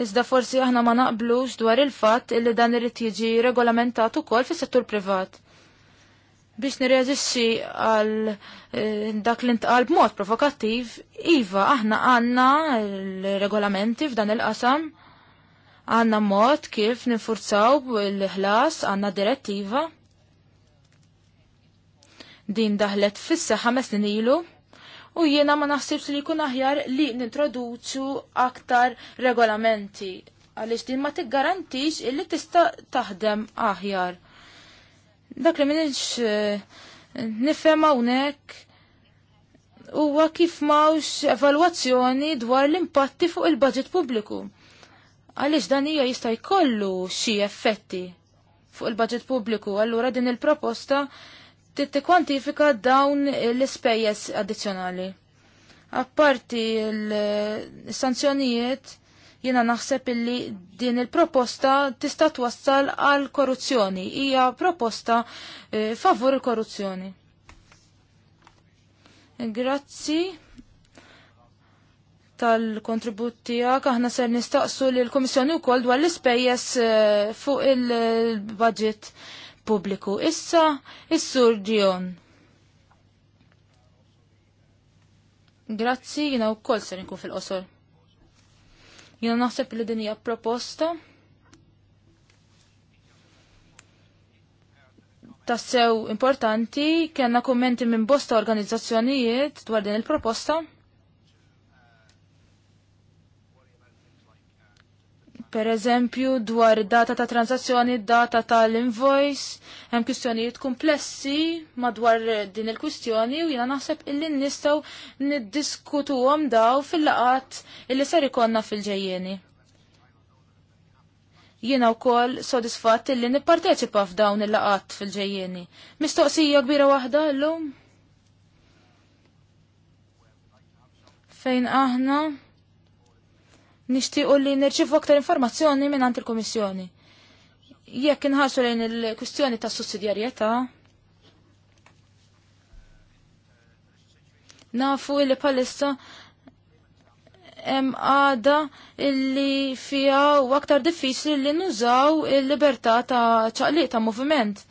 Speaker 3: Iżda forsi aħna ma naqblux dwar il-fatt illi dan irid jiġi regolamentat ukoll fis-settur privat. Biex nirreġixxi għal eh, dak li ntqal b'mod provokattiv, iva aħna għandna l-regolamenti f'dan il-qasam, għandna mod kif ninfurzaw l-ħlas, għandna direttiva. Din daħlet fis-seħħa ħames ilu u jiena ma naħsibx li jkun aħjar li nintroduċu aktar regolamenti għaliex din ma tiggarantix illi tista' taħdem aħjar. Dak li minix eh, nifhem hawnhekk huwa kif mawx evalwazzjoni dwar l-impatti fuq il-budget pubbliku. Għaliex dan hija jista' jkollu xi effetti fuq il-budget pubbliku, allura din il-proposta tikkwantifika dawn l-ispejjeż addizzjonali. Apparti l-sanzjonijiet jiena naħseb illi din il-proposta tista' twassal għal korruzzjoni. Hija proposta eh, favur il-korruzzjoni. Grazzi tal-kontribut tiegħek aħna ser nistaqsu lill-Kummissjoni wkoll dwar l-ispejjeż eh, fuq il-budget. il budget pubbliku. Issa, is-sur Dion. Grazzi, jina u koll ser nkun fil-qosor. Jina naħseb li din hija proposta. Tassew importanti, kena kommenti minn bosta organizzazzjonijiet dwar din il-proposta. Per eżempju, dwar data ta' transazzjoni, data tal-invoice, hemm kwistjonijiet komplessi madwar din il-kwistjoni u jiena naħseb illi nistgħu niddiskutuhom daw fil-laqat illi ser ikonna fil-ġejjeni. Jiena wkoll sodisfatt illi nipparteċipa f'dawn il-laqat fil-ġejjeni. Mistoqsija kbira waħda llum? Fejn aħna? nixtiequ li nirċivu aktar informazzjoni minn għand il-Komissjoni. Jekk inħarsu lejn il-kwistjoni ta' sussidjarjetà, nafu li palissa hemm għada illi fija u aktar diffiċli li nużaw il-libertà ta' ċaqliq ta' moviment.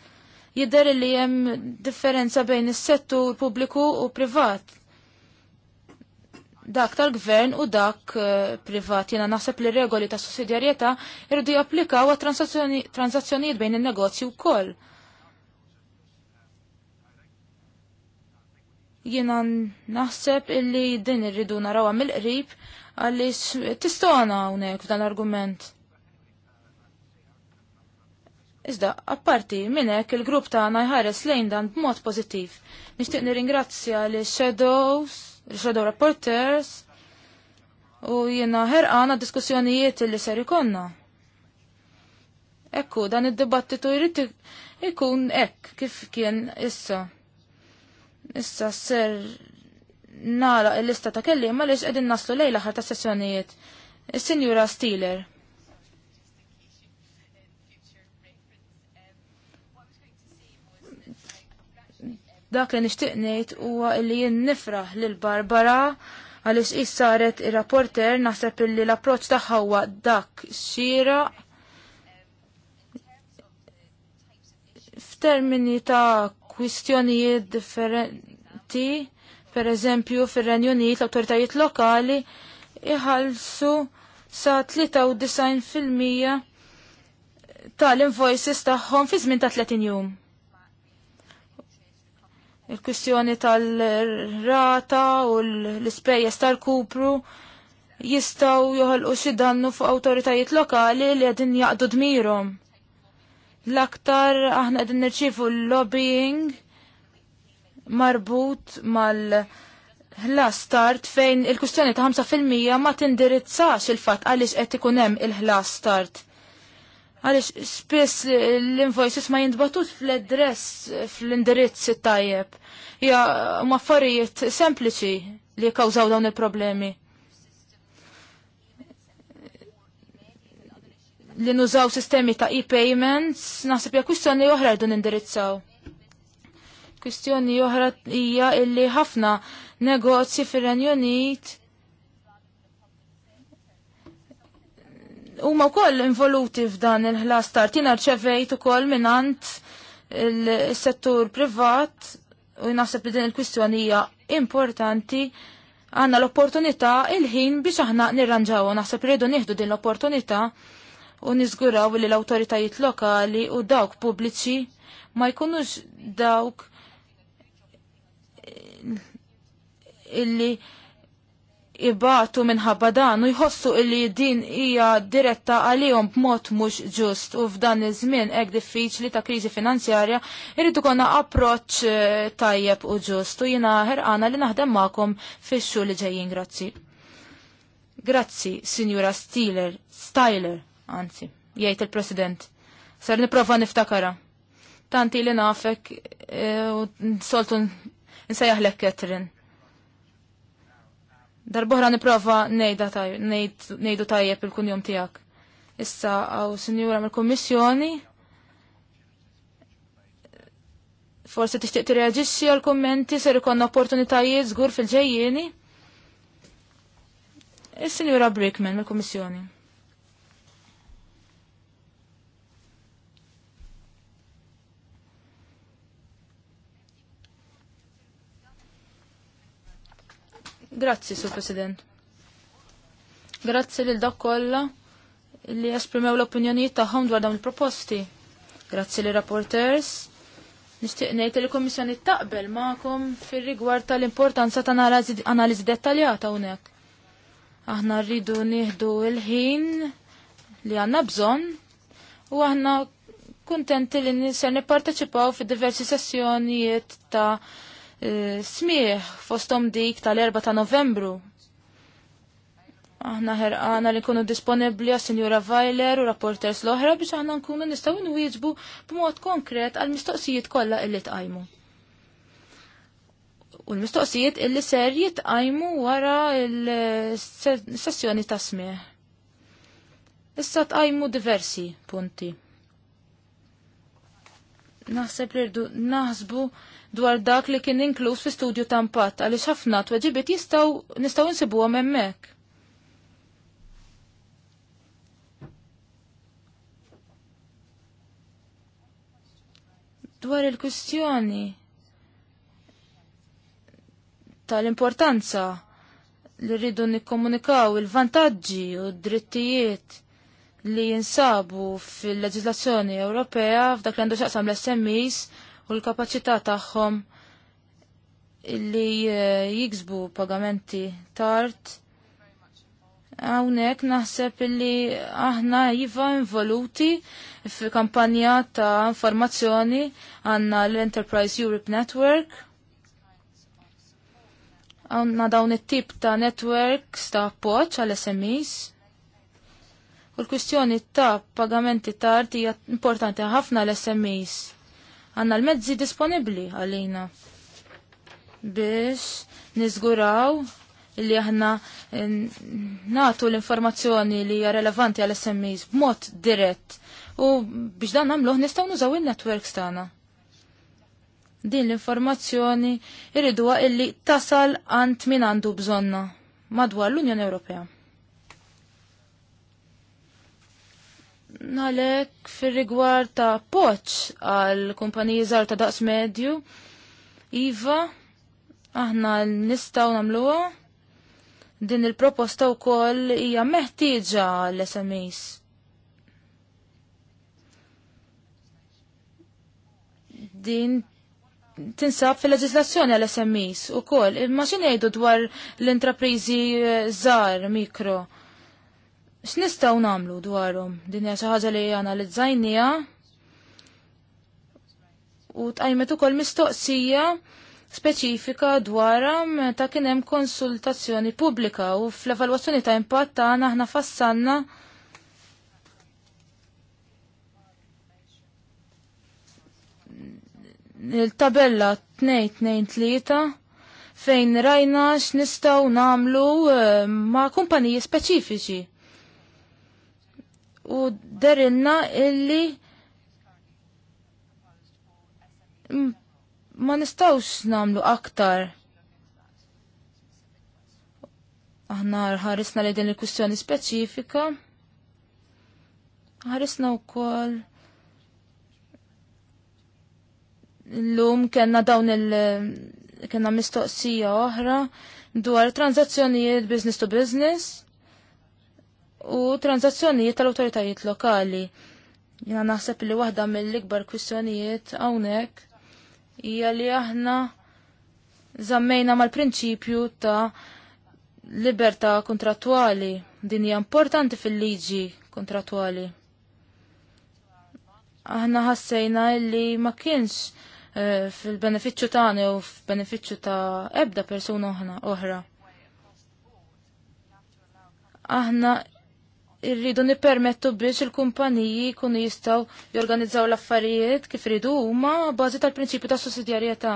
Speaker 3: Jidher li hemm differenza bejn is-settur pubbliku u privat dak tal-gvern u dak eh, privat. Jena naħseb li regoli ta' sussidjarjetà irdu japplikaw għat transazzjonijiet bejn il-negozju wkoll. Jena naħseb illi din irridu narawha mill-qrib għalli tistona hawnhekk f'dan l-argument. Iżda, apparti, minnek il-grupp ta' jħares lejn dan b'mod pozittiv. Nixtieq nirringrazzja li Shadows, il-Shadow Reporters u jiena ħerqana diskussjonijiet li ser ikonna. Ekku, dan id-dibattitu jrid ikun ekk kif kien issa. Issa ser nara il-lista ta' kelli ma li edin naslu lejla ħar ta' sessjonijiet. Is-Sinjura Stiller. Dak li nixtieq ngħid huwa li jien nifraħ lil Barbara għaliex is saret ir-rapporter naħseb illi l-approċċ tagħha huwa dak xira f'termini ta' kwistjonijiet differenti, per eżempju fir-Renju Unit l-awtoritajiet lokali iħallsu sa 93% tal-invoices tagħhom fi żmien ta' 30 jum il-kwistjoni tal-rata u l-ispejjeż tal-kupru jistaw joħolqu xi dannu fuq awtoritajiet lokali li qegħdin jaqdu dmirhom. L-aktar aħna qegħdin nirċifu l-lobbying marbut mal- La start fejn il-kustjoni ta' 5% ma tindirizzax il-fatt għaliex qed ikun hemm il-ħlas start. Għalix spess l-invoices ma jindbatut fl-address, fl-indirizz tajjeb. Ja, farijiet sempliċi li kawżaw dawn il-problemi. Li nużaw sistemi ta' e-payments, nasib ja kwistjoni oħra dun nindirizzaw. Kwistjoni oħra hija illi ħafna negozji fir-Renjonit huma wkoll involuti f'dan il-ħlas tard. Jiena rċevejt ukoll minnant il-settur privat u naħseb li din il kwistjonija importanti għanna l-opportunità il-ħin biex aħna nirranġaw naħseb rridu nieħdu din l-opportunità u niżguraw li l-awtoritajiet lokali u dawk pubbliċi ma jkunux dawk illi ibatu minħabba dan u jħossu illi din hija diretta għalihom b'mod mhux ġust u f'dan iż-żmien hekk diffiċli ta' kriżi finanzjarja jrid ikolna approċċ eh, tajjeb u ġust u jiena ħerqana li naħdem magħkom fix-xhur li ġejjin grazzi. Grazzi, Sinjura Stiler, Styler, anzi, jgħid il-President. Ser nipprova niftakara. Tanti li nafek eh, u soltu nsejjaħlek Catherine Darbohra niprofa nejda taj, nejdu tajjeb il-kunjom tijak. Issa, għaw sinjura mill kommissjoni forse tixtieq tirreaġixxi għal kummenti ser ikonna opportunitajiet żgur fil-ġejjieni. Is-Sinjura Brickman mill-Kummissjoni. Grazzi, Sur President. Grazzi lil dak kollha li esprimew l-opinjonijiet tagħhom dwar dawn il-proposti. Grazzi li rapporters. Nixtieq ngħid li l-Kummissjoni taqbel magħkom fir-rigward tal-importanza ta' analiżi dettaljata hawnhekk. Aħna rridu nieħdu l-ħin li għandna bżonn u aħna kuntenti li nisser nipparteċipaw fid diversi sessjonijiet ta' smieħ fostom dik tal-4 ta' novembru. Aħna ħerqana li kunu disponibli għas Sinjura Vajler u rapporters l-oħra biex aħna nkunu nistaw nwieġbu b'mod konkret għal mistoqsijiet kollha illi tqajmu. U l-mistoqsijiet illi ser jitqajmu wara l-sessjoni ta' smieħ. Issa tqajmu diversi punti. Naħseb li rdu naħsbu dwar dak li kien inkluż fi studju ta' impatt għaliex ħafna tweġibiet jistgħu nistgħu insibuhom hemmhekk. Dwar il-kwistjoni tal-importanza li rridu nikkomunikaw il-vantaġġi u d-drittijiet li jinsabu fil-leġislazzjoni Ewropea f'dak li għandu xaqsam l-SMEs u l-kapacità tagħhom illi eh, jiksbu pagamenti tard. Hawnhekk naħseb li aħna jiva involuti f'kampanja ta' informazzjoni għandna l-Enterprise Europe Network. Għandna dawn it-tip ta' networks ta' appoġġ għal SMEs. U l-kwistjoni ta' pagamenti tard hija importanti ħafna l-SMEs għanna l-mezzi disponibli għalina biex nizguraw li aħna natu l-informazzjoni li hija relevanti għal SMEs b'mod dirett u biex dan nagħmluh nistgħu nużaw il-networks tagħna. Din l-informazzjoni irridu li tasal għand min għandu bżonna madwar l-Unjoni Ewropea. Nalek fil-rigward ta' poċ għal kumpaniji żgħar ta' daqs medju, Iva, aħna nistaw namluwa. Din il-proposta wkoll hija meħtieġa l-SMEs. Din tinsab fil-leġislazzjoni għal SMEs ukoll, imma xi ngħidu dwar l-intrapriżi eh, żgħar mikro X'nistgħu nagħmlu dwarhom? Din hija xi ħaġa li analizzajnija u tqajmet ukoll mistoqsija speċifika dwarha meta kien hemm konsultazzjoni pubblika u fl-evalwazzjoni ta' impatt tagħna aħna fassanna il-tabella 2-2-3 fejn rajna x'nistgħu nagħmlu eh, ma' kumpaniji speċifiċi u derinna illi ma nistawx namlu aktar. Aħna ħarisna li din il-kustjoni speċifika. Ħarisna u koll. L-lum kena dawn il- kena mistoqsija oħra dwar tranzazzjonijiet business to business u tranzazzjonijiet tal-autoritajiet lokali. Jina naħseb li waħda mill-ikbar kwistjonijiet hawnhekk hija li aħna zammejna mal-prinċipju ta' libertà kontrattwali. Din hija importanti fil-liġi kontratwali. Aħna ħassejna li ma kienx eh, fil-benefiċċju tagħna u f'benefiċċju ta' ebda persuna oħra. Aħna irridu nipermettu biex il-kumpaniji kunu jistaw jorganizzaw l-affarijiet kif ridu huma bażi tal-prinċipju ta' sussidjarjetà.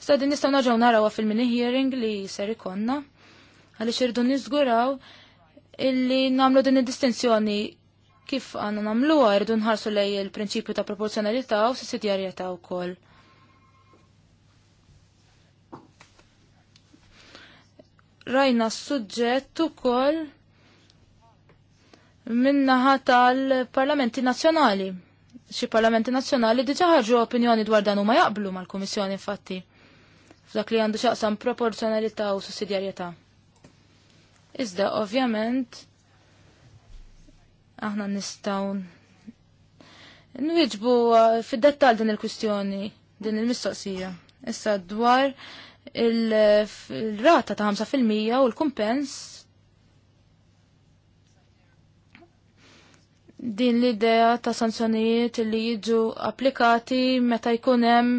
Speaker 3: Sta' din nistgħu naġgħu narawha fil-mini hearing li ser ikonna għaliex irridu niżguraw illi nagħmlu din id-distinzjoni kif għandna namluha irridu nħarsu lej il-prinċipju ta' proporzjonalità u sussidjarjetà wkoll. Rajna s-suġġett ukoll minnaħa tal-parlamenti nazzjonali. Xi parlamenti nazzjonali diġa ħarġu opinjoni dwar dan huma jaqblu mal-Kummissjoni infatti f'dak li għandu xaqsam proporzjonalità u sussidjarjetà. Iżda ovvjament aħna nistgħu Nwiġbu uh, fid-dettal din il-kwistjoni, din il-mistoqsija. Issa dwar il-rata ta' 5% u l-kumpens din l-idea ta' sanzjonijiet li jiġu applikati meta jkun hemm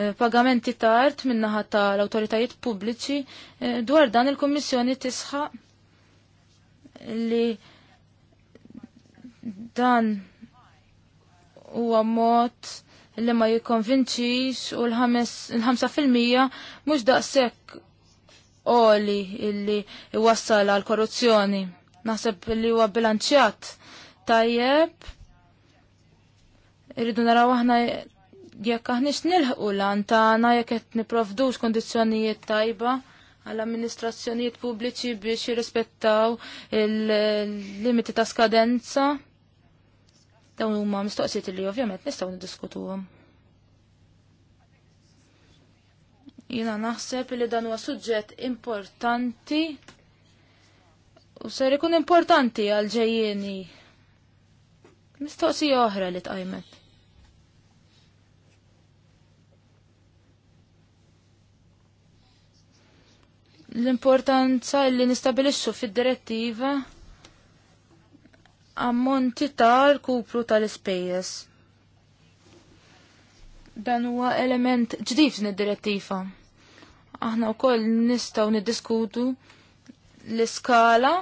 Speaker 3: eh, pagamenti tard minnaħa tal awtoritajiet pubbliċi eh, dwar dan il-Kummissjoni tisħa li dan huwa mod li ma jikkonvinċix u l-5% mhux daqshekk oli illi iwassal għal korruzzjoni. Naħseb li huwa bilanċjat tajjeb. Irridu naraw aħna jekk aħniex nilħqu lan tagħna jekk qed niprovdux kondizzjonijiet tajba għall-amministrazzjonijiet pubbliċi biex jirrispettaw il-limiti ta' skadenza. Dawn huma mistoqsijiet li ovvjament nistgħu niddiskutuhom. Jiena naħseb li dan huwa suġġett importanti u ser ikun importanti għal ġejjieni Mistoqsija oħra li tqajmet. L-importanza li nistabilixxu fid-direttiva ammonti tal-kupru tal-ispejjeż. Dan huwa element ġdid f'din id-direttiva. Aħna wkoll nistgħu niddiskutu l-iskala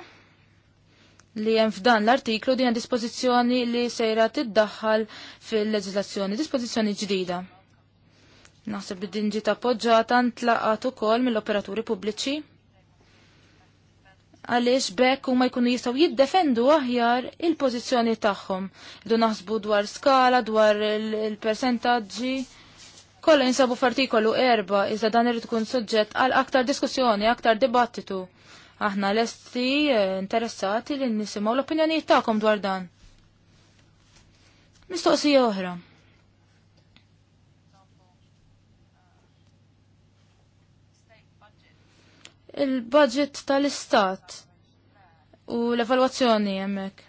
Speaker 3: li hemm f'dan l-artiklu din dispożizzjoni li sejra tiddaħħal fil-leġislazzjoni, dispożizzjoni ġdida. Naħseb li din ġiet appoġġjata ntlaqat ukoll mill-operaturi pubbliċi għaliex bekk huma jkunu jistgħu jiddefendu aħjar il-pożizzjoni tagħhom. Idu naħsbu dwar skala, dwar il-persentaġġi. Kolla jinsabu f'artikolu erba' iżda dan irid ikun suġġett għal aktar diskussjoni, aktar dibattitu Aħna lesti eh, interessati li nisimgħu l-opinjonijiet ta'kom dwar dan. Mistoqsija oħra. Il-budget tal-istat u l-evalwazzjoni hemmhekk.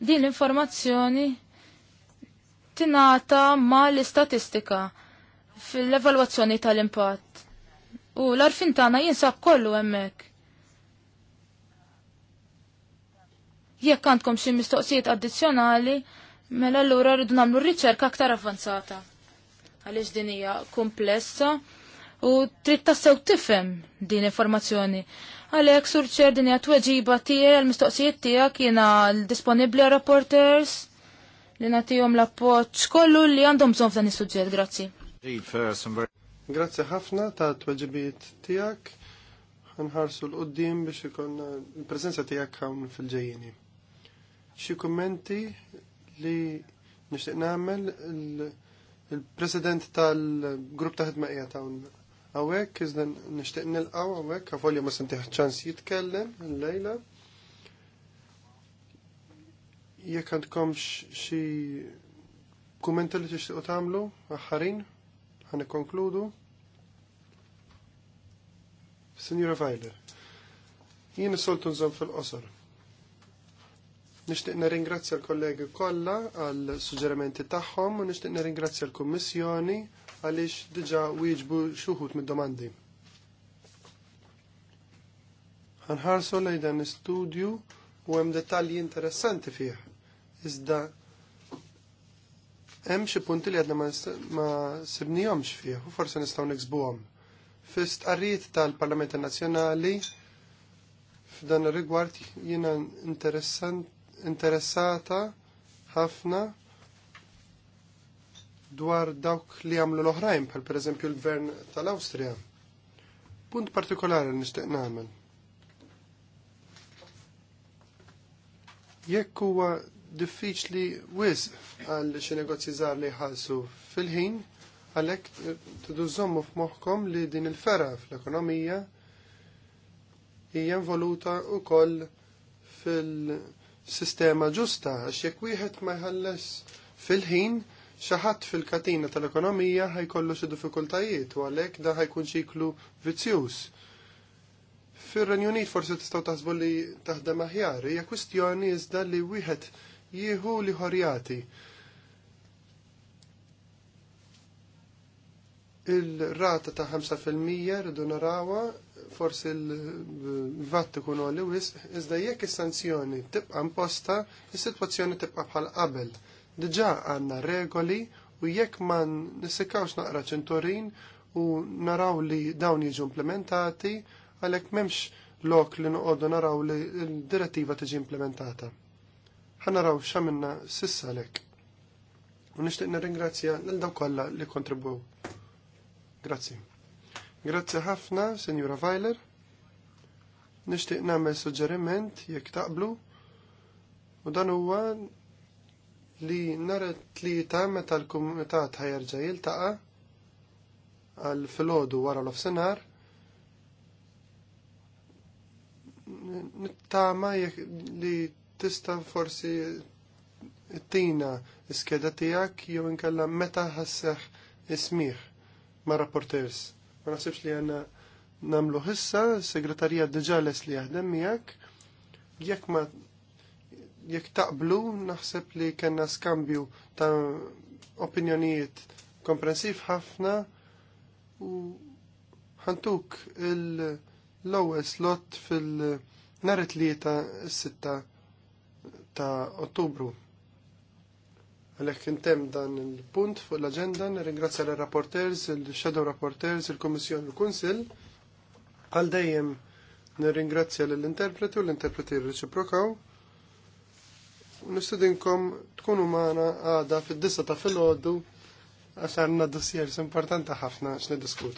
Speaker 3: Din l-informazzjoni tingħata mal-istatistika fil-evalwazzjoni tal-impatt. U l arfintana tagħna jinsab kollu hemmhekk. Jekk għandkom xi mistoqsijiet addizzjonali, mela allura rridu nagħmlu riċerka aktar avvanzata. Għaliex din hija komplessa u trid tassew tifhem din informazzjoni. Għalhekk surċer din hija tweġiba tiegħi għall-mistoqsijiet tiegħek jiena disponibbli reporters li nagħtihom l-appoġġ kollu li għandhom bżonn f'dan is-suġġett.
Speaker 1: Grazzi. Grazzi ħafna ta' tweġibiet tiegħek nħarsu l-qoddim biex ikun il prezenza tijak hawn fil-ġejjini xie kommenti li nishtiq nagħmel il-President tal-grupp ta' maqija qiegħed għawek, hawnhekk nishtiq nil-għaw għawek, għafolja ma sentih ċans jitkellem l-lejla. Jekk għandkom xi kommenti li tamlu, tagħmlu aħħarin konkludu. Signora Weiler, jien soltu nżom fil-qosor Nixtieq nirringrazzja l-kollegi kollha għal suġġerimenti tagħhom u nixtieq nirringrazzja l-Kummissjoni għaliex diġà wieġbu xi mid-domandi. Ħanħarsu lejn dan l-istudju u hemm dettalji interessanti fih. Iżda hemm xi punti li għadna ma sibnihomx fih u forsi nistgħu niksbuhom. Fist-qarrijiet tal-Parlament Nazzjonali f'dan ir-rigward jiena interessant interessata ħafna dwar dawk li għamlu l-oħrajn, bħal per eżempju l-gvern tal-Awstrija. Punt partikolari nixtieq nagħmel. Jekk huwa diffiċli wis għal xi negozji żgħar li jħallsu fil-ħin, għalhekk tidużommu f'moħħkom li din il-fera fl-ekonomija hija involuta wkoll fil- sistema ġusta għax jekk wieħed ma jħalles fil-ħin xi ħadd fil-katina tal-ekonomija ħajkollu xi diffikultajiet u għalhekk dan ħajkun ċiklu vizzjuż. Fir-Renju Unit forsi tistgħu taħsbu li taħdem aħjar, hija kwistjoni iżda li wieħed jieħu li ħorjati. Il-rata ta' 5% rridu narawha forsi l-vatt ikun għolli wisq, iżda jekk is-sanzjoni tibqa' imposta, is-sitwazzjoni tibqa' bħal qabel. Diġà għandna regoli u jekk ma nisikawx naqra ċenturin u naraw li dawn jiġu implementati, għalhekk m'hemmx lok li noqogħdu naraw li l-direttiva tiġi implementata. naraw x'għamilna sissa għalhekk. U nixtieq nirringrazzja lil dawk kollha li kontribwew. Grazzi. Grazzi ħafna, Senjura Weiler. Nishtiq namel suġġeriment jekk taqblu u dan huwa li nara tlieta meta l-kumitat ħajerġa' jiltaqa' għal filgħodu wara l-ofsenar nittama li tista forsi tina skeda tiegħek jew inkella meta ħasseħ ismiħ ma' rapporters. Ma nasibx li għanna namlu hissa, segretarija d-ġales li jaħdem miegħek. Jekk ma jekk taqblu naħseb li kena skambju ta' opinjonijiet komprensiv ħafna u ħantuk l-ewwel slot fil-nhar it ta' s-sitta ta' Ottubru. Għalek intem dan il-punt fuq l-agenda, nirringrazzja l-rapporters, il-shadow rapporters, il-Komissjon, il-Kunsil. Għal dejjem nirringrazzja l-interpreti u l-interpreti reċiprokaw. Nistudinkom tkunu maħna għada fid-dissa ta' fil-ħoddu għax għanna dossiers importanti ħafna x'nidiskutu.